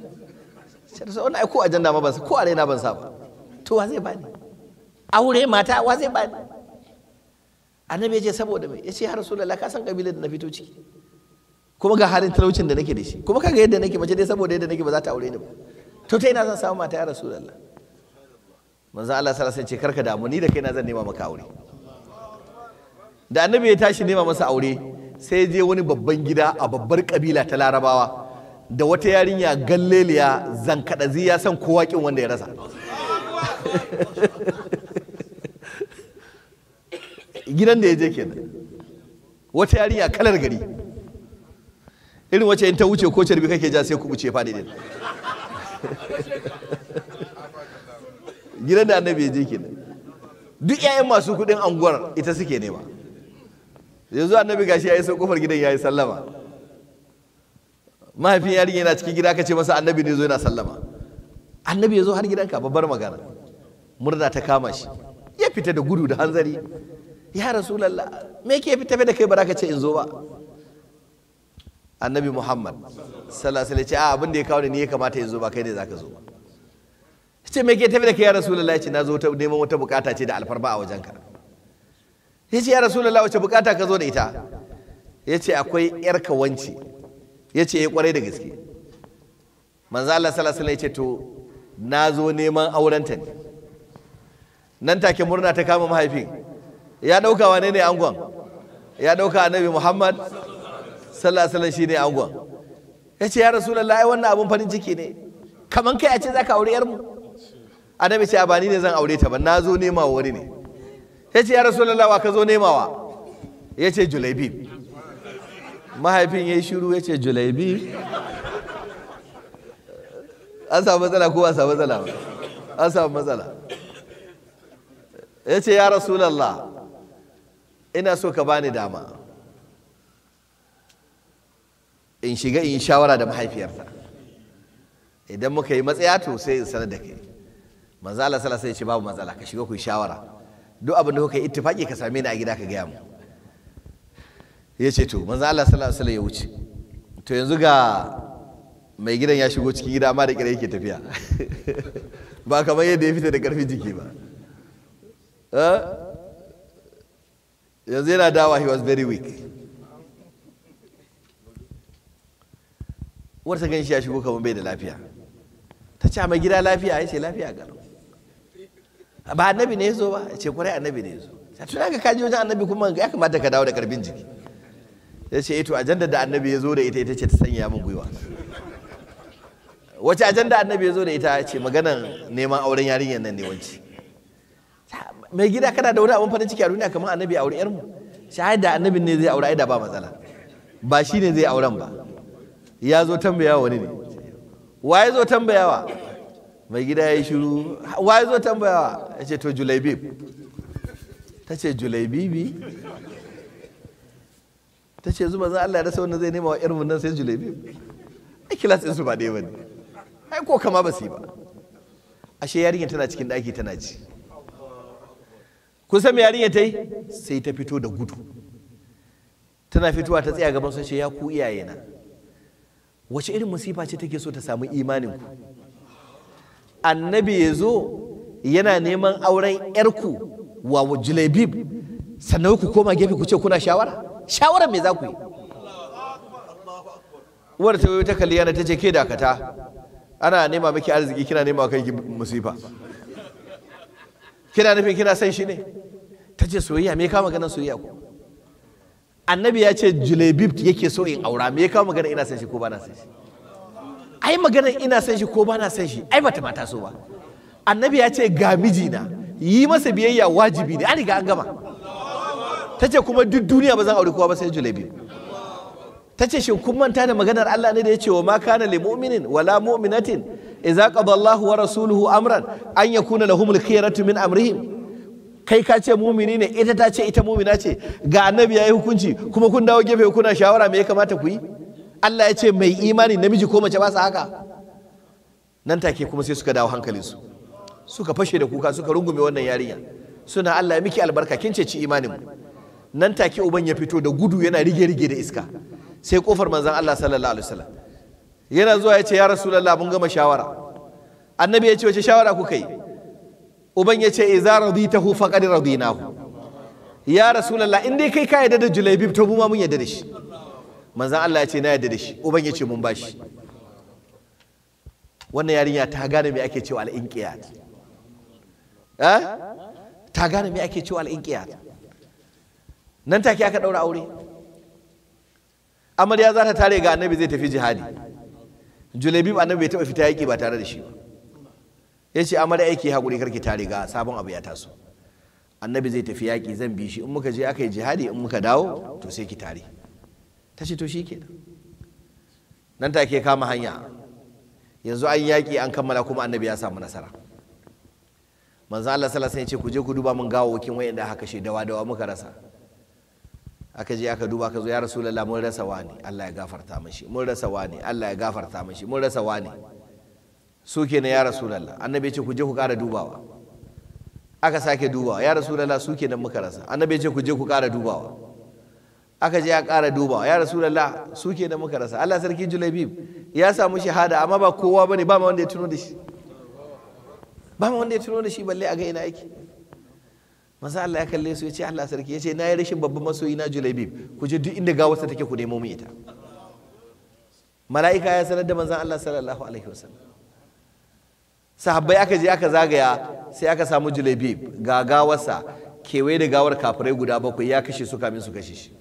sai rasu wani ai ko ajanda ma ban ko a raina ban sa ba to wa zai bani aure mata wa zai bani annabi ya ce saboda mai ya ce har rasulullah ka san kabilar da na fito ciki kuma ga halin talaucin da nake da shi kuma kaga yadda nake mace dai saboda yadda nake ba za ta aure ni ba to ta ina zan samu mata ya rasulullah manzo Allah sallallahu alaihi wasallam ce karka damu ni da kaina zan nema maka aure da annabi ya tashi nema masa aure sai je wani babban gida a babbar kabila ta larabawa da wata yarinya galleliya zankadazi ya san kowa kin wanda ya rasa <laughs> gidan da ya je kenan wata yarinya kalar gari irin wacce in ta wuce ko carbi kake ja sai ku wuce faɗi din gidan da annabi ya je kenan duk yayan masu kuɗin anguwar ita suke nema yanzu annabi gashi ya yi sau kofar gidan ya yi sallama mahaifin yarinya yana cikin gida ka ce masa annabi ne zo yana sallama annabi ya zo har gidanka babbar magana murna ta kama shi ya fita da gudu da hanzari ya rasulallah me ke fi tafe da kai ba za ka ce in zo ba annabi muhammad sallallahu alaihi ce a ah, abin da ya kawo ni ya kamata in zo ba kai ne za ka zo ce me ke tafe da kai ya rasulallah ce na zo ta neman wata bukata ce da alfarma a wajenka ya ce ya rasulallah wace bukata ka zo da ita ya ce akwai yar kawanci ya ce ya eh, kwarai da gaske manzo Allah sallallahu alaihi ce to na zo neman aurenta ne nan take murna ta kama mahaifin ya ɗauka wane ne angon ya ɗauka annabi muhammad sallallahu alaihi shi ne angon ya ce ya rasulallah ai wannan abun farin ciki ne kaman kai a ce zaka aure yarmu annabi ce a ne zan aure ta ba na zo nema wani ne ya ce ya rasulallah wa ka zo nemawa ya ce julaibi mahaifin ya yi shiru ya ce julaibi an samu matsala ko ba samu matsala an samu matsala ya ce ya rasulallah ina so ka bani dama in shiga in shawara da mahaifiyarta idan muka yi matsaya to sai in sanar da kai manzala sala sai ce babu matsala ka shiga ku yi shawara duk abin da kuka yi ittifaki ka same ni a gida ka gaya mu ya ce to manzala sala sala ya wuce to yanzu ga mai gidan ya shigo cikin gida amma da kira yake tafiya <laughs> ba kamar yadda ya fita da karfin jiki ba eh? yanzu yana dawa he was very weak wata gan shi ya shigo kamar bai da lafiya ta ce mai gida lafiya ya ce lafiya ga nan. ba annabi ne ya zo ba ya ce kwarai annabi ne ya zo ta tuna ka kaji wajen annabi kuma ya kamata ka dawo da karbin jiki ya ce eto eh ajandar da annabi ya zo da ita ita ce ta sanya min gwiwa wace ajanda annabi ya zo da ita ce maganan neman auren yarinyar nan ne wanci mai gida kana da wani abin farin ciki a duniya kamar annabi a wuri yarmu shahid da annabin ne zai aure ai da ba matsala ba shi ne zai auren ba ya zo tambayawa wani ne wa ya zo tambayawa mai gida ya yi shiru wa ya zo tambayawa ya ce to julaibib ta ce julaibibi ta ce zuba za Allah ya rasa wani zai nema wa irin nan sai julaibi ai kilas su ba dai ba ne ai ko kama ba su yi ba ashe yarinyar tana cikin ɗaki tana ci Ku san me yarinya ta yi sai ta fito da gudu tana fitowa ta tsaya gaban sun ya ku na wace irin musifa ce take so ta samu imanin ku annabi ya zo yana neman auren yarku wa julebib sannan ku koma gefe ku ce kuna shawara shawara me za ku yi uwar ta ta kalli yana ta ce ke dakata ana nema miki arziki kina nema kai musifa kina nufin kina son shi ne ta ce soyayya me kama ganin soyayya ko annabi ya ce julebib yake so in aura me kama ganin ina son shi ko ba na son shi ai magana ina son shi ko ba na son shi ai bata mata so ba annabi ya ce ga mijina yi masa biyayya wajibi ne an riga an gama ta ce kuma duk duniya ba zan aure kowa ba sai julebib ta ce shin kun manta da maganar Allah ne da ya ce wa ma kana lil mu'minin wala mu'minatin idza qadallahu wa rasuluhu amran an yakuna lahumul khiyaratu min amrihim kai ka ce mumini ne ita ta ce ita mumina ce ga annabi yayi hukunci kuma kun dawo gefe kuna shawara me ya kamata ku yi Allah ya ce mai imani namiji ko mace ba su haka nan take kuma sai suka dawo hankalinsu suka fashe da kuka suka rungume wannan yarinya suna Allah ya miki albarka kin ce ci imanin mu nan take uban ya fito da gudu yana rige rige da iska sai kofar manzon Allah sallallahu alaihi wasallam yana zuwa ya ce ya rasulullah mun gama shawara annabi ya ce wace shawara kuka yi uban ya ce idza raditahu faqad radinahu ya rasulullah in dai kai ka yadda da julaibib to mu ma mun yadda da shi manzan Allah ya ce na yadda da shi uban ya ce mun bashi wannan yarinya ta gane me ake cewa al-inqiyat eh ta gane me ake cewa al-inqiyat nan take aka daura aure amarya za ta tare ga annabi zai tafi jihadi julebib annabi bai taba fita yaƙi ba tare da shi ba ya ce amara aiki hakuri karki ta riga sabon abu ya taso annabi zai tafi yaki zan bi shi in muka je aka yi jihadi in muka dawo to sai ki tare ta ce to shi ke nan take kama hanya yanzu an yaki an kammala kuma annabi ya samu nasara manzo Allah sallallahu alaihi wasallam ya ce ku je ku duba min gawo wakin wayanda haka shi dawa dawa muka rasa aka je aka duba aka zo ya rasulullah mun rasa wani Allah ya gafarta mashi mun rasa wani Allah ya gafarta mashi mun rasa wani su kenan ya rasulullah annabi ce ku je ku ƙara dubawa aka sake dubawa ya rasulullah su kenan muka rasa annabi ce ku je ku ƙara dubawa aka je ya ƙara dubawa ya rasulullah su kenan muka rasa Allah sarki julabib ya samu shahada amma ba kowa bane ba ma wanda ya tuno da shi ba ma wanda ya tuno da shi balle a ga ina yake maza Allah ya kalle su ya ce Allah sarki ya ce na yi rashin babban masoyi na Julabib ku je duk inda gawarsa take ku nemo mu ita mala'ika ya sanar da manzan Allah sallallahu alaihi wasallam sahabbai aka je aka zagaya sai aka samu Julabib ga gawarsa kewaye da gawar kafirai guda bakwai ya kashe su kamin su kashe shi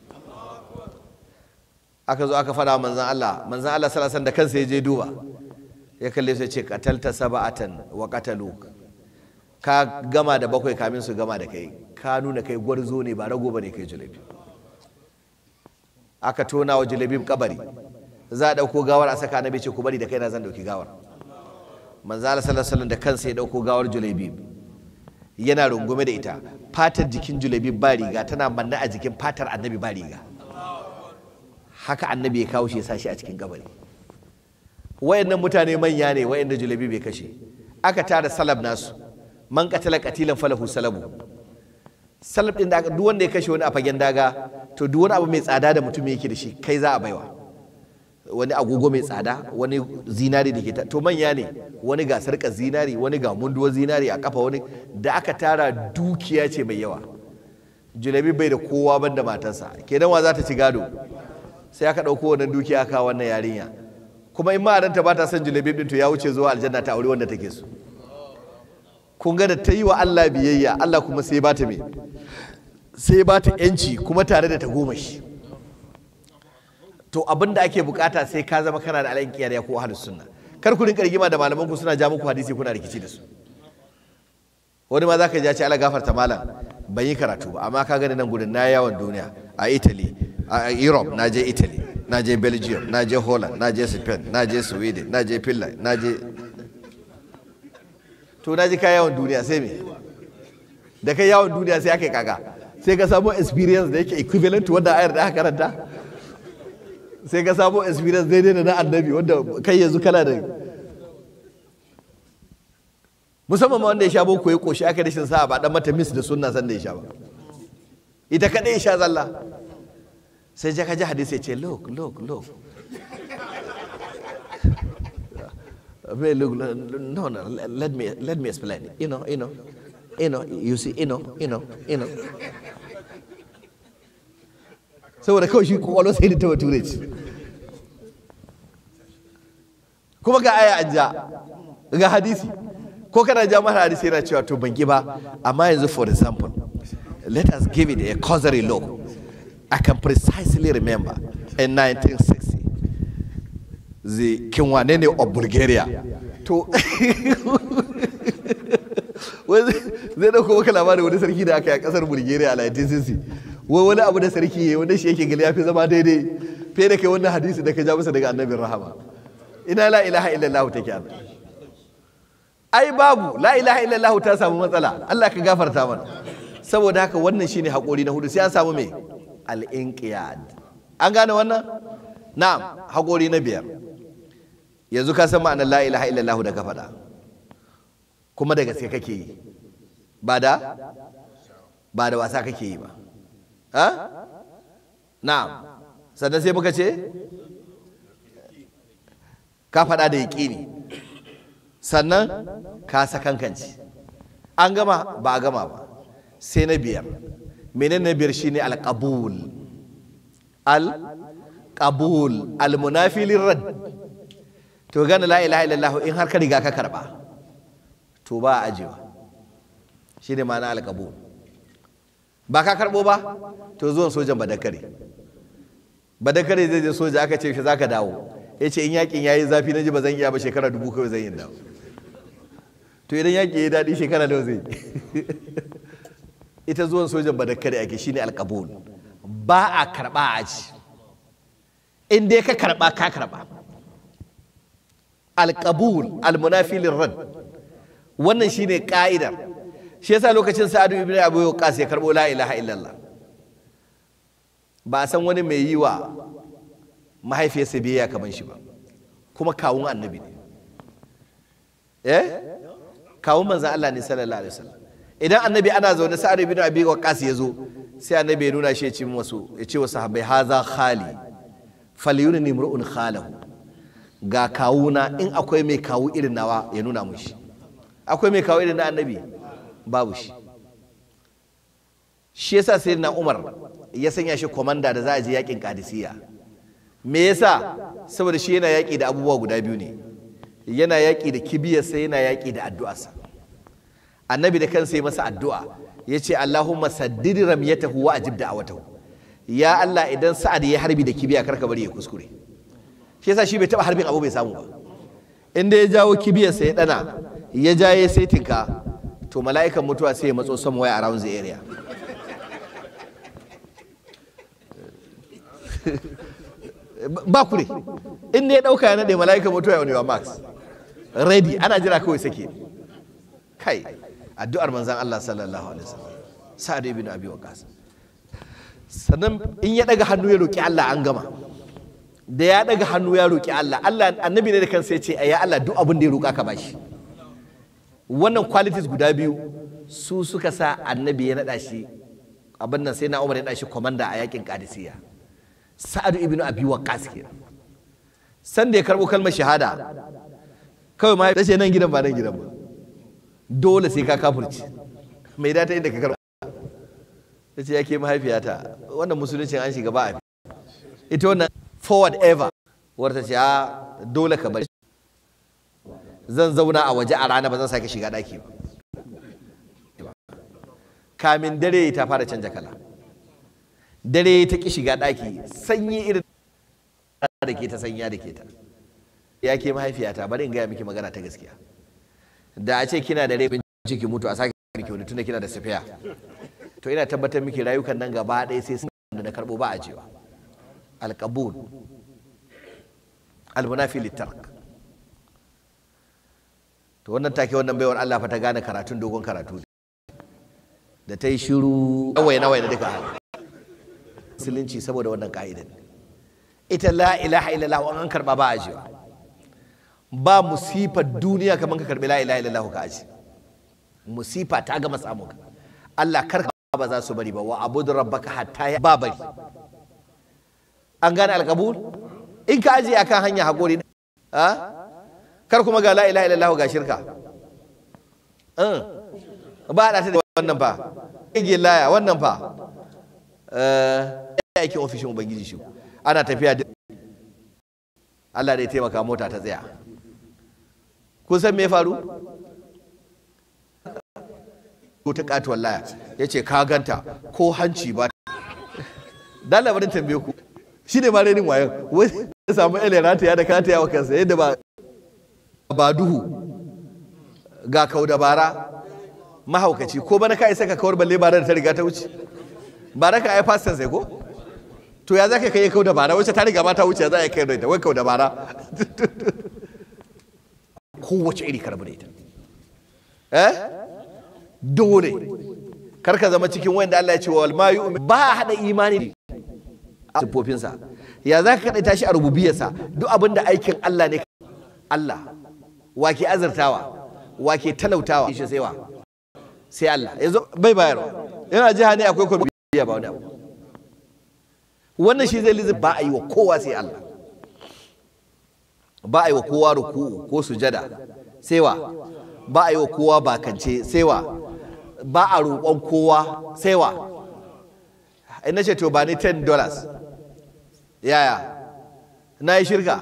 aka zo aka faɗa manzan Allah manzan Allah sallallahu alaihi wasallam da kansa ya je duba ya kalle su ya ce qatalta sab'atan wa qataluka ka gama da bakwai kamin su gama da kai ka nuna kai gwarzo ne ba rago bane kai jalabi aka tona wa jalabin kabari za a dauko gawar a saka annabi ce ku bari da kai na zan dauki gawar manzo Allah sallallahu alaihi da kansa ya dauko gawar jalabi yana rungume da ita fatar jikin jalabi ba riga tana manna a jikin fatar annabi ba riga haka annabi ya kawo shi ya sashi a cikin kabari wayannan mutane manya ne wayanda jalabi bai kashe aka tara salab nasu man katala katilan falahu salabu salab din da duk wanda ya kashe wani a fagen daga to duk wani abu mai tsada da mutum yake da shi kai za a baiwa wani agogo mai tsada wani zinari da ke ta to manya ne wani ga sarka zinari wani ga munduwar zinari a kafa wani da aka tara dukiya ce mai yawa julabi bai da kowa banda matarsa kenan wa za ta ci gado sai aka ɗauko wannan dukiya ka wannan yarinya kuma in ma ta ba ta son julabi din to ya wuce zuwa aljanna ta aure wanda take so kun ga da ta yi wa Allah biyayya Allah kuma sai ba ta me sai ba ta yanci kuma tare da ta goma shi to abin da ake bukata sai ka zama kana da alayin kiyariya ko ahlus sunna kar ku rinka rigima da malaman ku suna ja muku hadisi kuna rikici da su wani ma zaka ji ya ce Allah gafarta malam ban yi karatu ba amma ka gani nan gudun na yawon duniya a Italy a Europe na je Italy na je Belgium na je Holland na je Spain na je Sweden na je Finland na je to na ji ka yawon duniya sai me da kai yawon duniya sai ake kaga sai ka samu experience da yake equivalent wanda ayar da aka karanta sai ka samu experience daidai da na annabi wanda kai yanzu kana da musamman ma wanda ya sha boko ya koshi aka rashin sa'a ba dan mata miss da sunna san da ya sha ba ita kadai ya sha zalla sai ja ka ji hadisi ya ce look look look look, no, no, let me, let me explain. it. You know, you know, you know, you see, you know, you know, you know. So coach, you always kwakwalwa it da tawa ture ce kuma ga aya an ja ga hadisi ko kana ja mara hadisi yana cewa to ban ba amma yanzu for example let us give it a causary law i can precisely remember in 1960 zai kin wane ne of bulgaria to zai dauko maka da wani sarki da aka yi a kasar bulgaria a 1960 wai wani abu da sarki ya yi wanda shi yake gani ya fi zama daidai fiye da kai wannan hadisi da ka ja masa daga annabin rahama ina la ilaha illallah take an ai babu la ilaha illallah ta samu matsala Allah ka gafarta mana saboda haka wannan shine hakuri na hudu sai an samu me al-inqiyad an gane wannan na'am hakuri na biyar yanzu ka san ma'anar la ilaha illallah da ka faɗa kuma da gaske kake yi ba da ba da wasa kake yi ba ha na'am sannan sai muka ce ka faɗa da yaƙini sannan ka sakankance an gama ba a gama ba sai na biyar menene na biyar shine al-qabul al-qabul al munafilir radd to gane la ilaha illallah in har ka riga ka karba to ba a ajewa shi ne ma'ana alƙabu ba ka karɓo ba to zuwan sojan badakare badakare zai je soja aka ce shi za ka dawo ya ce in yakin ya yi zafi na ji ba zan iya ba shekara dubu kawai zan yi dawo to idan yaƙi ya daɗi shekara da zai <laughs> ita zuwan sojan badakare ake shi ne alkabu ba a karɓa a aji in dai ka karɓa ka karɓa alƙabul almunafilin rad wannan shi ne ka'idar shi yasa lokacin sa'adu ibn abu waqas ya karɓo la ilaha illallah ba a san wani mai yi wa mahaifiyarsa biyayya kamar shi ba kuma kawun annabi ne eh kawun manzon Allah ne sallallahu alaihi wasallam idan annabi ana zaune sa'ad ibn abi waqas ya zo sai annabi ya nuna shi ya ce wasu ya ce wasu habai haza khali falyunni imru'un khalahu ga kawuna in akwai mai kawu irin nawa ya nuna mun shi akwai mai kawu irin na annabi babu shi shi yasa sai na umar ya sanya shi komanda da za a je yakin kadisiya me yasa saboda shi yana yaki da abubuwa guda biyu ne yana yaƙi da kibiyar sai yana yaki da addu'arsa annabi da kansa ya masa addu'a ya ce allahumma saddidi ramiyatahu wa ajib da'awatahu ya allah idan sa'ad ya harbi da kibiya karka bari ya kuskure shi yasa shi bai taba harbin abu bai samu ba inda ya jawo kibiyarsa ya dana ya ja ya tinka to mala'ikan mutuwa sai ya matso somewhere around the area <laughs> ba kure inda ya dauka ya nade mala'ikan mutuwa ya wani max ready ana jira kawai sake kai addu'ar manzan Allah sallallahu alaihi wasallam sa'ad ibn abi waqas sannan in ya daga hannu ya roki Allah an gama da ya daga hannu ya roƙi Allah Allah annabi ne da kansa ya ce ya Allah duk abin da ya roƙa ka bashi wannan qualities guda biyu su suka sa annabi ya naɗa shi abin nan sai na Umar ya nada shi komanda a yakin Qadisiyya Sa'adu ibn Abi Waqqas ke san da ya karɓo kalmar shahada kawai ma tace nan gidan ba nan gidan ba dole sai ka kafurci mai data inda ka karbo tace ya ke mahaifiyata wannan musuluncin an shiga ba a ita wannan forward ever wata ce a ah, dole ka bari zan zauna a waje a rana ba zan sake shiga daki ba kamin dare ta fara canja kala dare ta ki shiga daki sanyi irin da ke ta sanya da ke ta ya ke mahaifiyata bari in gaya miki magana ta gaskiya da a ce kina da rabin ciki mutu a sake ki wani tunda kina da safiya to ina tabbatar miki rayukan nan gaba ɗaya sai sun da na karɓo ba a jewa. alkabul almunafi littark to wannan take wannan baiwar Allah fa ta gane karatun dogon karatu da ta yi shiru nawai na waina duka silinci saboda wannan ka'idan ita la ilaha illallah an karba ba ajiya ba musifa duniya kamar ka karbi la ilaha illallah ka aji musifa ta gama samu Allah karka ba za su bari ba wa abudu rabbaka hatta ya ba bari an gane alkabul in ka ajiye akan hanya haƙuri kar kuma ga la ilaha illallah ga shirka hmm. ba da ta da wannan fa kage laya wannan fa eh aikin ofishin ubangiji shi ana tafiya da Allah ya taimaka mota ta tsaya kun san me ya faru ko ta katuwar laya ya ce ka ganta ko hanci ba dalabarin tambaye ku shi ne ma renin wayan wai ya samu elera ta da kata yawa kansa yadda ba ba duhu ga kau da bara mahaukaci ko bana ka isa ka kawar balle bara da ta riga ta wuce bara ka ai fastan sai ko to ya zaka kai kau da bara wacce ta riga ma ta wuce za a kai da wai kau da bara <laughs> kowace iri karbu da ita eh dole kar ka zama cikin wanda Allah ya ce wal ma ba hada imani siffofinsa ya za ka kaɗaita shi a rububiyarsa duk abin da aikin Allah ne Allah wa ke azartawa wa ke talautawa shi saiwa sai Allah yanzu bai bayarwa yana jiha ne akwai kwamfiya ba wani abu wannan shi zai lizi ba a yi wa kowa sai Allah ba a yi wa kowa ruku ko sujada saiwa ba a yi wa kowa bakance saiwa ba a roƙon kowa saiwa in ce to ba ni 10 dollars yaya na yi shirka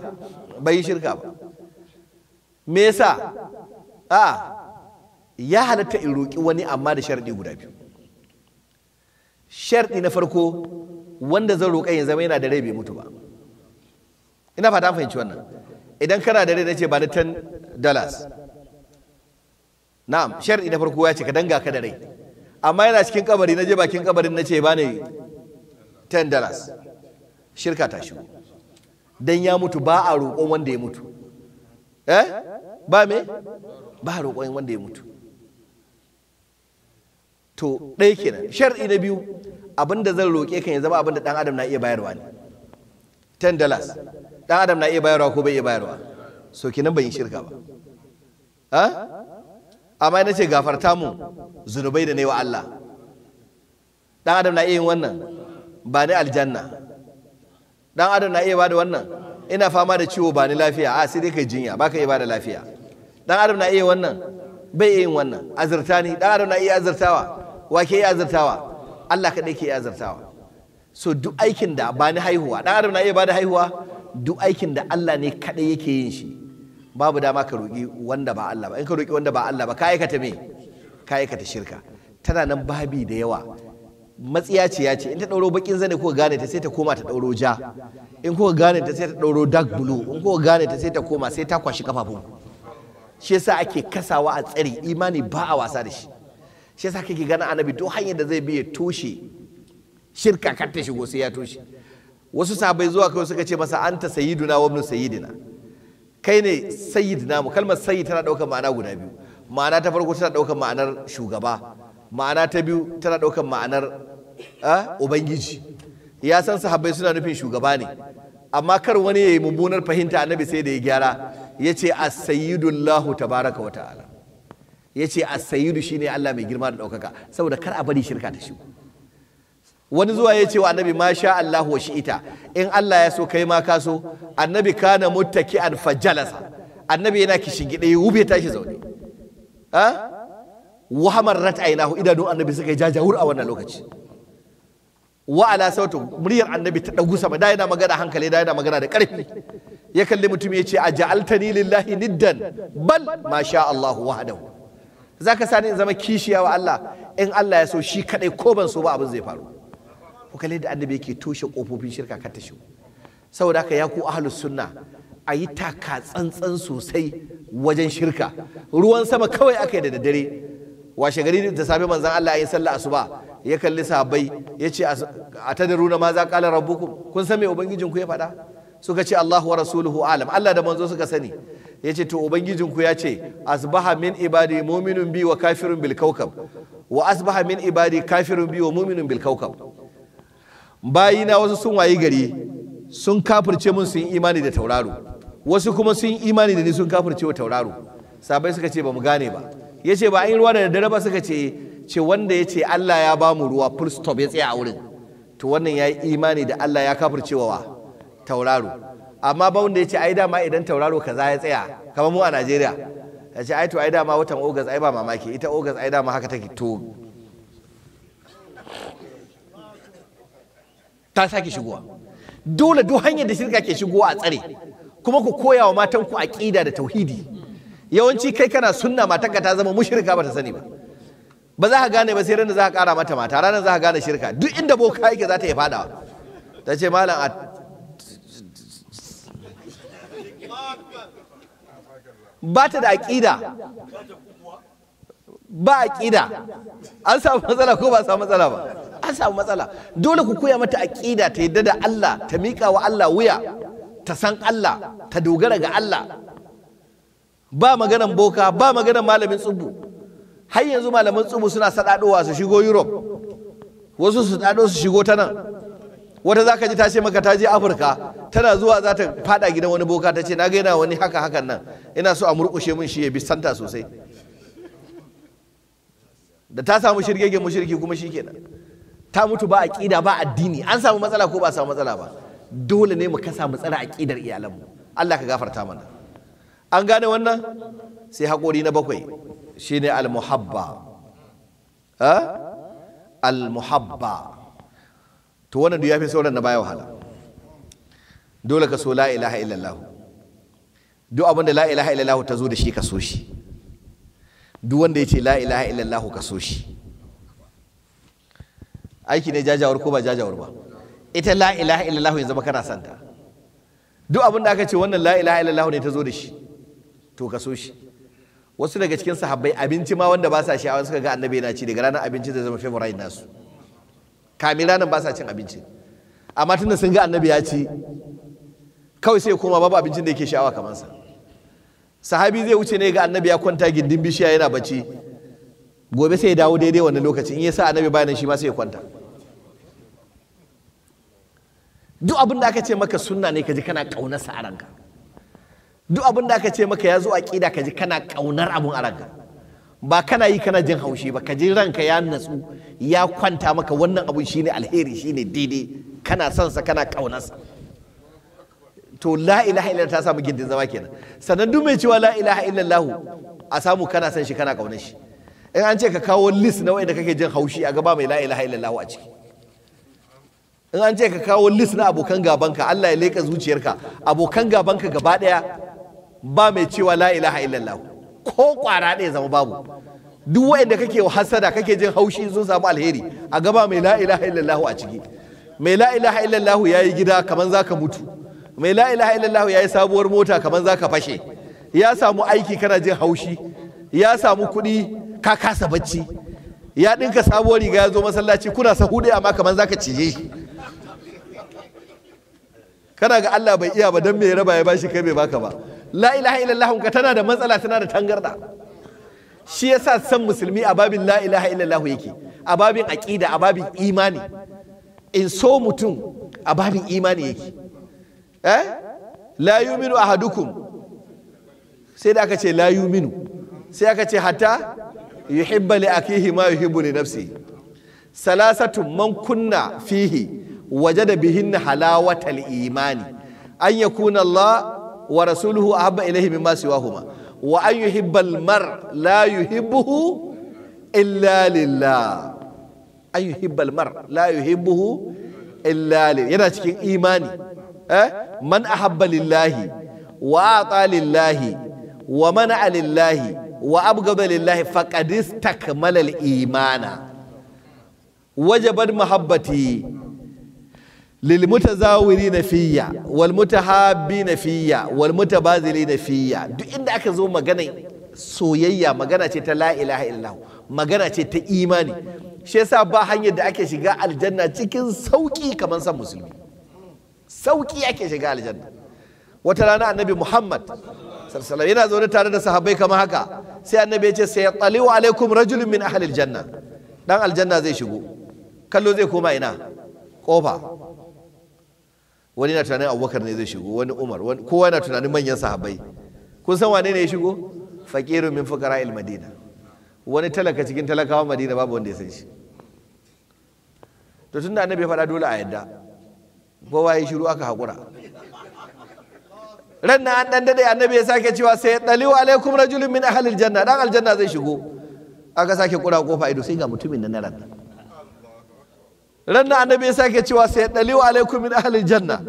bai yi shirka ba me yasa a ya halatta in roƙi wani amma da sharɗi guda biyu sharɗi na farko wanda zan roƙa yanzu zama yana da rai bai mutu ba ina fata an fahimci wannan idan kana da rai na ce ba na 10 dollars na'am sharɗi na farko ya ce ka danga ka da rai amma yana cikin kabari na je bakin kabarin na ce ba ne 10 dollars shirka ta shigo don ya mutu ba a roƙon wanda ya mutu eh ba me ba a roƙon wanda ya mutu to ɗaya kenan shar'i na biyu abinda zan roƙe kan ya zama abinda ɗan adam na iya bayarwa ne ten dollars ɗan adam na iya bayarwa ko bai iya bayarwa so kenan ban yi shirka ba eh? amma na ce gafarta mu zunubai da ne wa Allah ɗan adam na iya yin wannan ba ne aljanna dan adam na iya bada wannan ina fama da ciwo ba ni lafiya a ah, sai dai kai jinya baka iya bada lafiya dan adam na iya wannan bai iya yin wannan azurta ni dan adam na iya azurtawa wa ke iya azurtawa Allah kaɗai ke iya azurtawa so duk aikin da ba ni haihuwa dan adam na iya bada haihuwa duk aikin da Allah ne kadai yake yin shi babu dama ka roƙi wanda ba Allah ba in ka roƙi wanda ba Allah ba ka aikata me ka aikata shirka tana nan babi da yawa matsiya ce ya ce in ta ɗauro bakin zane kuka gane ta sai ta koma ta ɗauro ja in ko gane ta sai ta ɗauro dark blue in kuka gane ta sai ta koma sai ta kwashi kafafun shi yasa ake kasawa a tsari imani ba a wasa da shi shi yasa kake gana annabi to hanyar da zai bi ya toshe shirka kar ta shigo sai ya toshe wasu sabai zuwa kai suka ce masa anta sayyiduna wa ibnu sayyidina kai ne sayyidina mu kalmar sayyid tana daukar ma'ana guda biyu ma'ana ta farko tana daukar ma'anar shugaba ma'ana ta biyu tana ɗaukar ma'anar ah, ubangiji ya san sahabbai suna nufin shugaba ne amma kar wani ya yi mummunar fahimta annabi sai da ya gyara ya ce as-sayyidullahu tabaraka wa ta'ala ya ce asayidu sayyidu shine Allah mai girma da ɗaukaka saboda kar a bari shirka ta shigo wani zuwa ya ce wa annabi ma sha Allah wa shi'ita in Allah ya so kai ma ka so annabi kana an fajalasa annabi yana kishin gida ya wube tashi zaune ah? wahamar hu idanun annabi suka yi jajawur a wannan lokaci wa ala sautu muryar annabi ta dagu sama da yana magana hankali da yana magana da karfi ya kalli mutum ya ce a ja'altani lillahi niddan bal ma sha Allah wahdahu zaka sani in zama kishiya wa Allah in Allah ya so shi kadai ko ban so ba abin zai faru ko kalli da annabi yake toshe kofofin shirka ka tashi saboda haka ya ku ahlus sunna a yi taka tsantsan sosai wajen shirka ruwan sama kawai aka yi da daddare washe gari da safe manzan Allah ya sallah asuba ya kalli sahabbai ya ce a tadaruna ma za kala rabbukum kun san me ya faɗa suka ce Allahu wa rasuluhu alam Allah da manzo suka sani ya ce to ubangijinku ya ce asbaha min ibadi mu'minun bi wa kafirun bil kawkab wa asbaha min ibadi kafirun bi wa mu'minun bil kawkab bayina wasu sun wayi gari sun kafirce mun sun imani da tauraro wasu kuma sun imani da ni sun kafirce wa tauraro sabai suka ce ba mu gane ba ya ce ba an yi ruwa da dare ba suka ce ce wanda ya ce Allah ya ba mu ruwa full stop ya tsaya a wurin to wannan ya yi imani da Allah ya kafircewa wa tauraro amma ba wanda ya ce ai dama idan tauraro kaza ya tsaya kamar mu a Najeriya ya ce ai to ai dama watan August ai ba mamaki ita August ai dama haka take to ta sake shigowa dole duk hanyar da shirka ke shigowa a tsare kuma ku koya wa matanku aqida da tauhidi yawanci kai kana sunna matarka ta zama mushrika ba ta sani ba ba za ka gane ba sai ranar za ka kara mata mata ranar za ka gane shirka duk inda boka yake za ta yi fadawa ta ce malam a <laughs> ba ta da aƙida ba aƙida an samu matsala ko ba samu matsala ba an samu matsala dole ku koya mata aƙida ta yadda da Allah ta miƙa wa Allah wuya ta san Allah ta dogara ga Allah ba maganan boka ba maganan malamin tsubu har yanzu malamin tsubu suna sadadowa su shigo europe wasu su sadado su shigo ta nan wata zaka ji ta ce maka ta je afirka tana zuwa za ta fada gidan wani boka ta ce na ga yana wani haka hakan nan ina so a murkushe min shi ya bi santa sosai da ta samu shirgege shirki kuma shi kenan ta mutu ba aqida ba addini an samu matsala ko ba samu matsala ba dole ne mu kasa mu tsara iyalan iyalanmu Allah ka gafarta mana an gane wannan sai haƙori na bakwai shine almuhabba almuhabba to wannan duk ya fi sauran na baya wahala dole ka so la ilaha illallah duk abin da la ilaha illallah ta zo da shi ka so shi duk wanda ya ce la ilaha illallah ka so shi aiki ne jajawar ko ba jajawar ba ita la ilaha illallah yanzu ba kana santa duk abin da aka ce wannan la ilaha illallah ne ta zo da shi to ka so shi wasu daga cikin sahabbai abinci ma wanda ba sa sha'awa suka ga annabi yana ci daga ranar abinci zai zama favorite nasu kamin ranar ba sa cin abinci amma tunda sun ga annabi ya ci kawai sai koma babu abincin da yake sha'awa kamar sa sahabi zai wuce ne ga annabi ya kwanta gindin bishiya yana bacci gobe sai ya dawo daidai wannan lokacin in ya sa annabi bayanan shi ma sai ya kwanta duk abin da aka ce maka sunna ne ka ji kana kaunarsa a ranka duk abin da aka ce maka ya zo ƙida ka ji kana ƙaunar abun a ranka ba kana yi kana jin haushi ba ka ji ranka ya natsu ya kwanta maka wannan abun shine alheri shine daidai kana son sa kana ƙaunarsa to la ilaha illallah ta samu gindin zama kenan sannan duk mai cewa la ilaha illallah a samu kana son shi kana ƙaunar shi in an ce ka kawo list na wanda kake jin haushi a gaba mai la ilaha illallah a ciki in an ce ka kawo list na abokan gabanka Allah ya leka zuciyarka abokan gabanka gaba daya ba mai cewa la ilaha illallah ko kwara ɗaya zama babu duk wa'anda kake hasada kake jin haushi sun samu alheri a gaba mai la ilaha illallah a ciki mai la ilaha illallah ya yi gida kaman ka mutu mai la ilaha illallah ya yi sabuwar mota kaman ka fashe ya samu aiki kana jin haushi ya samu kuɗi ka kasa bacci ya ɗinka sabuwar riga ya zo masallaci kuna sahu ɗaya amma kaman ka cije shi kana ga Allah bai iya ba don mai raba ya bashi kai bai baka ba la ilaha illallah ka tana da matsala tana da tangarda shi yasa san musulmi a babin la ilaha illallah yake a babin aqida a babin imani in so mutum a babin imani yake eh la yuminu ahadukum sai da aka ce la yuminu sai aka ce hatta yuhibba li akihi ma yuhibbu li nafsi salasatu man kunna fihi wajada bihinna halawatal imani an yakuna Allah ورسوله أحب إليه مما سواهما وأن يحب المرء لا يحبه إلا لله أن يحب المرء لا يحبه إلا لله يعني تكين إيماني أه؟ من أحب لله وأعطى لله ومنع لله وأبغض لله فقد استكمل الإيمان وجب محبتي lilmutazawirina fiyya wal mutahabbina fiyya wal mutabazilina fiyya duk inda aka zo magana soyayya magana ce ta la ilaha illallah magana ce ta imani shi yasa ba hanyar da ake shiga aljanna cikin sauki kamar san musulmi sauki ake shiga aljanna wata rana annabi muhammad sallallahu yana zaune tare da sahabbai kamar haka sai annabi ya ce sai taliu alaikum rajulun min ahli aljanna dan aljanna zai shigo kallo zai koma ina kofa wani na tunanin abubakar ne zai shigo wani umar kowa na tunanin manyan sahabai. kun san wane ne ya shigo faqiru min fuqara il madina wani talaka cikin talakawa madina babu wanda ya san shi to tunda annabi ya faɗa dole a yadda kowa ya shiru aka haƙura ranna an dan dade annabi ya sake cewa sai daliwa alaikum rajulun min ahlil janna dan aljanna zai shigo aka sake kura kofa ido sai ga mutumin nan ranna ranna annabi ya sake cewa sai dalilu alaikum min ahli janna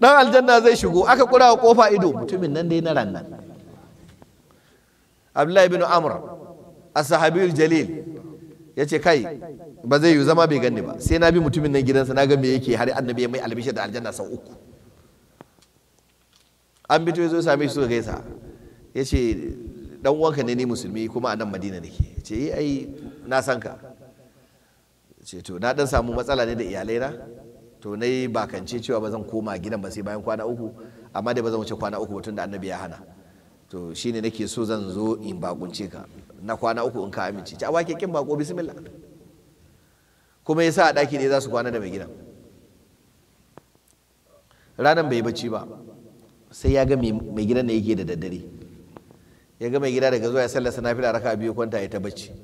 dan aljanna zai shigo aka kura wa kofa ido mutumin nan dai na rannan abdullahi ibn amr ashabi jalil yace kai ba zai yi zama bai ganni ba sai na bi mutumin nan gidansa na ga me yake har annabi ya mai albishir da aljanna sau uku an bito zo same shi suka gaisa yace dan uwanka ne ni musulmi kuma a nan madina nake yace eh, ai na san ka ce to na dan samu matsala ne da iyalai na to na yi bakance cewa ba zan koma gidan ba sai bayan kwana uku amma dai ba zan wuce kwana uku tun da annabi ya hana to shine nake so zan zo in bakunce ka na kwana uku in ka amince ci wake kin bako bismillah kuma yasa a daki ne za su kwana da mai gidan ranan bai bacci ba sai ya ga mai gidan ne yake da daddare ya ga mai gida daga zuwa ya sallar sanafila raka biyu kwanta ya ta bacci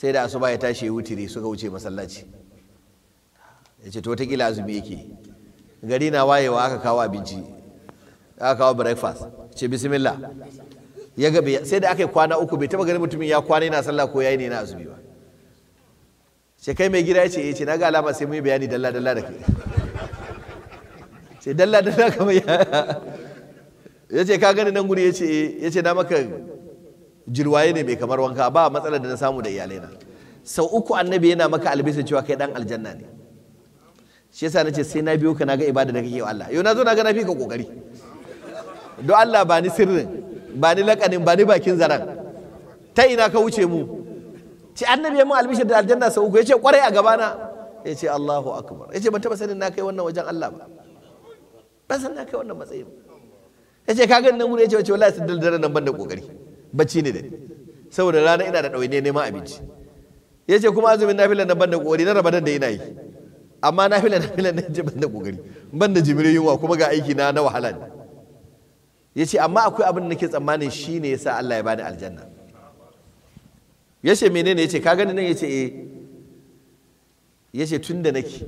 sai da asuba ya tashi ya wutire suka wuce masallaci ya ce to gila azumi yake gari na wayewa aka kawo abinci aka kawo breakfast ce bismillah ya gabe sai da aka yi kwana uku bai taba ganin mutumin ya kwana yana sallah ko yayi ne na azumi ba ce kai mai gida ya ce eh, ya ce na ga alama sai mun yi bayani dalla dalla da kai ce dalla dalla kamar ya ce ka gani nan guri ya ce eh, na maka jirwaye ne mai kamar wanka ba matsalar da na samu da iyalai na sau uku annabi yana maka albisa cewa kai dan aljanna ne shi yasa nace sai na biyo ka naga ibada da kake yi Allah yau na zo na ga na fi ka kokari don Allah ba ni sirrin ba ni lakanin ba ni bakin zaran ta ina ka wuce mu Ci annabi mun albishir da aljanna sau uku yace kwarai a gabana yace Allahu akbar yace ban taba sanin na kai wannan wajen Allah ba ban san na kai wannan matsayin yace ka ga nan mun yace wallahi sai dare nan ban da kokari bacci ne da ni saboda rana ina da ɗawainiyar neman abinci ya ce kuma azumin na filan na ban da ƙoƙari na rabadan da yana yi amma na filan na ce ban da ƙoƙari ban da jimirin yunwa kuma ga aiki na na wahala ne ya ce amma akwai abin da nake tsammanin shi ne ya sa Allah ya bani aljanna ya ce menene ya ce ka gani nan ya ce eh ya ce tun da nake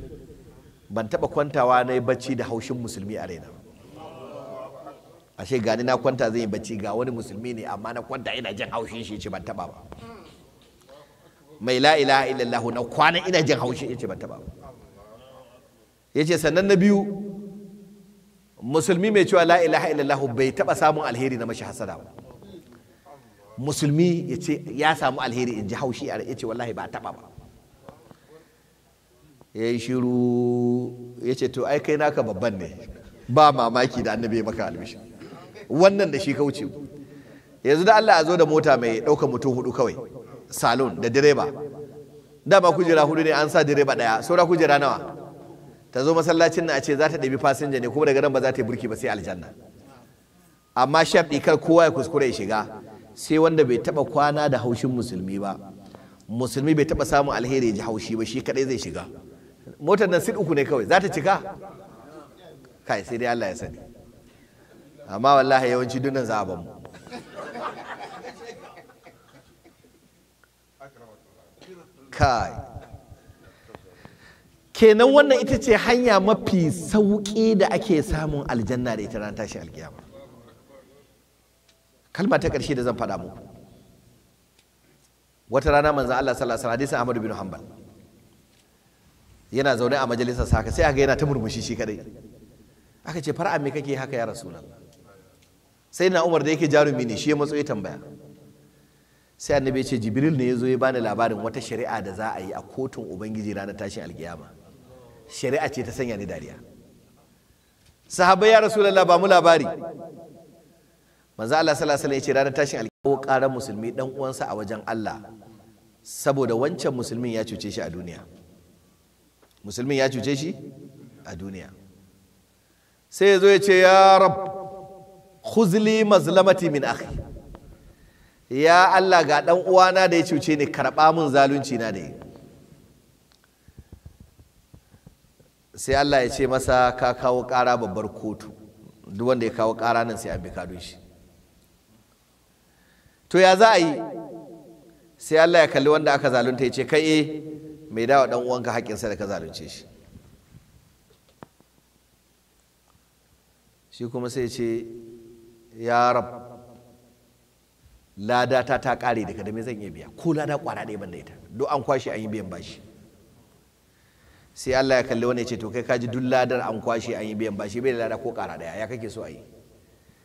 ban taɓa kwantawa na yi bacci da haushin musulmi a raina ba. ashe gani na kwanta zai bacci ga wani musulmi ne amma na kwanta ina jin haushin shi ce ban taba ba mai la ilaha illallah na kwana ina jin haushin ce ban taba ba yace sannan na biyu musulmi mai cewa la ilaha illallah bai taba samun alheri na mashi hasada ba musulmi ya ce ya samu alheri in ji haushi a ce wallahi ba taba ba ya yi shiru ya ce to ai kai naka babban ne ba mamaki da annabi maka albishin. wannan da shi kauce yanzu da Allah a zo da mota mai ɗaukar mutum hudu kawai salon da direba dama kujera hudu ne an sa direba ɗaya saura kujera nawa ta zo masallacin na a ce za ta ɗabi fasinja ne kuma daga nan ba za ta yi burki ba sai aljanna amma shafi kar kowa ya kuskure ya shiga sai wanda bai taɓa kwana da haushin musulmi ba musulmi bai taɓa samun alheri ya ji haushi ba shi kaɗai zai shiga motar nan sit uku ne kawai za ta cika kai sai dai Allah ya sani amma wallahi yawanci dunan za a ban mu kai kenan wannan ita ce hanya mafi sauƙi da ake samun aljanna da ita ran tashi alkiyama kalma ta ƙarshe da zan faɗa muku wata rana manzan Allah sallallahu alaihi wasallam Ahmadu bin Hanbal yana zaune a majalisar saka sai aka yana ta murmushi shi kadai aka ce fara me kake haka ya rasulullah sai na umar da yake jarumi ne shi ya matsoyi tambaya sai annabi ya ce jibril ne ya zo ya bani labarin wata shari'a da za a yi a kotun ubangiji ranar tashin alkiyama shari'a ce ta sanya ni dariya sahabbai ya rasulullah ba mu labari manzo Allah sallallahu alaihi ya ce ranar tashin alkiyama karan musulmi dan uwansa a wajen Allah saboda wancan musulmin ya cuce shi a duniya musulmin ya cuce shi a duniya sai ya zo ya ce ya rabu. khuzli mazlamati min akhi ya Allah ga dan uwana da ya cuce ni karba min zalunci na da sai Allah ya ce masa ka kawo ƙara babbar kotu duk wanda ya kawo ƙara nan sai an bi kadun shi to ya za a yi sai Allah ya kalli wanda aka zalunta ya ce kai eh mai dawa dan uwanka haƙƙinsa da ka zalunce shi shi kuma sai ya ce ya rab lada ta ta kare daga da me zan iya biya ko lada kwana ɗaya ban da ita duk an kwashe an yi biyan bashi sai Allah ya kalli wani ya ce to kai kaji duk ladar an kwashe an yi biyan bashi bai da lada ko kara ɗaya ya kake so a yi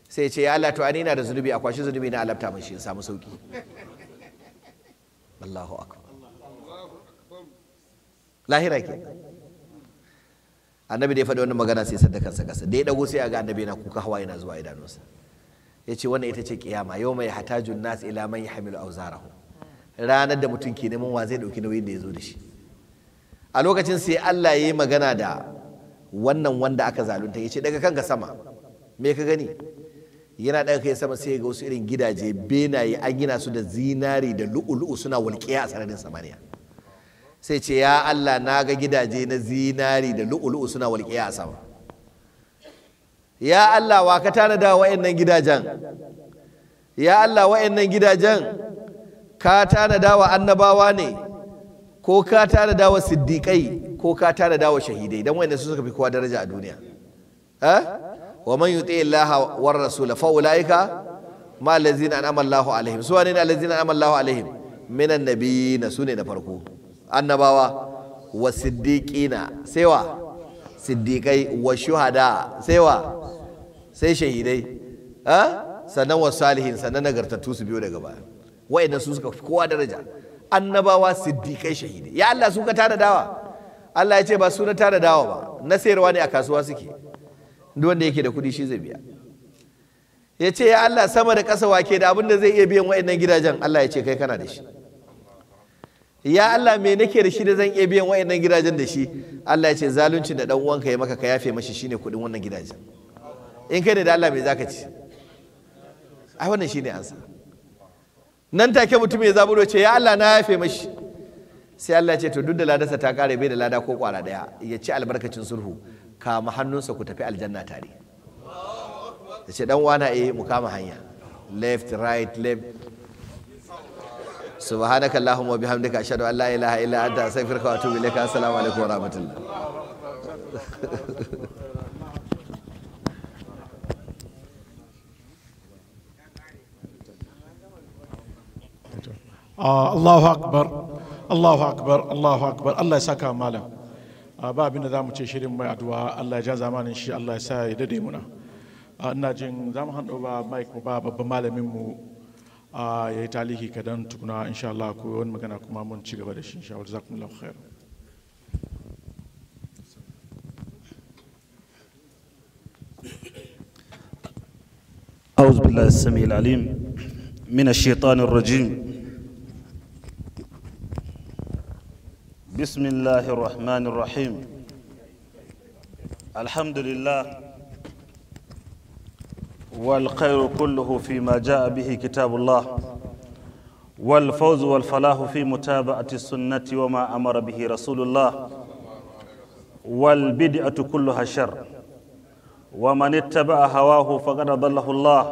sai ce ya Allah to ani na da zunubi a kwashe zunubi na alabta mashi in samu sauki Allahu akbar lahira ke annabi da ya faɗi wannan magana sai sadda kansa kasa da ya dago sai a ga annabi na kuka hawa yana zuwa idanunsa ya ce wannan ita ce kiyama yau mai hatajun nas ila man yahmilu awzarahu ranar da mutum ke neman wa zai dauki nauyin da ya zo da shi a lokacin sai Allah ya yi magana da wannan wanda aka zalunta ya ce daga kanka sama me ka gani yana daga kai sama sai ga wasu irin gidaje benaye an gina su da zinari da lu'ulu'u suna walƙiya a sararin samaniya sai ce ya Allah na ga gidaje na zinari da lu'ulu'u suna walƙiya a sama ya Allah wa ka tanada wa'annan gidajen ya Allah wa'annan gidajen ka tanada wa annabawa ne ko ka tanada wa siddiƙai ko ka tanada wa shahidai dan wa'annan su suka fi kowa daraja a duniya wa man yuti Allah war rasul fa ulaika ma allazina an'ama Allahu alaihim su wane ne allazina an'ama Allahu alaihim minan nabiyina sune na farko annabawa wa siddiqina sai wa siddiqai wa shuhada sai wa sai shahidai sannan wasu salihin sannan nagartattu su biyo daga baya wa'annan su suka fi kowa daraja annabawa siddiƙai shahidai ya Allah suka ka tara dawa Allah ya ce ba su na tara dawa ba na sayarwa ne a kasuwa suke duk wanda yake da kuɗi shi zai biya ya ce ya Allah sama da ƙasa wake da abin da zai iya biyan wa'annan gidajen Allah ya ce kai kana da shi ya Allah me nake da shi da zan iya biyan wa'annan gidajen da shi Allah ya ce zaluncin da dan uwanka ya maka ka yafe mashi shine kuɗin wannan gidajen in kai ne da Allah mai zaka ci ai wannan shine ansa nan take mutum ya zaburo ce ya Allah na yafe mashi sai Allah ce to duk da ladarsa ta kare bai da lada ko kwara daya ya ci albarkacin sulhu kama hannunsa ku tafi aljanna tare ya ce dan wana eh mu kama hanya left right left subhanaka allahumma wa bihamdika ashhadu an la ilaha illa anta astaghfiruka wa atubu ilaika assalamu alaikum wa rahmatullah <laughs> Ah, Allahu akbar Allahu akbar Allahu akbar Allah ya saka malam ah, ba abinda da zamu ce shirin mai addu'a Allah ya ja zamanin shi Allah ya sa ya dade muna ah, ina jin za mu hando ba mic ba babban malamin mu ya yi talihi kadan tukuna insha Allah ko wani magana kuma mun ci gaba da shi insha Allah jazakumullahu khair أعوذ بالله السميع العليم من الشيطان الرجيم بسم الله الرحمن الرحيم الحمد لله والخير كله فيما جاء به كتاب الله والفوز والفلاح في متابعة السنة وما أمر به رسول الله والبدعة كلها شر ومن اتبع هواه فقد ضله الله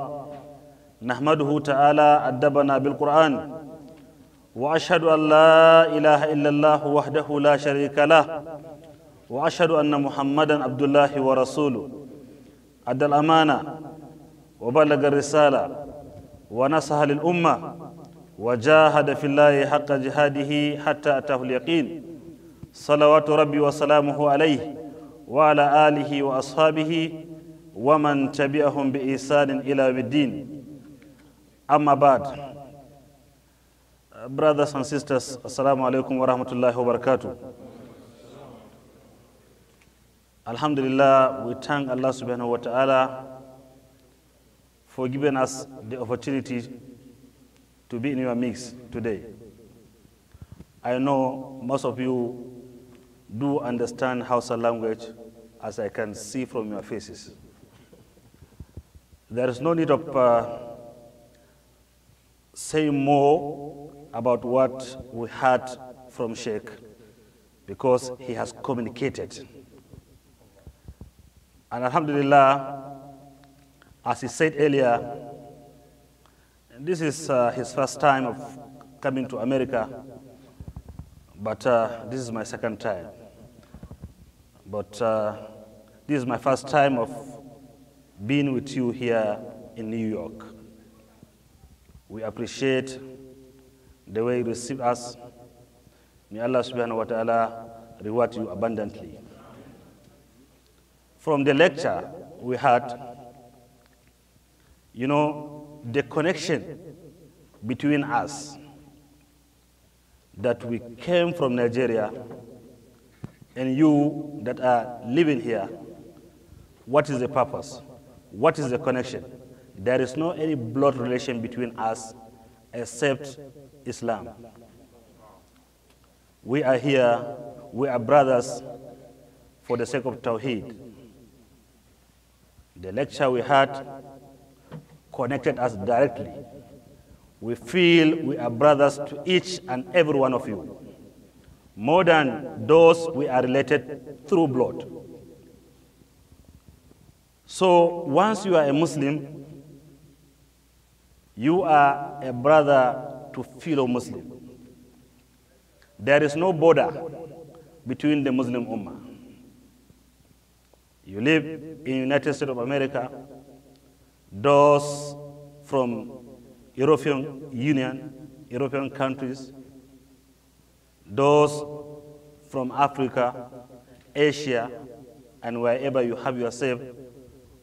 نحمده تعالى أدبنا بالقرآن واشهد ان لا اله الا الله وحده لا شريك له واشهد ان محمدا عبد الله ورسوله ادى الامانه وبلغ الرساله ونصح للامه وجاهد في الله حق جهاده حتى اتاه اليقين صلوات ربي وسلامه عليه وعلى اله واصحابه ومن تبعهم باحسان الى يوم الدين اما بعد brothers and sisters, Assalamu alaikum wa rahmatullahi wa barakatuh. Alhamdulillah, we thank Allah subhanahu wa ta'ala for giving us the opportunity to be in your mix today. I know most of you do understand Hausa language as I can see from your faces. There is no need of uh, saying more about what we heard from Sheikh because he has communicated. And Alhamdulillah, as he said earlier, this is uh, his first time of coming to America, but uh, this is my second time. But uh, this is my first time of being with you here in New York. We appreciate the way He received us. May Allah subhanahu wa ta'ala reward you abundantly. From the lecture we had, you know, the connection between us that we came from Nigeria and you that are living here, what is the purpose? What is the connection? There is no any blood relation between us except Islam. We are here, we are brothers for the sake of Tawheed. The lecture we had connected us directly. We feel we are brothers to each and every one of you, more than those we are related through blood. So once you are a Muslim, you are a brother to fellow Muslim. There is no border between the Muslim Ummah. You live in United States of America, those from European Union, European countries, those from Africa, Asia, and wherever you have yourself,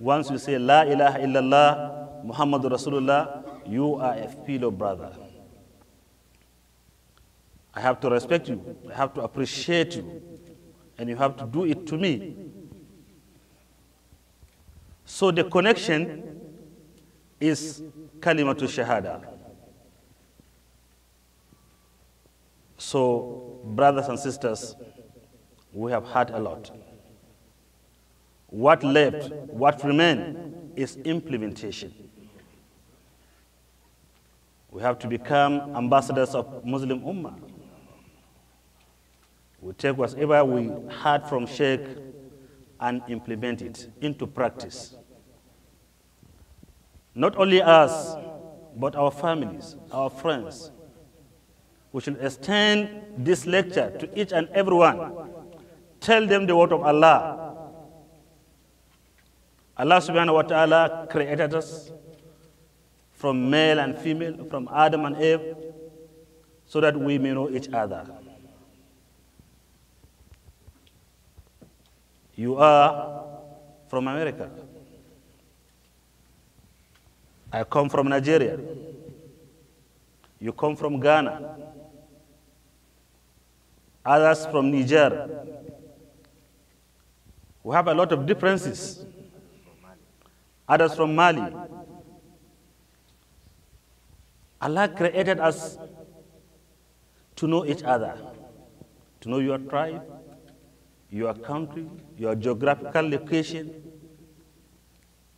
once you say La ilaha illallah Muhammad Rasulullah, you are a fellow brother. I have to respect you. I have to appreciate you. And you have to do it to me. So the connection is kalimatu shahada. So, brothers and sisters, we have had a lot. What left, what remained, is implementation. We have to become ambassadors of Muslim Ummah. We take whatever we heard from Sheikh and implement it into practice. Not only us, but our families, our friends. We should extend this lecture to each and everyone. Tell them the word of Allah. Allah subhanahu wa ta'ala created us from male and female, from Adam and Eve, so that we may know each other. You are from America. I come from Nigeria. You come from Ghana. Others from Niger. We have a lot of differences. Others from Mali. Allah created us to know each other, to know your tribe, your country, your geographical location.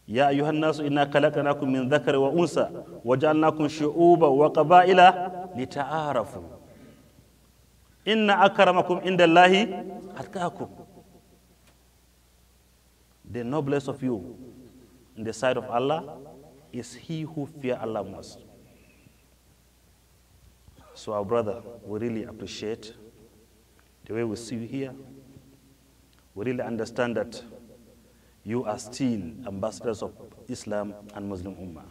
يا أيها الناس إنا خلقناكم من ذكر وأنثى وجعلناكم شعوبا وقبائل لتعارفوا إن أكرمكم عند الله أتقاكم The noblest of you in the sight of Allah is he who fear Allah most. So our brother, we really appreciate the way we see you here. We really understand that you are still ambassadors of Islam and Muslim Ummah.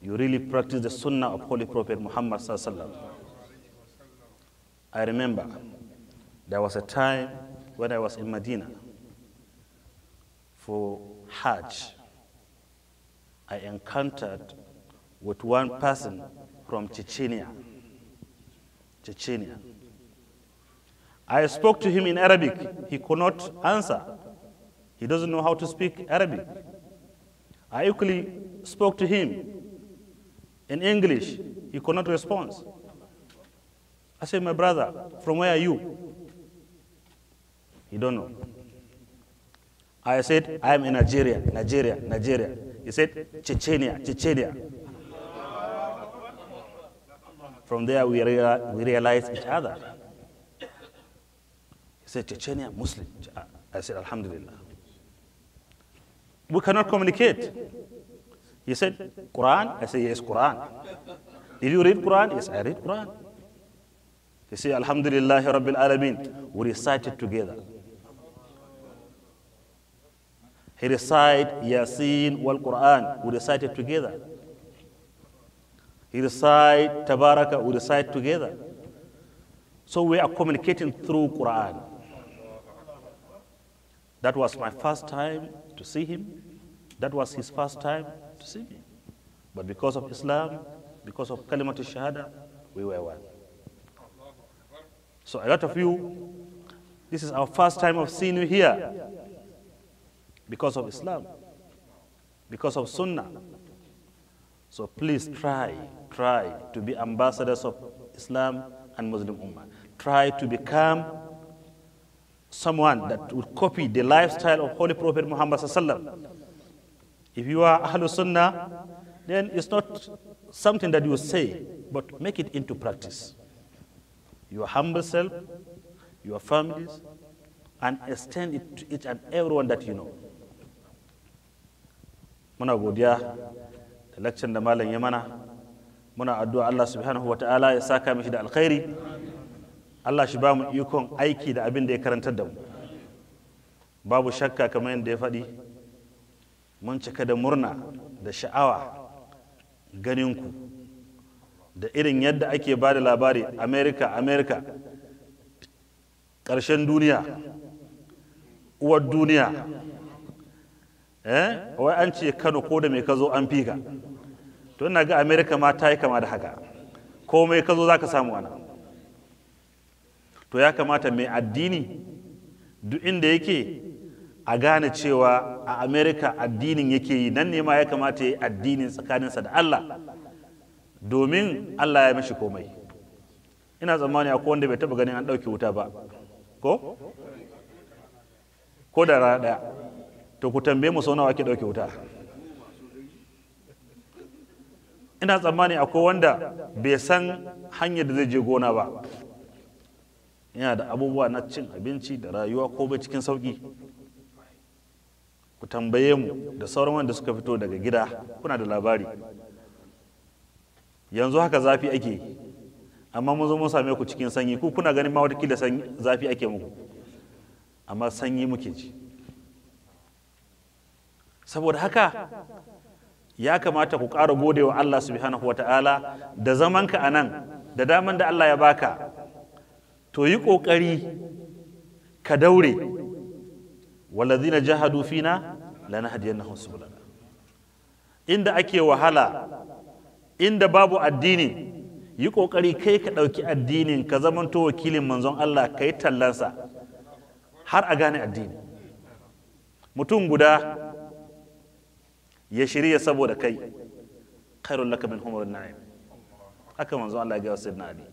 You really practice the sunnah of Holy Prophet Muhammad sallallahu I remember there was a time when I was in Medina for Hajj. I encountered with one person from Chechnya. Chechnya. I spoke to him in Arabic. He could not answer. He doesn't know how to speak Arabic. I equally spoke to him in English. He could not respond. I said, my brother, from where are you? He don't know. I said, I am in Nigeria, Nigeria, Nigeria. He said, Chechnya, Chechnya. From there, we, rea we realize each other. He said, Chechenia, Muslim. I said, Alhamdulillah. We cannot communicate. He said, Quran? I said, yes, Quran. Did you read Quran? Yes, I read Quran. He said, Alhamdulillah, Rabbil Alameen. We recited together. He recited Yasin wal Quran. We recited together. He recite Tabaraka, we recite together. So we are communicating through Quran. That was my first time to see him. That was his first time to see me. But because of Islam, because of Kalimat Shahada, we were one. So a lot of you, this is our first time of seeing you here because of Islam, because of Sunnah. So please try, try to be ambassadors of Islam and Muslim Ummah. Try to become someone that will copy the lifestyle of Holy Prophet Muhammad Sallallahu If you are Ahlul Sunnah, then it's not something that you say, but make it into practice. Your humble self, your families, and extend it to each and everyone that you know. da da malam ya mana muna addu'a Allah subhanahu wa ta'ala ya saka mishi da alkhairi Allah shi ba mu ikon aiki da abin da ya karanta da mu babu shakka kamar yadda ya faɗi mun cika da murna da sha'awa ganin ku. da irin yadda ake ba da labari amerika amerika ƙarshen duniya uwar duniya eh wai an ce Kano ko da mai ka zo an fika ka to ina ga America ma ta yi kama da haka ko mai ka zo ka samu ana to ya kamata mai addini duk inda yake a gane cewa a America addinin yake yi nan ne ma ya kamata ya yi addinin tsakaninsa da Allah domin Allah ya mashi komai ina tsammani a wanda bai taba ganin an ɗauke wuta ba ko ko da rana ɗaya to ku tambaye mu sau nawa ake ɗauke wuta ina tsammani akwai wanda bai san hanyar da zai je gona ba yana da abubuwa na cin abinci da rayuwa ko bai cikin sauki ku tambaye mu da sauran wanda suka fito daga gida kuna da labari yanzu haka zafi ake amma mun zo mun same ku cikin sanyi ku kuna ganin ma watakila zafi ake muku amma sanyi muke ci. saboda haka ya kamata ku ƙara gode wa Allah subhanahu wa ta'ala da zamanka a nan da daman da Allah ya baka to yi ƙoƙari ka daure na jahadu fina lanahdiyannahum subulana inda ake wahala inda babu addini yi ƙoƙari kai ka ɗauki addinin ka zamanto wakilin manzon Allah ka yi tallansa har a gane addini mutum guda ya shirya saboda kai khairul laka min na na'im haka manzo Allah ya ga wasu ali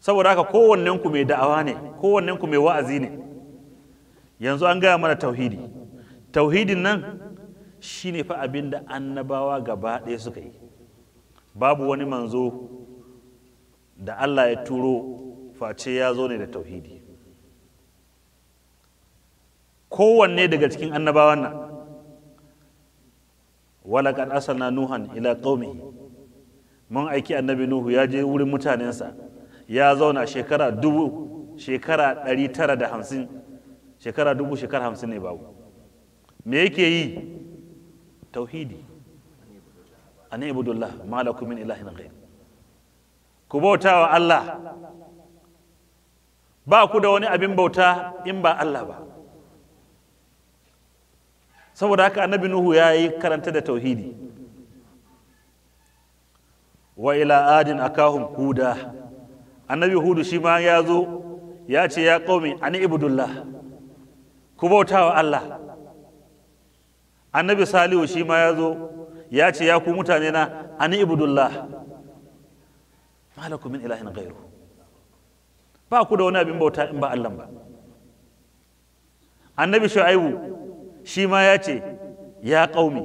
saboda haka kowannen ku mai da'awa ne kowannen ku mai wa'azi ne yanzu an gaya mana tauhidi tauhidin nan shine fa abin da annabawa gaba ɗaya suka yi babu wani manzo da Allah ya turo face ya zo ne da tauhidi kowanne daga cikin annabawan nan walaƙar asana nuhan ila ƙaumi mun aiki annabi nuhu ya je wurin mutanensa ya zauna shekara dubu shekara ɗari tara da hamsin shekara dubu shekara hamsin ne babu me yake yi tauhidi an ibudullah malakum min ilahin ghair ku bauta wa Allah ba ku da wani abin bauta in ba Allah ba saboda haka annabi nuhu ya yi karanta da tauhidi wa ila adin akahum huda annabi hudu shi ma ya zo ya ce ya qaumi ani ibudullah ku bautawa Allah annabi salihu shi ma ya zo ya ce ya ku mutane na ani ibudullah malakum min ilahin ghairu ba ku da wani abin bauta in ba Allah ba annabi shu'aibu shi ma ya ce ya qaumi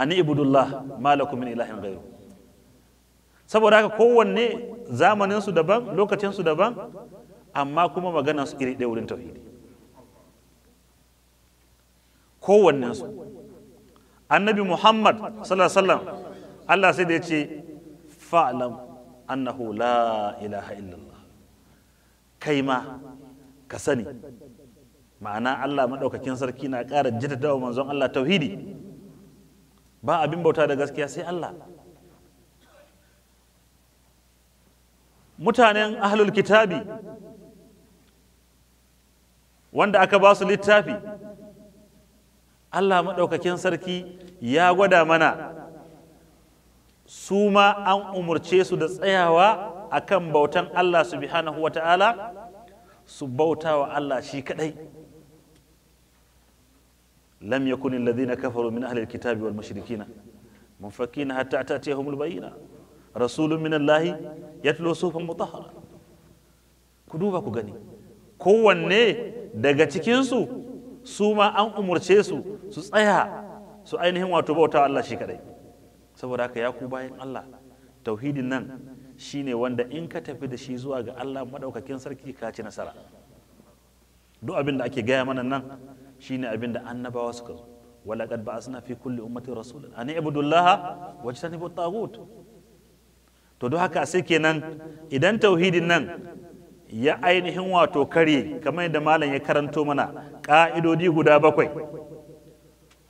ani ibudullah malakum min ilahin gairu saboda haka kowanne zamaninsu daban lokacinsu daban amma kuma magana su iri ɗaya wurin tauhidi Kowanne su annabi muhammad sallallahu allah sai da ya ce fa'alam, annahu la ilaha illallah kai ma ka sani ma'ana Allah maɗaukakin sarki na ƙara jita wa manzon Allah tauhidi ba abin bauta da gaskiya sai Allah mutanen ahlul kitabi wanda aka ba su littafi Allah maɗaukakin sarki ya gwada mana su ma an umarce su da tsayawa akan bautan Allah subhanahu wa ta'ala su bauta wa Allah shi kaɗai lam yakun alladhina kafaru min ahli alkitabi wal mushrikin munfakin hatta tatiyahum albayina rasulun min ya yatlu sufan mutahhara ku duba ku gani kowanne daga cikinsu su ma an umarce su su tsaya su ainihin wato bauta Allah shi kadai saboda haka ya ku bayan Allah tauhidin nan shine wanda in ka tafi da shi zuwa ga Allah madaukakin sarki ka ci nasara duk abin da ake gaya mana nan shine abin da annabawa suka zo Wala kad ba'asna fi kulli ummati rasulan an ibudullaha wajtanibu tagut to don haka sai kenan idan tauhidin nan ya ainihin wato kare kamar yadda malam ya karanto mana ka'idodi guda bakwai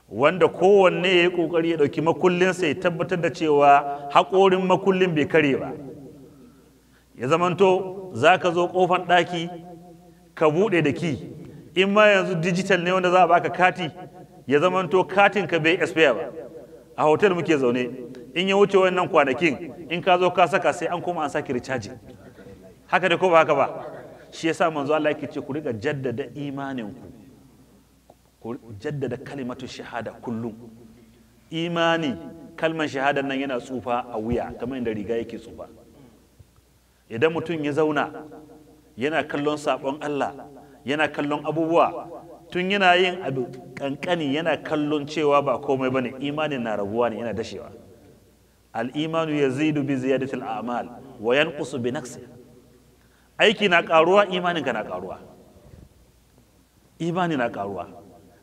wanda kowanne ya yi ƙoƙari ya ɗauki makullin ya tabbatar da cewa haƙorin makullin bai kare ba ya zamanto za ka zo ƙofar ɗaki ka buɗe da ki in ma yanzu digital ne wanda za a baka kati ya zamanto katin ka bai expire ba a hotel muke zaune in ya wuce wannan kwanakin in ka zo ka saka sai an koma an sake recharge haka da ko ba haka ba shi yasa manzo Allah yake ce ku riga jaddada imanin ku ku jaddada kalimatu shahada kullum imani kalmar shahada nan yana tsufa a wuya kamar inda riga yake tsufa idan mutum ya zauna yana kallon sabon Allah yana kallon abubuwa tun yana yin abu kankani yana kallon cewa ba komai bane imanin na raguwa ne yana dashewa al-imanu yazidu bi al a'mal wa yanqusu bi naqsi aiki na karuwa imanin ka na karuwa imani na karuwa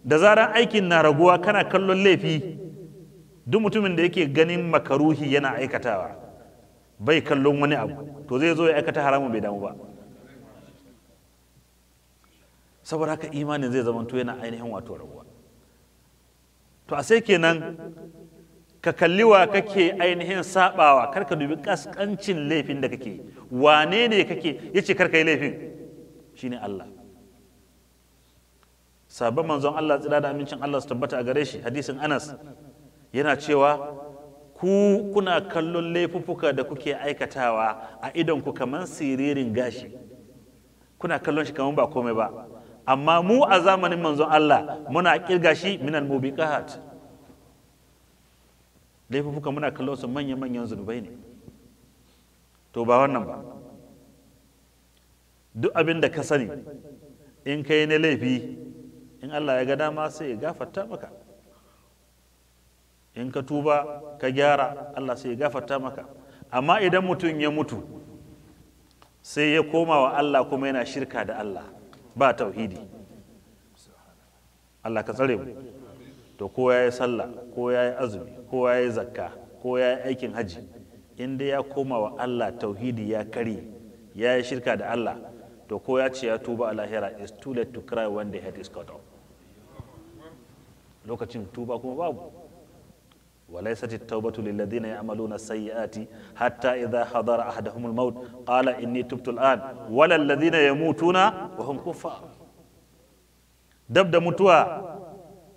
da zaran aikin na raguwa kana kallon laifi duk mutumin da yake ganin makaruhi yana aikatawa bai kallon wani abu to zai zo ya aikata haramun bai damu ba saboda haka imanin zai zama to yana ainihin wato rabuwa. to a sai kenan ka kalli wa kake ainihin sabawa kar ka dubi kaskancin laifin da kake wane ne kake yace kar ka yi laifin shine Allah sabon manzon Allah tsira da amincin Allah su tabbata a gare shi hadisin Anas yana cewa ku kuna kallon laifuffuka da kuke aikatawa a idon ku kaman siririn gashi kuna kallon shi kaman ba komai ba amma mu a zamanin manzon Allah muna kirga shi minal mubiqat laifuka muna kallon su manya manyan zunubai ne to ba wannan ba duk abin da ka sani in ka yi na laifi in Allah ya ga dama sai ya gafarta maka in ka tuba ka gyara Allah sai ya gafarta maka amma idan mutum ya mutu sai ya koma wa Allah kuma yana shirka da Allah ba tauhidi Allah ka tsare mu to ko ya yi sallah ko ya yi azumi ko ya yi zakka ko ya yi aikin haji in dai ya koma wa Allah tauhidi ya kari ya yi shirka da Allah to ko ya ce ya tuba a lahira is too late to cry when the head is cut off lokacin tuba kuma babu وليست التوبة للذين يعملون السيئات حتى إذا حضر أحدهم الموت قال إني تبت الآن ولا الذين يموتون وهم كفار دبد متوا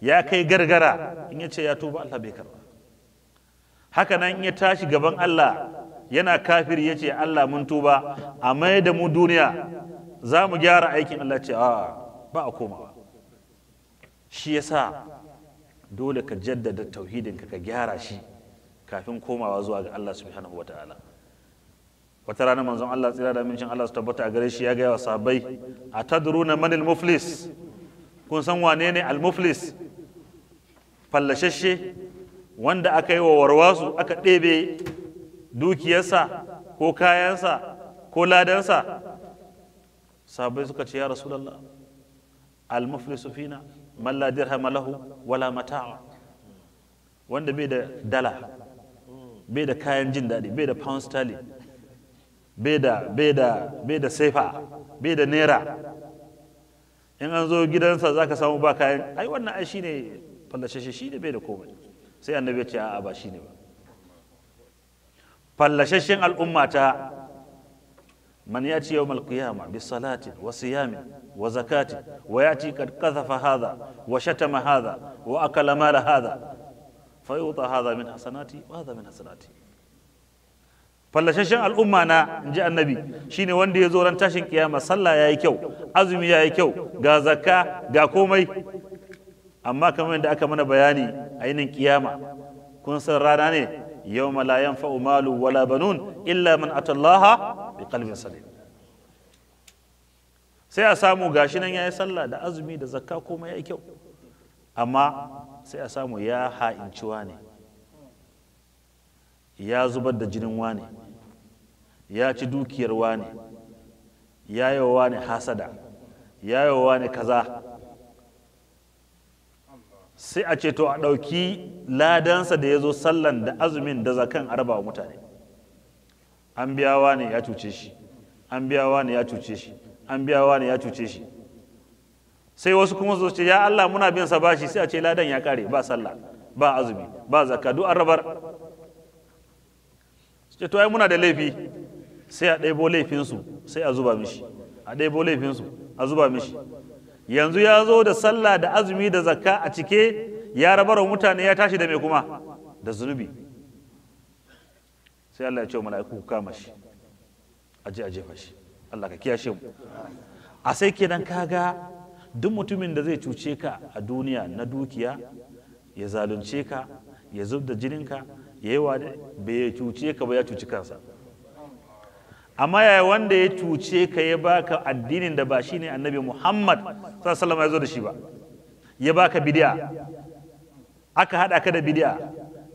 يا كي غرغرا إن يا توبة الله بكر هكذا إن يتاشي غبان الله yana kafiri ya ce Allah mun tuba a mai da mu duniya za mu gyara aikin Allah ce a ba a dole ka jaddada tauhidin ka gyara shi kafin komawa zuwa ga Allah subhanahu wataala wata rana manzon Allah tsira da mincin Allah su tabbata a gare shi ya gaya wa sahabbai atadruna manil muflis kun san wane ne al muflis fallashashe wanda aka yi wa warwasu aka ɗebe dukiyarsa ko kayansa ko ladansa sahabbai suka ce ya rasulullah al muflisu fina malla la dirhama wala mata'a wanda bai da dala bai da kayan jin daɗi bai da pound sterling bai da bai da bai da sefa bai da naira in an zo gidansa za ka samu ba kayan ai wannan ai shine fallashe shi ne bai da komai sai annabi ya ce a'a ba shine ba fallashashen al'umma ta man ya ci yawmal qiyama bi salati wa siyamin وزكاته ويأتي قد قذف هذا وشتم هذا وأكل مال هذا فيعطى هذا من حسناتي وهذا من حسناتي fallashashen al'umma na in ji annabi shine wanda ya zo ran tashin kiyama sallah ya yi kyau azumi ya yi kyau ga zakka ga komai amma kamar yadda aka mana bayani ainihin kiyama kun san rana ne yau la yanfa'u malu wala banun illa man atallaha bi qalbin salim sai a samu gashi nan ya yi sallah da azumi da zakka komai ya yi kyau amma sai a samu ya ha'inci ne ya zubar da jinin wane ya ci dukiyar wane ya yi wane hasada ya yi wane kaza sai a ce to a ɗauki ladansa da ya zo sallan da azumin da zakan a raba mutane an biya wane ya cuce shi an biya wane ya cuce shi an biya wani ya cuce shi sai wasu kuma su ce ya Allah muna bin sa bashi sai a ce ladan ya kare ba sallah ba azumi ba zakka duk an rabar su ce to ai muna da laifi sai a laifin laifinsu sai a zuba mishi a laifin laifinsu a zuba mishi yanzu ya zo da sallah da azumi da zakka a cike ya rabar mutane ya tashi da mai kuma da zunubi sai Allah ya ce mala'iku kama shi aje a jefa shi Allah ka kiyashe mu a sai kenan kaga duk mutumin da zai cuce ka a duniya na dukiya ya zalunce ka ya zub da jininka ya yi wani bai cuce ka ba ya cuci kansa amma yaya wanda ya cuce ka ya baka addinin da ba shine annabi Muhammad sallallahu ya zo da shi ba ya baka bidiya? aka hada ka da bidiya?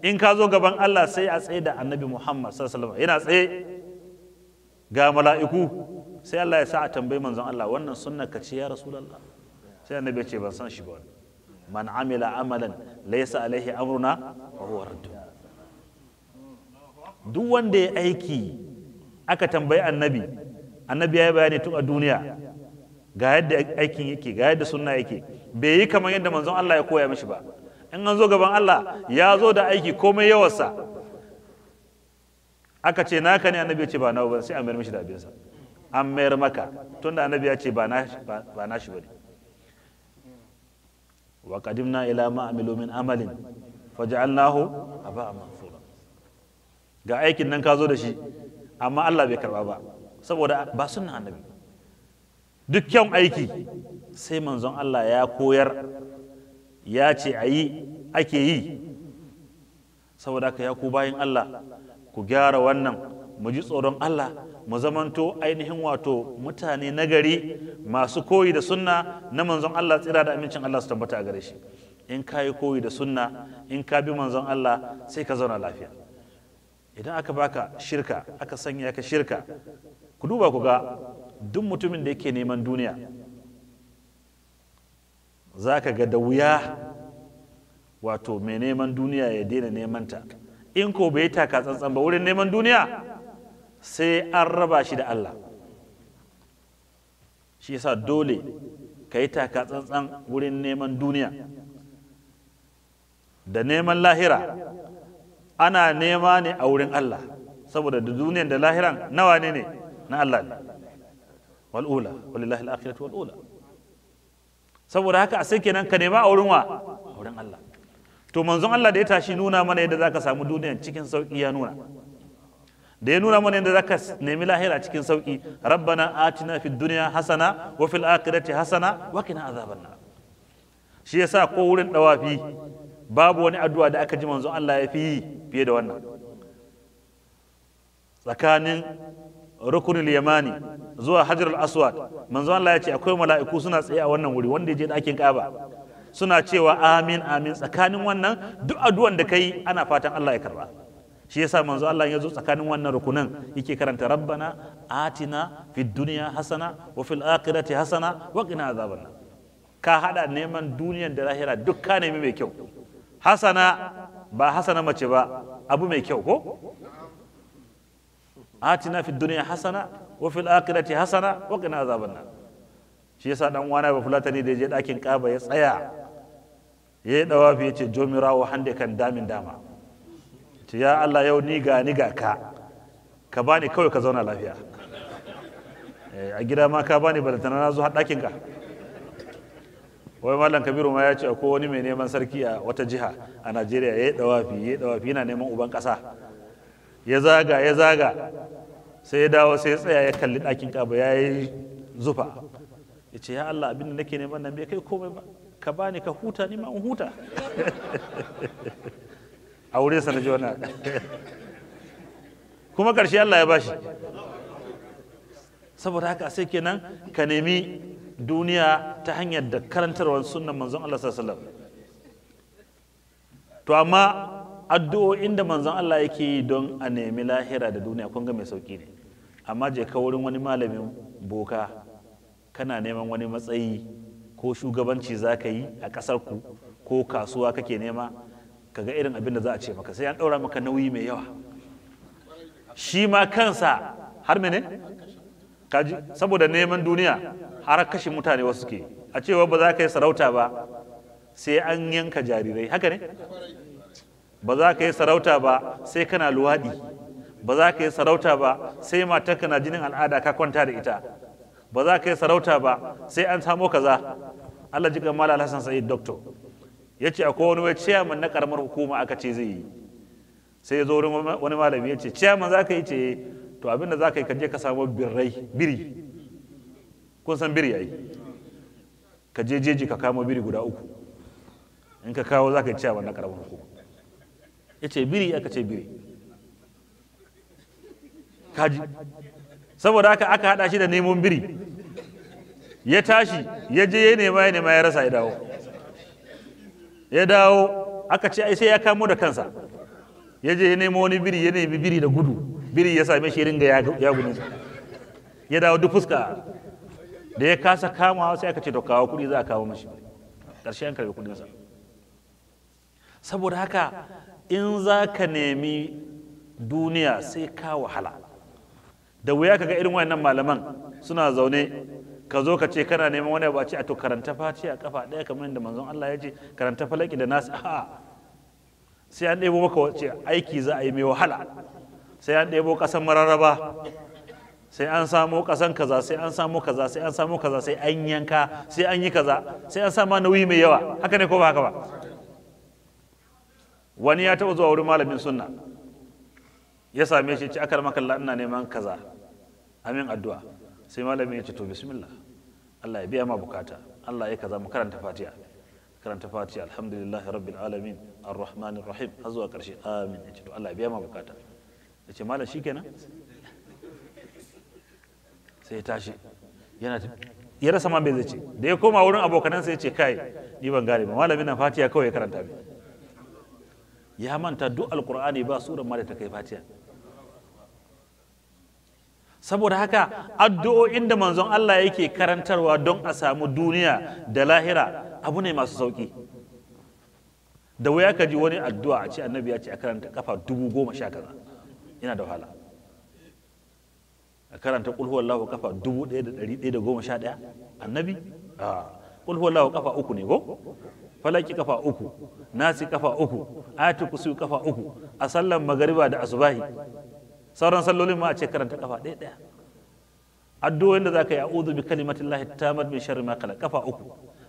in ka zo gaban Allah sai a tsaye da annabi Muhammad sallallahu yana tsaye ga mala'iku sai Allah ya sa a tambayi manzon Allah wannan sunna ka ce ya rasulullah sai annabi ya ce ban san shi ba man amila amalan laysa alaihi amruna wa huwa radd duk wanda ya aiki aka tambayi annabi annabi ya yi bayani tun a duniya ga yadda aikin yake ga yadda sunna yake bai yi kamar yadda manzon Allah ya koya mishi ba in an zo gaban Allah ya zo da aiki komai yawarsa aka ce naka ne annabi ya ce ba nawa ba sai a mayar mishi da abinsa an mayar maka tunda annabi ya ce ba na shi bane wa qadimna ila ma amilu min amalin faj'alnahu aba mansura ga aikin nan ka zo da shi amma Allah bai karba ba saboda ba sunna annabi duk kyan aiki sai manzon Allah ya koyar ya ce a yi ake yi saboda ka ya ku bayan Allah ku gyara wannan mu ji tsoron Allah mu zamanto ainihin wato mutane nagari masu koyi da sunna na manzon Allah tsira da amincin Allah su tabbata a gare shi in ka yi koyi da sunna in ka bi manzon Allah sai ka zauna lafiya idan aka baka shirka aka sanya ka shirka ku duba ku ga duk mutumin da yake neman duniya za ka ga da wuya wato mai neman duniya ya daina neman ta in ko bai taka tsantsan ba wurin neman duniya sai an raba shi da Allah shi yasa dole ka yi taka tsantsan wurin neman duniya da neman lahira ana nema ne a wurin Allah saboda da duniyan da lahiran nawa ne ne na Allah ne wal'ula walillahi al'akhiratu wal'ula saboda haka a sai kenan ka nema a wurin wa a wurin Allah to manzon Allah da ya tashi nuna mana yadda zaka samu duniyan cikin sauki ya nuna da ya nuna mana yadda zaka nemi lahira cikin sauki rabbana atina fid dunya hasana wa fil akhirati hasana wa qina azaban shi yasa ko wurin dawafi babu wani addu'a da aka ji manzo Allah ya fi fiye da wannan tsakanin rukunul yamani zuwa hajarul aswad manzo Allah ya ce akwai mala'iku suna tsaye a wannan wuri wanda ya je dakin kaba suna cewa amin amin tsakanin wannan duk addu'an da kai ana fatan Allah ya karba shi yasa manzo Allah ya zo tsakanin wannan rukunan yake karanta rabbana atina fi dunya hasana wa fil akhirati hasana wa qina azaban ka hada neman duniyar da lahira duk ka nemi mai kyau hasana ba hasana mace ba abu mai kyau ko atina fi dunya hasana wa fil akhirati hasana wa qina azaban shi yasa dan uwana ba fulatani da je dakin kaba ya tsaya ya yi dawafi ya ce jomirawa hande kan damin dama ce ya Allah yau ni ga ni ga ka ka bani kawai ka zauna lafiya eh, a gida ma ka bani balantana na zo ɗakin ka wai mallam kabiru ma ya ce ko wani mai neman sarki a wata jiha a najeriya ya yi dawafi ya yi dawafi yana neman uban ƙasa ya zaga ya zaga sai ya dawo sai ya tsaya ya kalli ɗakin ba ya yi zufa ya ce ya allah abin da nake neman nan bai kai komai ba ka bani ka huta ni ma in huta <laughs> a wurin sa na ji kuma ƙarshe Allah ya bashi saboda haka sai kenan ka nemi duniya ta hanyar da karantarwar sunan manzon Allah sallallahu to amma addu'o'in da manzon Allah yake yi don a nemi lahira da duniya kun ga mai sauki ne amma je ka wurin wani malamin boka kana neman wani matsayi ko shugabanci za ka yi a ƙasar ko kasuwa kake nema Ka ga irin abin da za a ce maka sai an ɗaura maka nauyi mai yawa shi ma kansa har mene kaji saboda neman duniya har kashe mutane wasu ke a cewa ba za ka yi sarauta ba sai an yanka jarirai haka ne ba za ka yi sarauta ba sai kana luwaɗi ba za ka yi sarauta ba sai matarka na jinin al'ada ka kwanta da ita ba za ka yi sarauta ba sai an samo kaza Allah ji kamar Alhassan Sa'id doctor ya ce akwai wani wai ciyaman na karamar hukuma aka ce zai yi sai ya zo wani malami ya ce ciyaman za ka yi ce to abinda za ka yi kaje ka samu birrai biri kun san biri yayi ka je jeji ka kama biri guda uku in ka kawo za ka yi ciyaman na karamar hukuma ya ce biri aka ce biri kaji saboda haka aka hada shi da neman biri ya tashi ya je ya nema ya nema ya rasa ya dawo ya dawo aka ce ai sai ya kamo da kansa ya je ya nemo wani biri ya nemi biri da gudu biri ya same shi ringa ya gudu ya dawo duk fuska da ya kasa kamawa sai aka ce to kawo kuɗi za a kawo mashi ƙarshe an karbi kuɗinsa saboda haka in za ka nemi duniya sai ka wahala da wuya ga irin wayannan malaman suna zaune ka zo ka ce kana neman wani ba ce a to karanta fati a kafa ɗaya kamar yadda manzon Allah ya ce karanta falaki da nasi a sai an ɗebo maka wace aiki za a yi mai wahala sai an ɗebo ƙasan mararraba sai an samo ƙasan kaza sai an samo kaza sai an samo kaza sai an yanka sai an yi kaza sai an samu nauyi mai yawa haka ne ko ba haka ba wani ya taɓa zuwa wurin malamin sunna ya same shi ci akar makalla ina neman kaza amin addu'a sai malami ya ce to bismillah Allah ya biya ma bukata Allah ya kaza mu karanta Fatiha karanta Fatiha alhamdulillah rabbil alamin arrahmanir rahim har zuwa karshe amin ya ce to Allah ya biya ma bukata ya ce malam shikenan sai ya tashi yana ya rasa ma bai zai ce da ya koma wurin abokanansa ya ce kai ni ban gane ba malamin na Fatiha kawai ya karanta ya manta duk alqur'ani ba sura ma da ta kai Fatiha saboda haka addu'o'in da manzon Allah yake karantarwa don a samu duniya da lahira abu ne masu sauki da wuya ka ji wani addu'a a ce annabi ya ce a karanta kafa dubu goma sha kaza yana da wahala a karanta kulhu wallahu kafa dubu ɗaya da ɗari ɗaya da goma sha ɗaya annabi a kulhu wallahu kafa uku ne ko falaki kafa uku nasi kafa uku ayatu kusu kafa uku a sallan magariba da asubahi sauran sallolin ma a ce karanta kafa ɗaya ɗaya addu'o'in da zaka yi a'udhu bi ta tammat min sharri ma khalaq kafa uku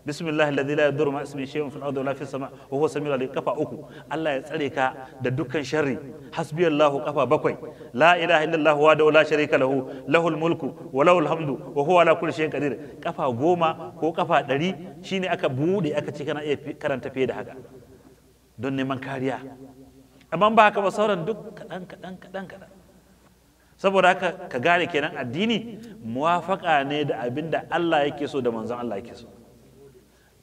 bismillahi alladhi la yadurru ma ismihi shay'un fil ardi wa la fis sama' wa huwa samiul alim kafa uku Allah ya tsare ka da dukkan sharri hasbiyallahu kafa bakwai la ilaha illallah wa da la sharika lahu lahul mulku wa lahul hamdu wa huwa ala kulli shay'in qadir kafa goma ko kafa ɗari shine aka bude aka ci kana iya karanta fiye da haka don neman kariya amma ba haka ba sauran duk kaɗan kaɗan kaɗan kaɗan saboda haka ka gane kenan addini muwafaka ne da abin da Allah yake so da manzon Allah yake so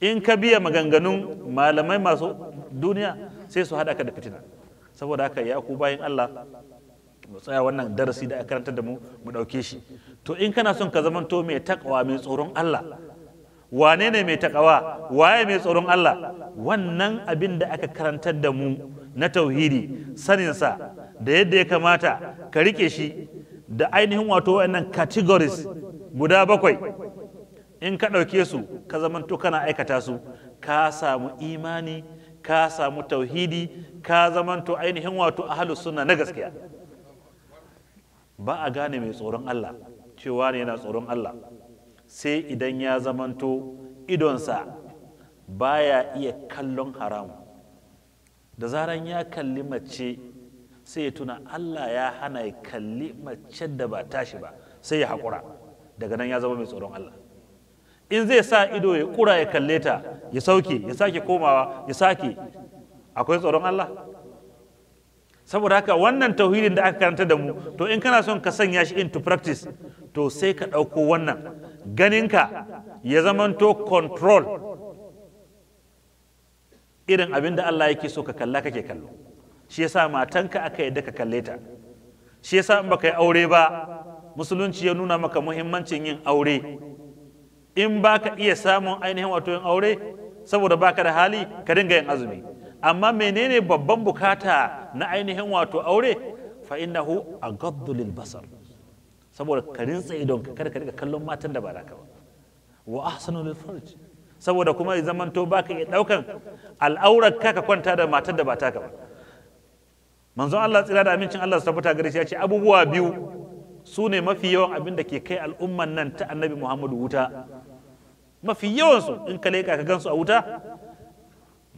in ka biya maganganun malamai masu duniya sai su haɗa ka da fitina saboda haka ya ku bayan Allah mu tsaya wannan darasi da aka karanta da mu mu ɗauke shi to in kana son ka zamanto mai takawa mai tsoron Allah wane ne mai takawa waye mai tsoron Allah wannan abin da aka karantar da mu na tauhidi sanin sa. da yadda ya kamata ka rike shi da ainihin wato wayannan categories guda bakwai in ka ɗauke su ka zamanto kana aikata su ka samu imani ka samu tauhidi ka zamanto ainihin wato ahalu suna na gaskiya ba a gane mai tsoron Allah cewa ne yana tsoron Allah sai idan ya zamanto idonsa baya iya kallon haramu da zaran ya kalli mace sai ya tuna Allah ya hana ya kalli mace da ba tashi ba sai ya haƙura daga nan ya zama mai tsoron Allah in zai sa ido ya ƙura ya kalle ta ya sauke ya sake komawa ya sake akwai tsoron Allah saboda haka wannan tauhidin da aka karanta da mu to in kana son ka sanya shi into practice to sai ka ɗauko wannan ganinka ya zamanto control irin abin da Allah yake so ka kalla kake kallo shi yasa matanka aka yadda ka kalle ta shi yasa in baka yi aure ba musulunci ya nuna maka muhimmancin yin aure in baka iya samun ainihin wato yin aure saboda baka da hali ka dinga yin azumi amma menene babban bukata na ainihin wato aure fa innahu aghaddu lil basar saboda ka rintsa idon ka kada ka dinga kallon matan da ba ka ba wa ahsanu lil farj saboda kuma ya zamanto baka iya daukan al'aurar ka ka kwanta da matar da ba ta ka ba manzon Allah tsira da amincin Allah su tabbata gare shi ya ce abubuwa biyu su ne mafi yawan abin da ke kai al'umman nan ta annabi Muhammadu wuta mafi yawan su in ka leƙa ka gansu a wuta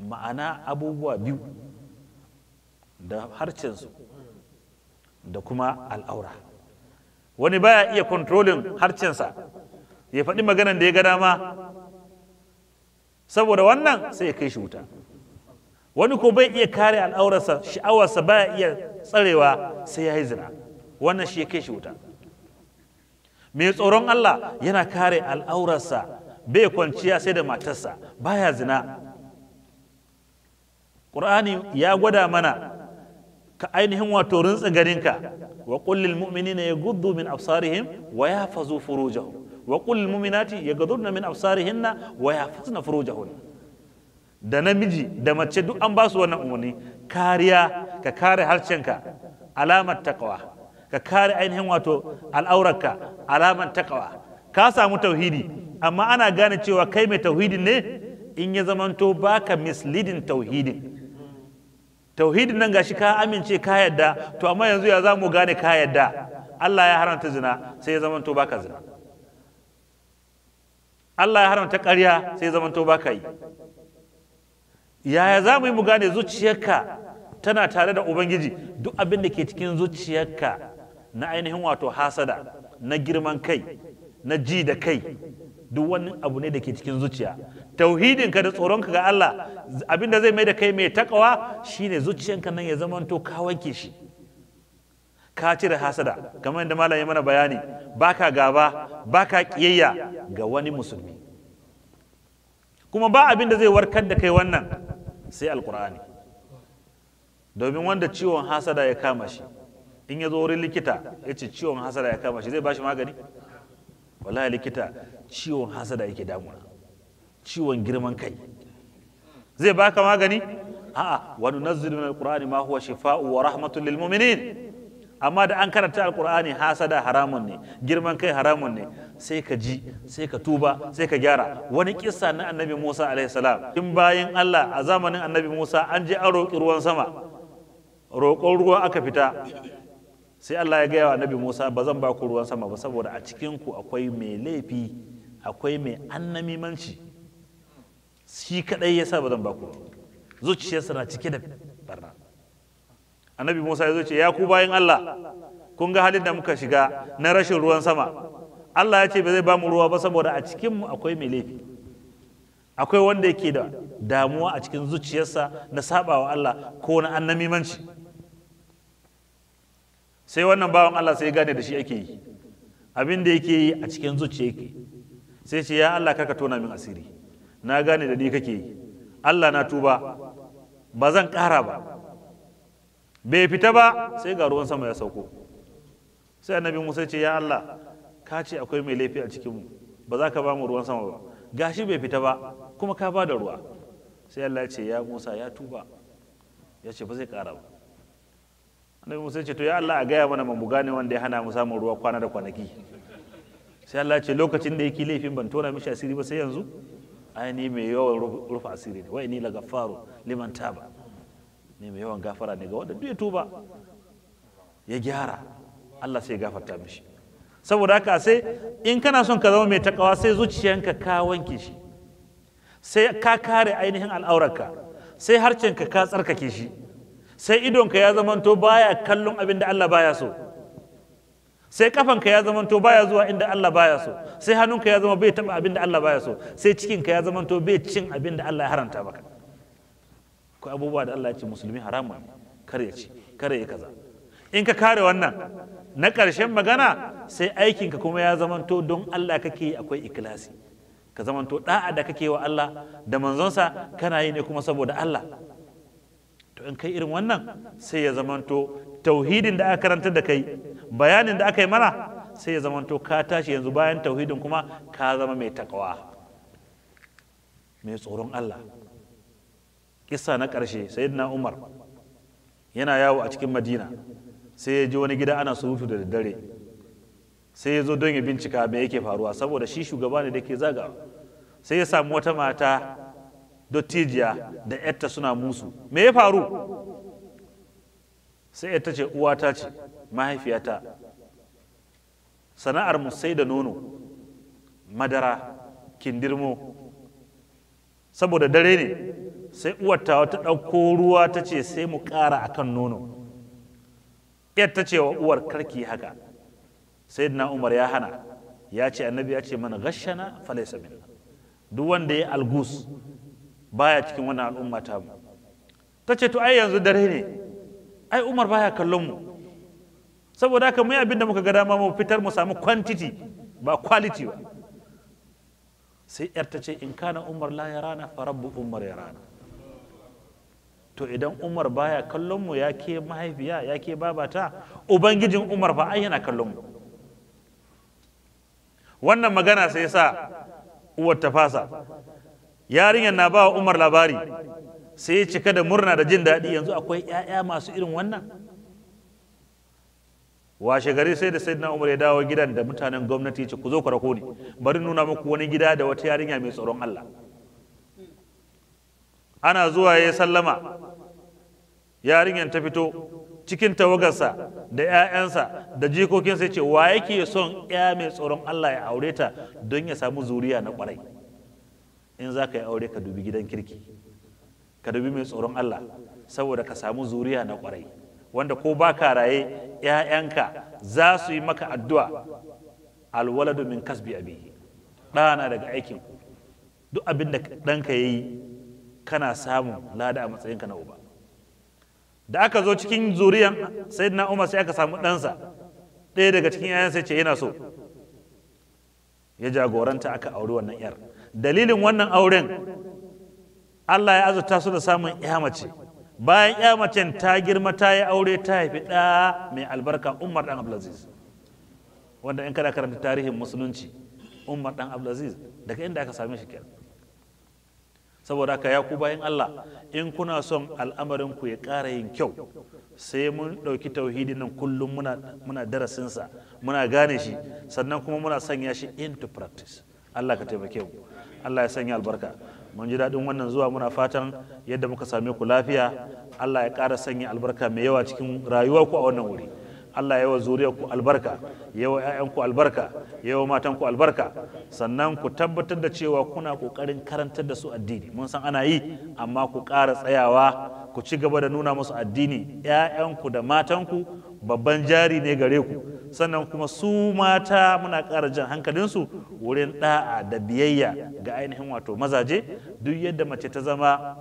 ma'ana abubuwa biyu da harcinsu da kuma al'aura wani baya iya kontrolin harcensa ya faɗi maganan da ya ga dama saboda wannan sai ya kai shi wuta wani ko bai iya kare al'aurarsa sha'awarsa baya iya tsarewa sai ya yi zina wannan shi ya kai shi wuta mai tsoron Allah yana kare al'aurarsa bai kwanciya sai da matarsa baya zina ƙur'ani ya gwada mana ka ainihin wato rintsa ganinka wa kullil ya yaghuddu min absarihim wa yahfazu furujahum wa kullil mu'minati gudu min absarihinna wa yahfazna furujahunna da namiji da mace duk an ba su wannan umarni kariya ka kare harshenka alamar takawa ka kare ainihin wato al'aurarka alamar takawa ka samu tauhidi amma ana gane cewa kai mai tauhidin ne in ya zamanto baka misleading tauhidin tauhidin nan gashi ka amince ka yadda to amma yanzu ya za mu gane ka yadda Allah ya haramta zina sai ya zamanto baka zina Allah ya haramta ƙarya sai ya zamanto baka yi yaya za mu yi mu gane zuciyarka tana tare da ubangiji duk abin da ke cikin zuciyarka na ainihin wato hasada na girman kai na ji da kai duk wani abu ne da ke cikin zuciya tauhidinka da tsoronka ga Allah abin da zai mai da kai mai takawa shine zuciyarka nan ya zamanto ka wanke shi ka cire hasada kamar yadda malam ya mana bayani baka gaba baka kiyayya ga wani musulmi kuma ba abin da zai warkar da kai wannan sai alkur'ani domin wanda ciwon hasada ya kama shi in ya zo wurin likita ya ce ciwon hasada ya kama shi zai ba shi magani wallahi likita ciwon hasada yake damuna ciwon girman kai zai baka magani a'a wani nunazzilu min ma huwa shifaa'u wa rahmatun lil mu'minin amma da an karanta alkur'ani hasada haramun ne girman kai haramun ne sai ka ji sai ka tuba sai ka gyara wani kisa na annabi musa alaihissalam in bayan allah a zamanin annabi musa an je an roƙi ruwan sama roƙon ruwa aka fita sai allah ya gaya wa annabi musa ba zan ba ku ruwan sama ba saboda a cikin ku akwai mai laifi akwai mai annamimanci shi kadai yasa ba zan ba ku zuciyarsa na cike da barna annabi musa ya zo ce ya ku bayan allah kun ga halin da muka shiga na rashin ruwan sama allah ya ce ba zai ba mu ruwa ba saboda a cikinmu akwai mai laifi akwai wanda yake da damuwa a cikin zuciyarsa na sabawa allah ko na annamimanci sai wannan bawan allah sai gane da shi ake yi abin da yake yi a cikin zuciya yake sai ce ya allah kaka tona min asiri na gane da ni kake yi allah na tuba ba zan kara ba bai fita ba sai ga ruwan sama ya sauko sai annabi musa ce ya allah ka ce akwai mai laifi a cikinmu ba za ka ba mu ruwan sama ba gashi bai fita ba kuma ka ba da ruwa sai allah ce ya musa ya tuba ya ce ba zai kara ba annabi musa ce to ya allah a gaya mana mu gane wanda ya hana mu samun ruwa kwana da kwanaki sai allah ce lokacin da yake laifin ban tona mishi asiri ba sai yanzu ai ni mai yawan rufa asiri ne wai ni la gaffaru liman taba ne mai yawan gafara ne ga wanda duk ya tuba ya gyara Allah sai gafarta mishi saboda haka sai in kana son ka zama mai takawa sai zuciyanka ka wanke shi sai ka kare ainihin al'aurarka sai harcenka ka tsarkake shi sai idonka ya zamanto baya kallon abin da Allah baya so sai kafanka ya zamanto baya zuwa inda Allah baya so sai hannunka ya zama bai taba abin da Allah baya so sai cikinka ya zamanto bai cin abin da Allah ya haranta maka ko abubuwa da Allah ya ce musulmi haramun kar ya ci kar ya kaza in ka kare wannan na ƙarshen magana sai aikin ka kuma ya zamanto don Allah kake akwai ikilasi ka zamanto da'a da kake wa Allah da manzonsa kana yi ne kuma saboda Allah to in kai irin wannan sai ya zamanto tauhidin da aka karanta da kai bayanin da aka yi mana sai ya zamanto ka tashi yanzu bayan tauhidin kuma ka zama mai takawa mai tsoron Allah kissa na ƙarshe na umar yana yawo a cikin madina sai ya ji wani gida ana surutu da daddare sai ya zo don ya bincika me yake faruwa saboda shi shugaba ne da ke zaga sai ya samu wata mata dottijiya da yatta suna musu me ya faru sai yatta ce uwata ce mahaifiyata sana'ar mu sai da nono madara kindirmo saboda dare ne sai uwarta wata ɗauko ruwa ta ce sai mu ƙara kan nono yar ta ce wa uwar karki haka sai umar ya hana ya ce annabi ya ce mana gashana falai samin. duk wanda ya algus baya cikin wannan al'umma ta mu ta ce to ai yanzu dare ne ai umar baya kallon mu saboda haka mu yi abin da muka ga dama mu fitar mu samu kwantiti ba quality ba sai yar ta ce in kana umar la yarana fa rabbu umar rana. to idan umar baya kallon mu ya ke mahaifiya ya ke babata ubangijin umar fa yana kallon mu wannan magana sai sa uwar ta fasa yarinyar na ba umar labari sai ya cika da murna da jin daɗi yanzu akwai 'ya'ya masu irin wannan washe gari sai da sayyidina umar ya dawo gidan da mutanen gwamnati ce ku zo ku rako ni bari nuna muku wani gida da wata yarinya mai tsoron allah ana zuwa ya sallama yarinyar ta fito cikin tawagarsa da 'ya'yansa da jikokinsa ce wa yake son 'ya mai tsoron Allah ya aure ta don ya samu zuriya na kwarai in za ka yi aure ka dubi gidan kirki ka dubi mai tsoron Allah saboda ka samu zuriya na kwarai wanda ko ba ka raye 'ya'yanka za su yi maka addu'a alwala domin kasbi abi ɗana daga aikin duk abin da ɗanka ya yi kana samun lada a ka na uba da aka zo cikin zuriyan sayyidina umar sai aka samu ɗansa ɗaya daga cikin yayan sai ce yana so ya jagoranta aka auri wannan yar dalilin wannan auren Allah ya azurta su da samun ya mace bayan ya macen ta girma ta yi aure ta haifi ɗa mai albarka umar dan abdulaziz wanda in kada karanta tarihin musulunci umar dan abdulaziz daga inda aka same shi kenan saboda haka ya ku bayan Allah in kuna son al'amarin ku ya ƙara yin kyau sai mun ɗauki tauhidi nan kullum muna darasinsa muna gane shi sannan kuma muna sanya shi into practice Allah ka taimake mu Allah ya sanya albarka mun ji daɗin wannan zuwa muna fatan yadda muka same ku lafiya Allah ya ƙara sanya albarka mai yawa cikin rayuwa ku a wannan wuri Allah ya wa zuriyar ku albarka ya wa ƴaƴan ku albarka ya wa matan ku albarka sannan ku tabbatar da cewa kuna ƙoƙarin karantar da su addini mun san ana yi amma ku ƙara tsayawa ku ci gaba da nuna musu addini yayanku da matanku babban jari ne gare ku sannan kuma su mata muna ƙara jan hankalinsu wurin ɗa'a da biyayya ga ainihin wato mazaje duk yadda mace ta zama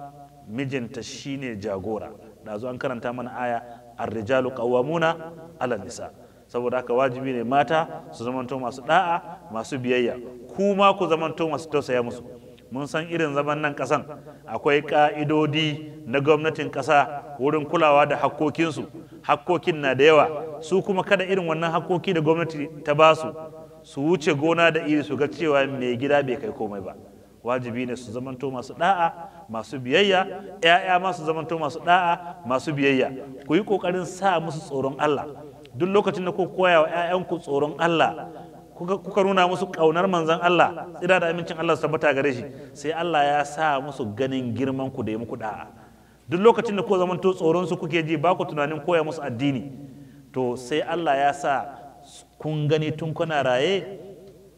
mijinta shine jagora ɗazu an karanta mana aya ar-rijalu qawwamuna 'ala nisa saboda haka wajibi ne mata su zamanto masu da'a masu biyayya kuma ku zamanto masu tausaya musu mun san irin zaman nan kasan akwai ka'idodi na gwamnatin kasa wurin kulawa da hakkokinsu hakkokin na da yawa su kuma kada irin wannan hakkoki da gwamnati ta ba su su wuce gona da iri su ga cewa mai gida bai kai komai ba wajibi ne su zamanto masu da'a masu biyayya ‘ya'ya masu zamanto masu ɗa'a masu biyayya ku yi ƙoƙarin sa musu tsoron Allah duk lokacin da ku koya wa ‘ya'yanku tsoron Allah kuka nuna musu ƙaunar manzan Allah tsira da amincin Allah su tabbata gare shi sai Allah ya sa musu ganin girman ku da ya muku da'a duk lokacin da ku zamanto tsoron su kuke ji ba ku tunanin koya musu addini to sai Allah ya sa kun gani tun kuna raye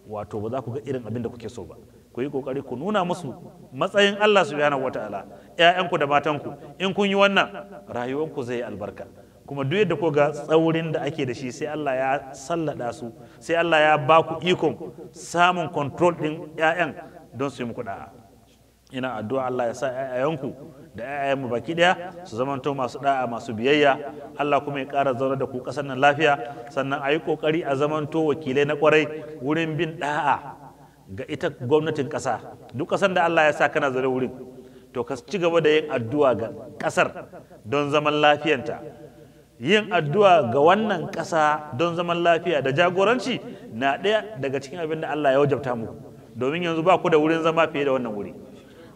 wato ba za ku ga irin abin da kuke so ba ku yi kokari ku nuna musu matsayin Allah subhanahu wataala ƴaƴanku da matanku in kun yi wannan rayuwanku zai yi albarka kuma duk yadda ko ga tsaurin da ake da shi sai Allah ya sallada su sai Allah ya ba ku ikon samun control din ƴaƴan don su yi muku da'a ina addu'a Allah ya sa ƴaƴanku da mu baki ɗaya su zamanto masu da'a masu biyayya Allah kuma ya ƙara zaune da ku ƙasar nan lafiya sannan a yi ƙoƙari a zamanto wakilai na kwarai wurin bin da'a ga ita gwamnatin ƙasa duk ƙasar da Allah ya sa kana zare wurin to ka ci gaba da yin addu'a ga ƙasar don zaman lafiyanta yin addu'a ga wannan ƙasa don zaman lafiya da jagoranci na ɗaya daga cikin abin da Allah ya wajabta muku domin yanzu ba ku da wurin zama fiye da wannan wuri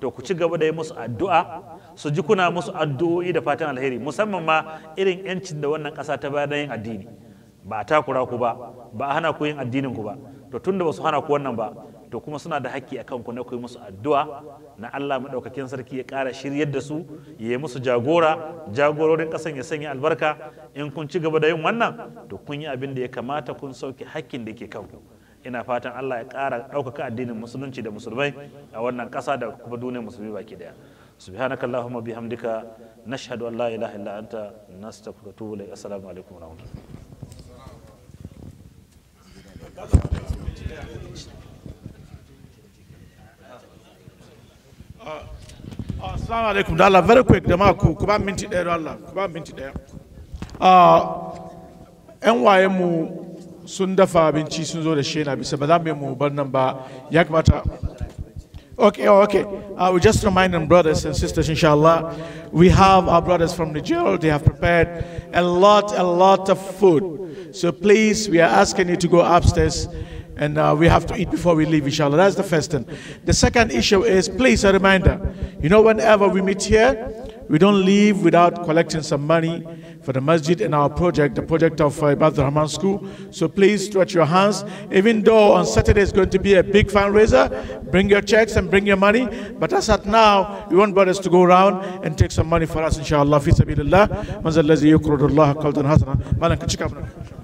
to ku ci gaba da yi musu addu'a su ji kuna musu addu'o'i da fatan alheri musamman ma irin yancin da wannan ƙasa ta bayar yin addini ba a takura ku ba ba a hana ku yin addinin ku ba to tunda ba su hana ku wannan ba to kuma suna da haƙƙi akan ku na ku yi musu addu'a na Allah madaukakin sarki ya ƙara shiryar da su ya yi musu jagora jagororin ƙasan ya sanya albarka in kun ci gaba da yin wannan to kun yi abin da ya kamata kun sauke haƙƙin da ke kanku ina fatan Allah ya ƙara ɗaukaka addinin musulunci da musulmai a wannan ƙasa da kuma duniyar musulmi baki daya سبحانك اللهم وبحمدك نشهد ان لا اله الا انت نستغفرك ونتوب اليك السلام عليكم ورحمه الله Ah, assalamu alaikum. Allah, very quick. Jama'a ku ku ba minti there, Allah, ku ba minti ɗaya. ‘Yan ah, waye mu sun dafa abinci shena bisa ba Okay, oh, okay. I ah, will just remind them, brothers and sisters, inshallah. We have our brothers from Nigeria. They have prepared a lot, a lot of food. So please, we are asking you to go upstairs and uh, we have to eat before we leave, inshallah. That's the first thing. The second issue is please a reminder. You know, whenever we meet here, we don't leave without collecting some money for the masjid and our project, the project of uh, Ibad Rahman School. So please stretch your hands. Even though on Saturday is going to be a big fundraiser, bring your checks and bring your money. But as at now, we want brothers to go around and take some money for us, inshallah. Fi sabilillah. Manzal lazi yukrudullah hasana. Malan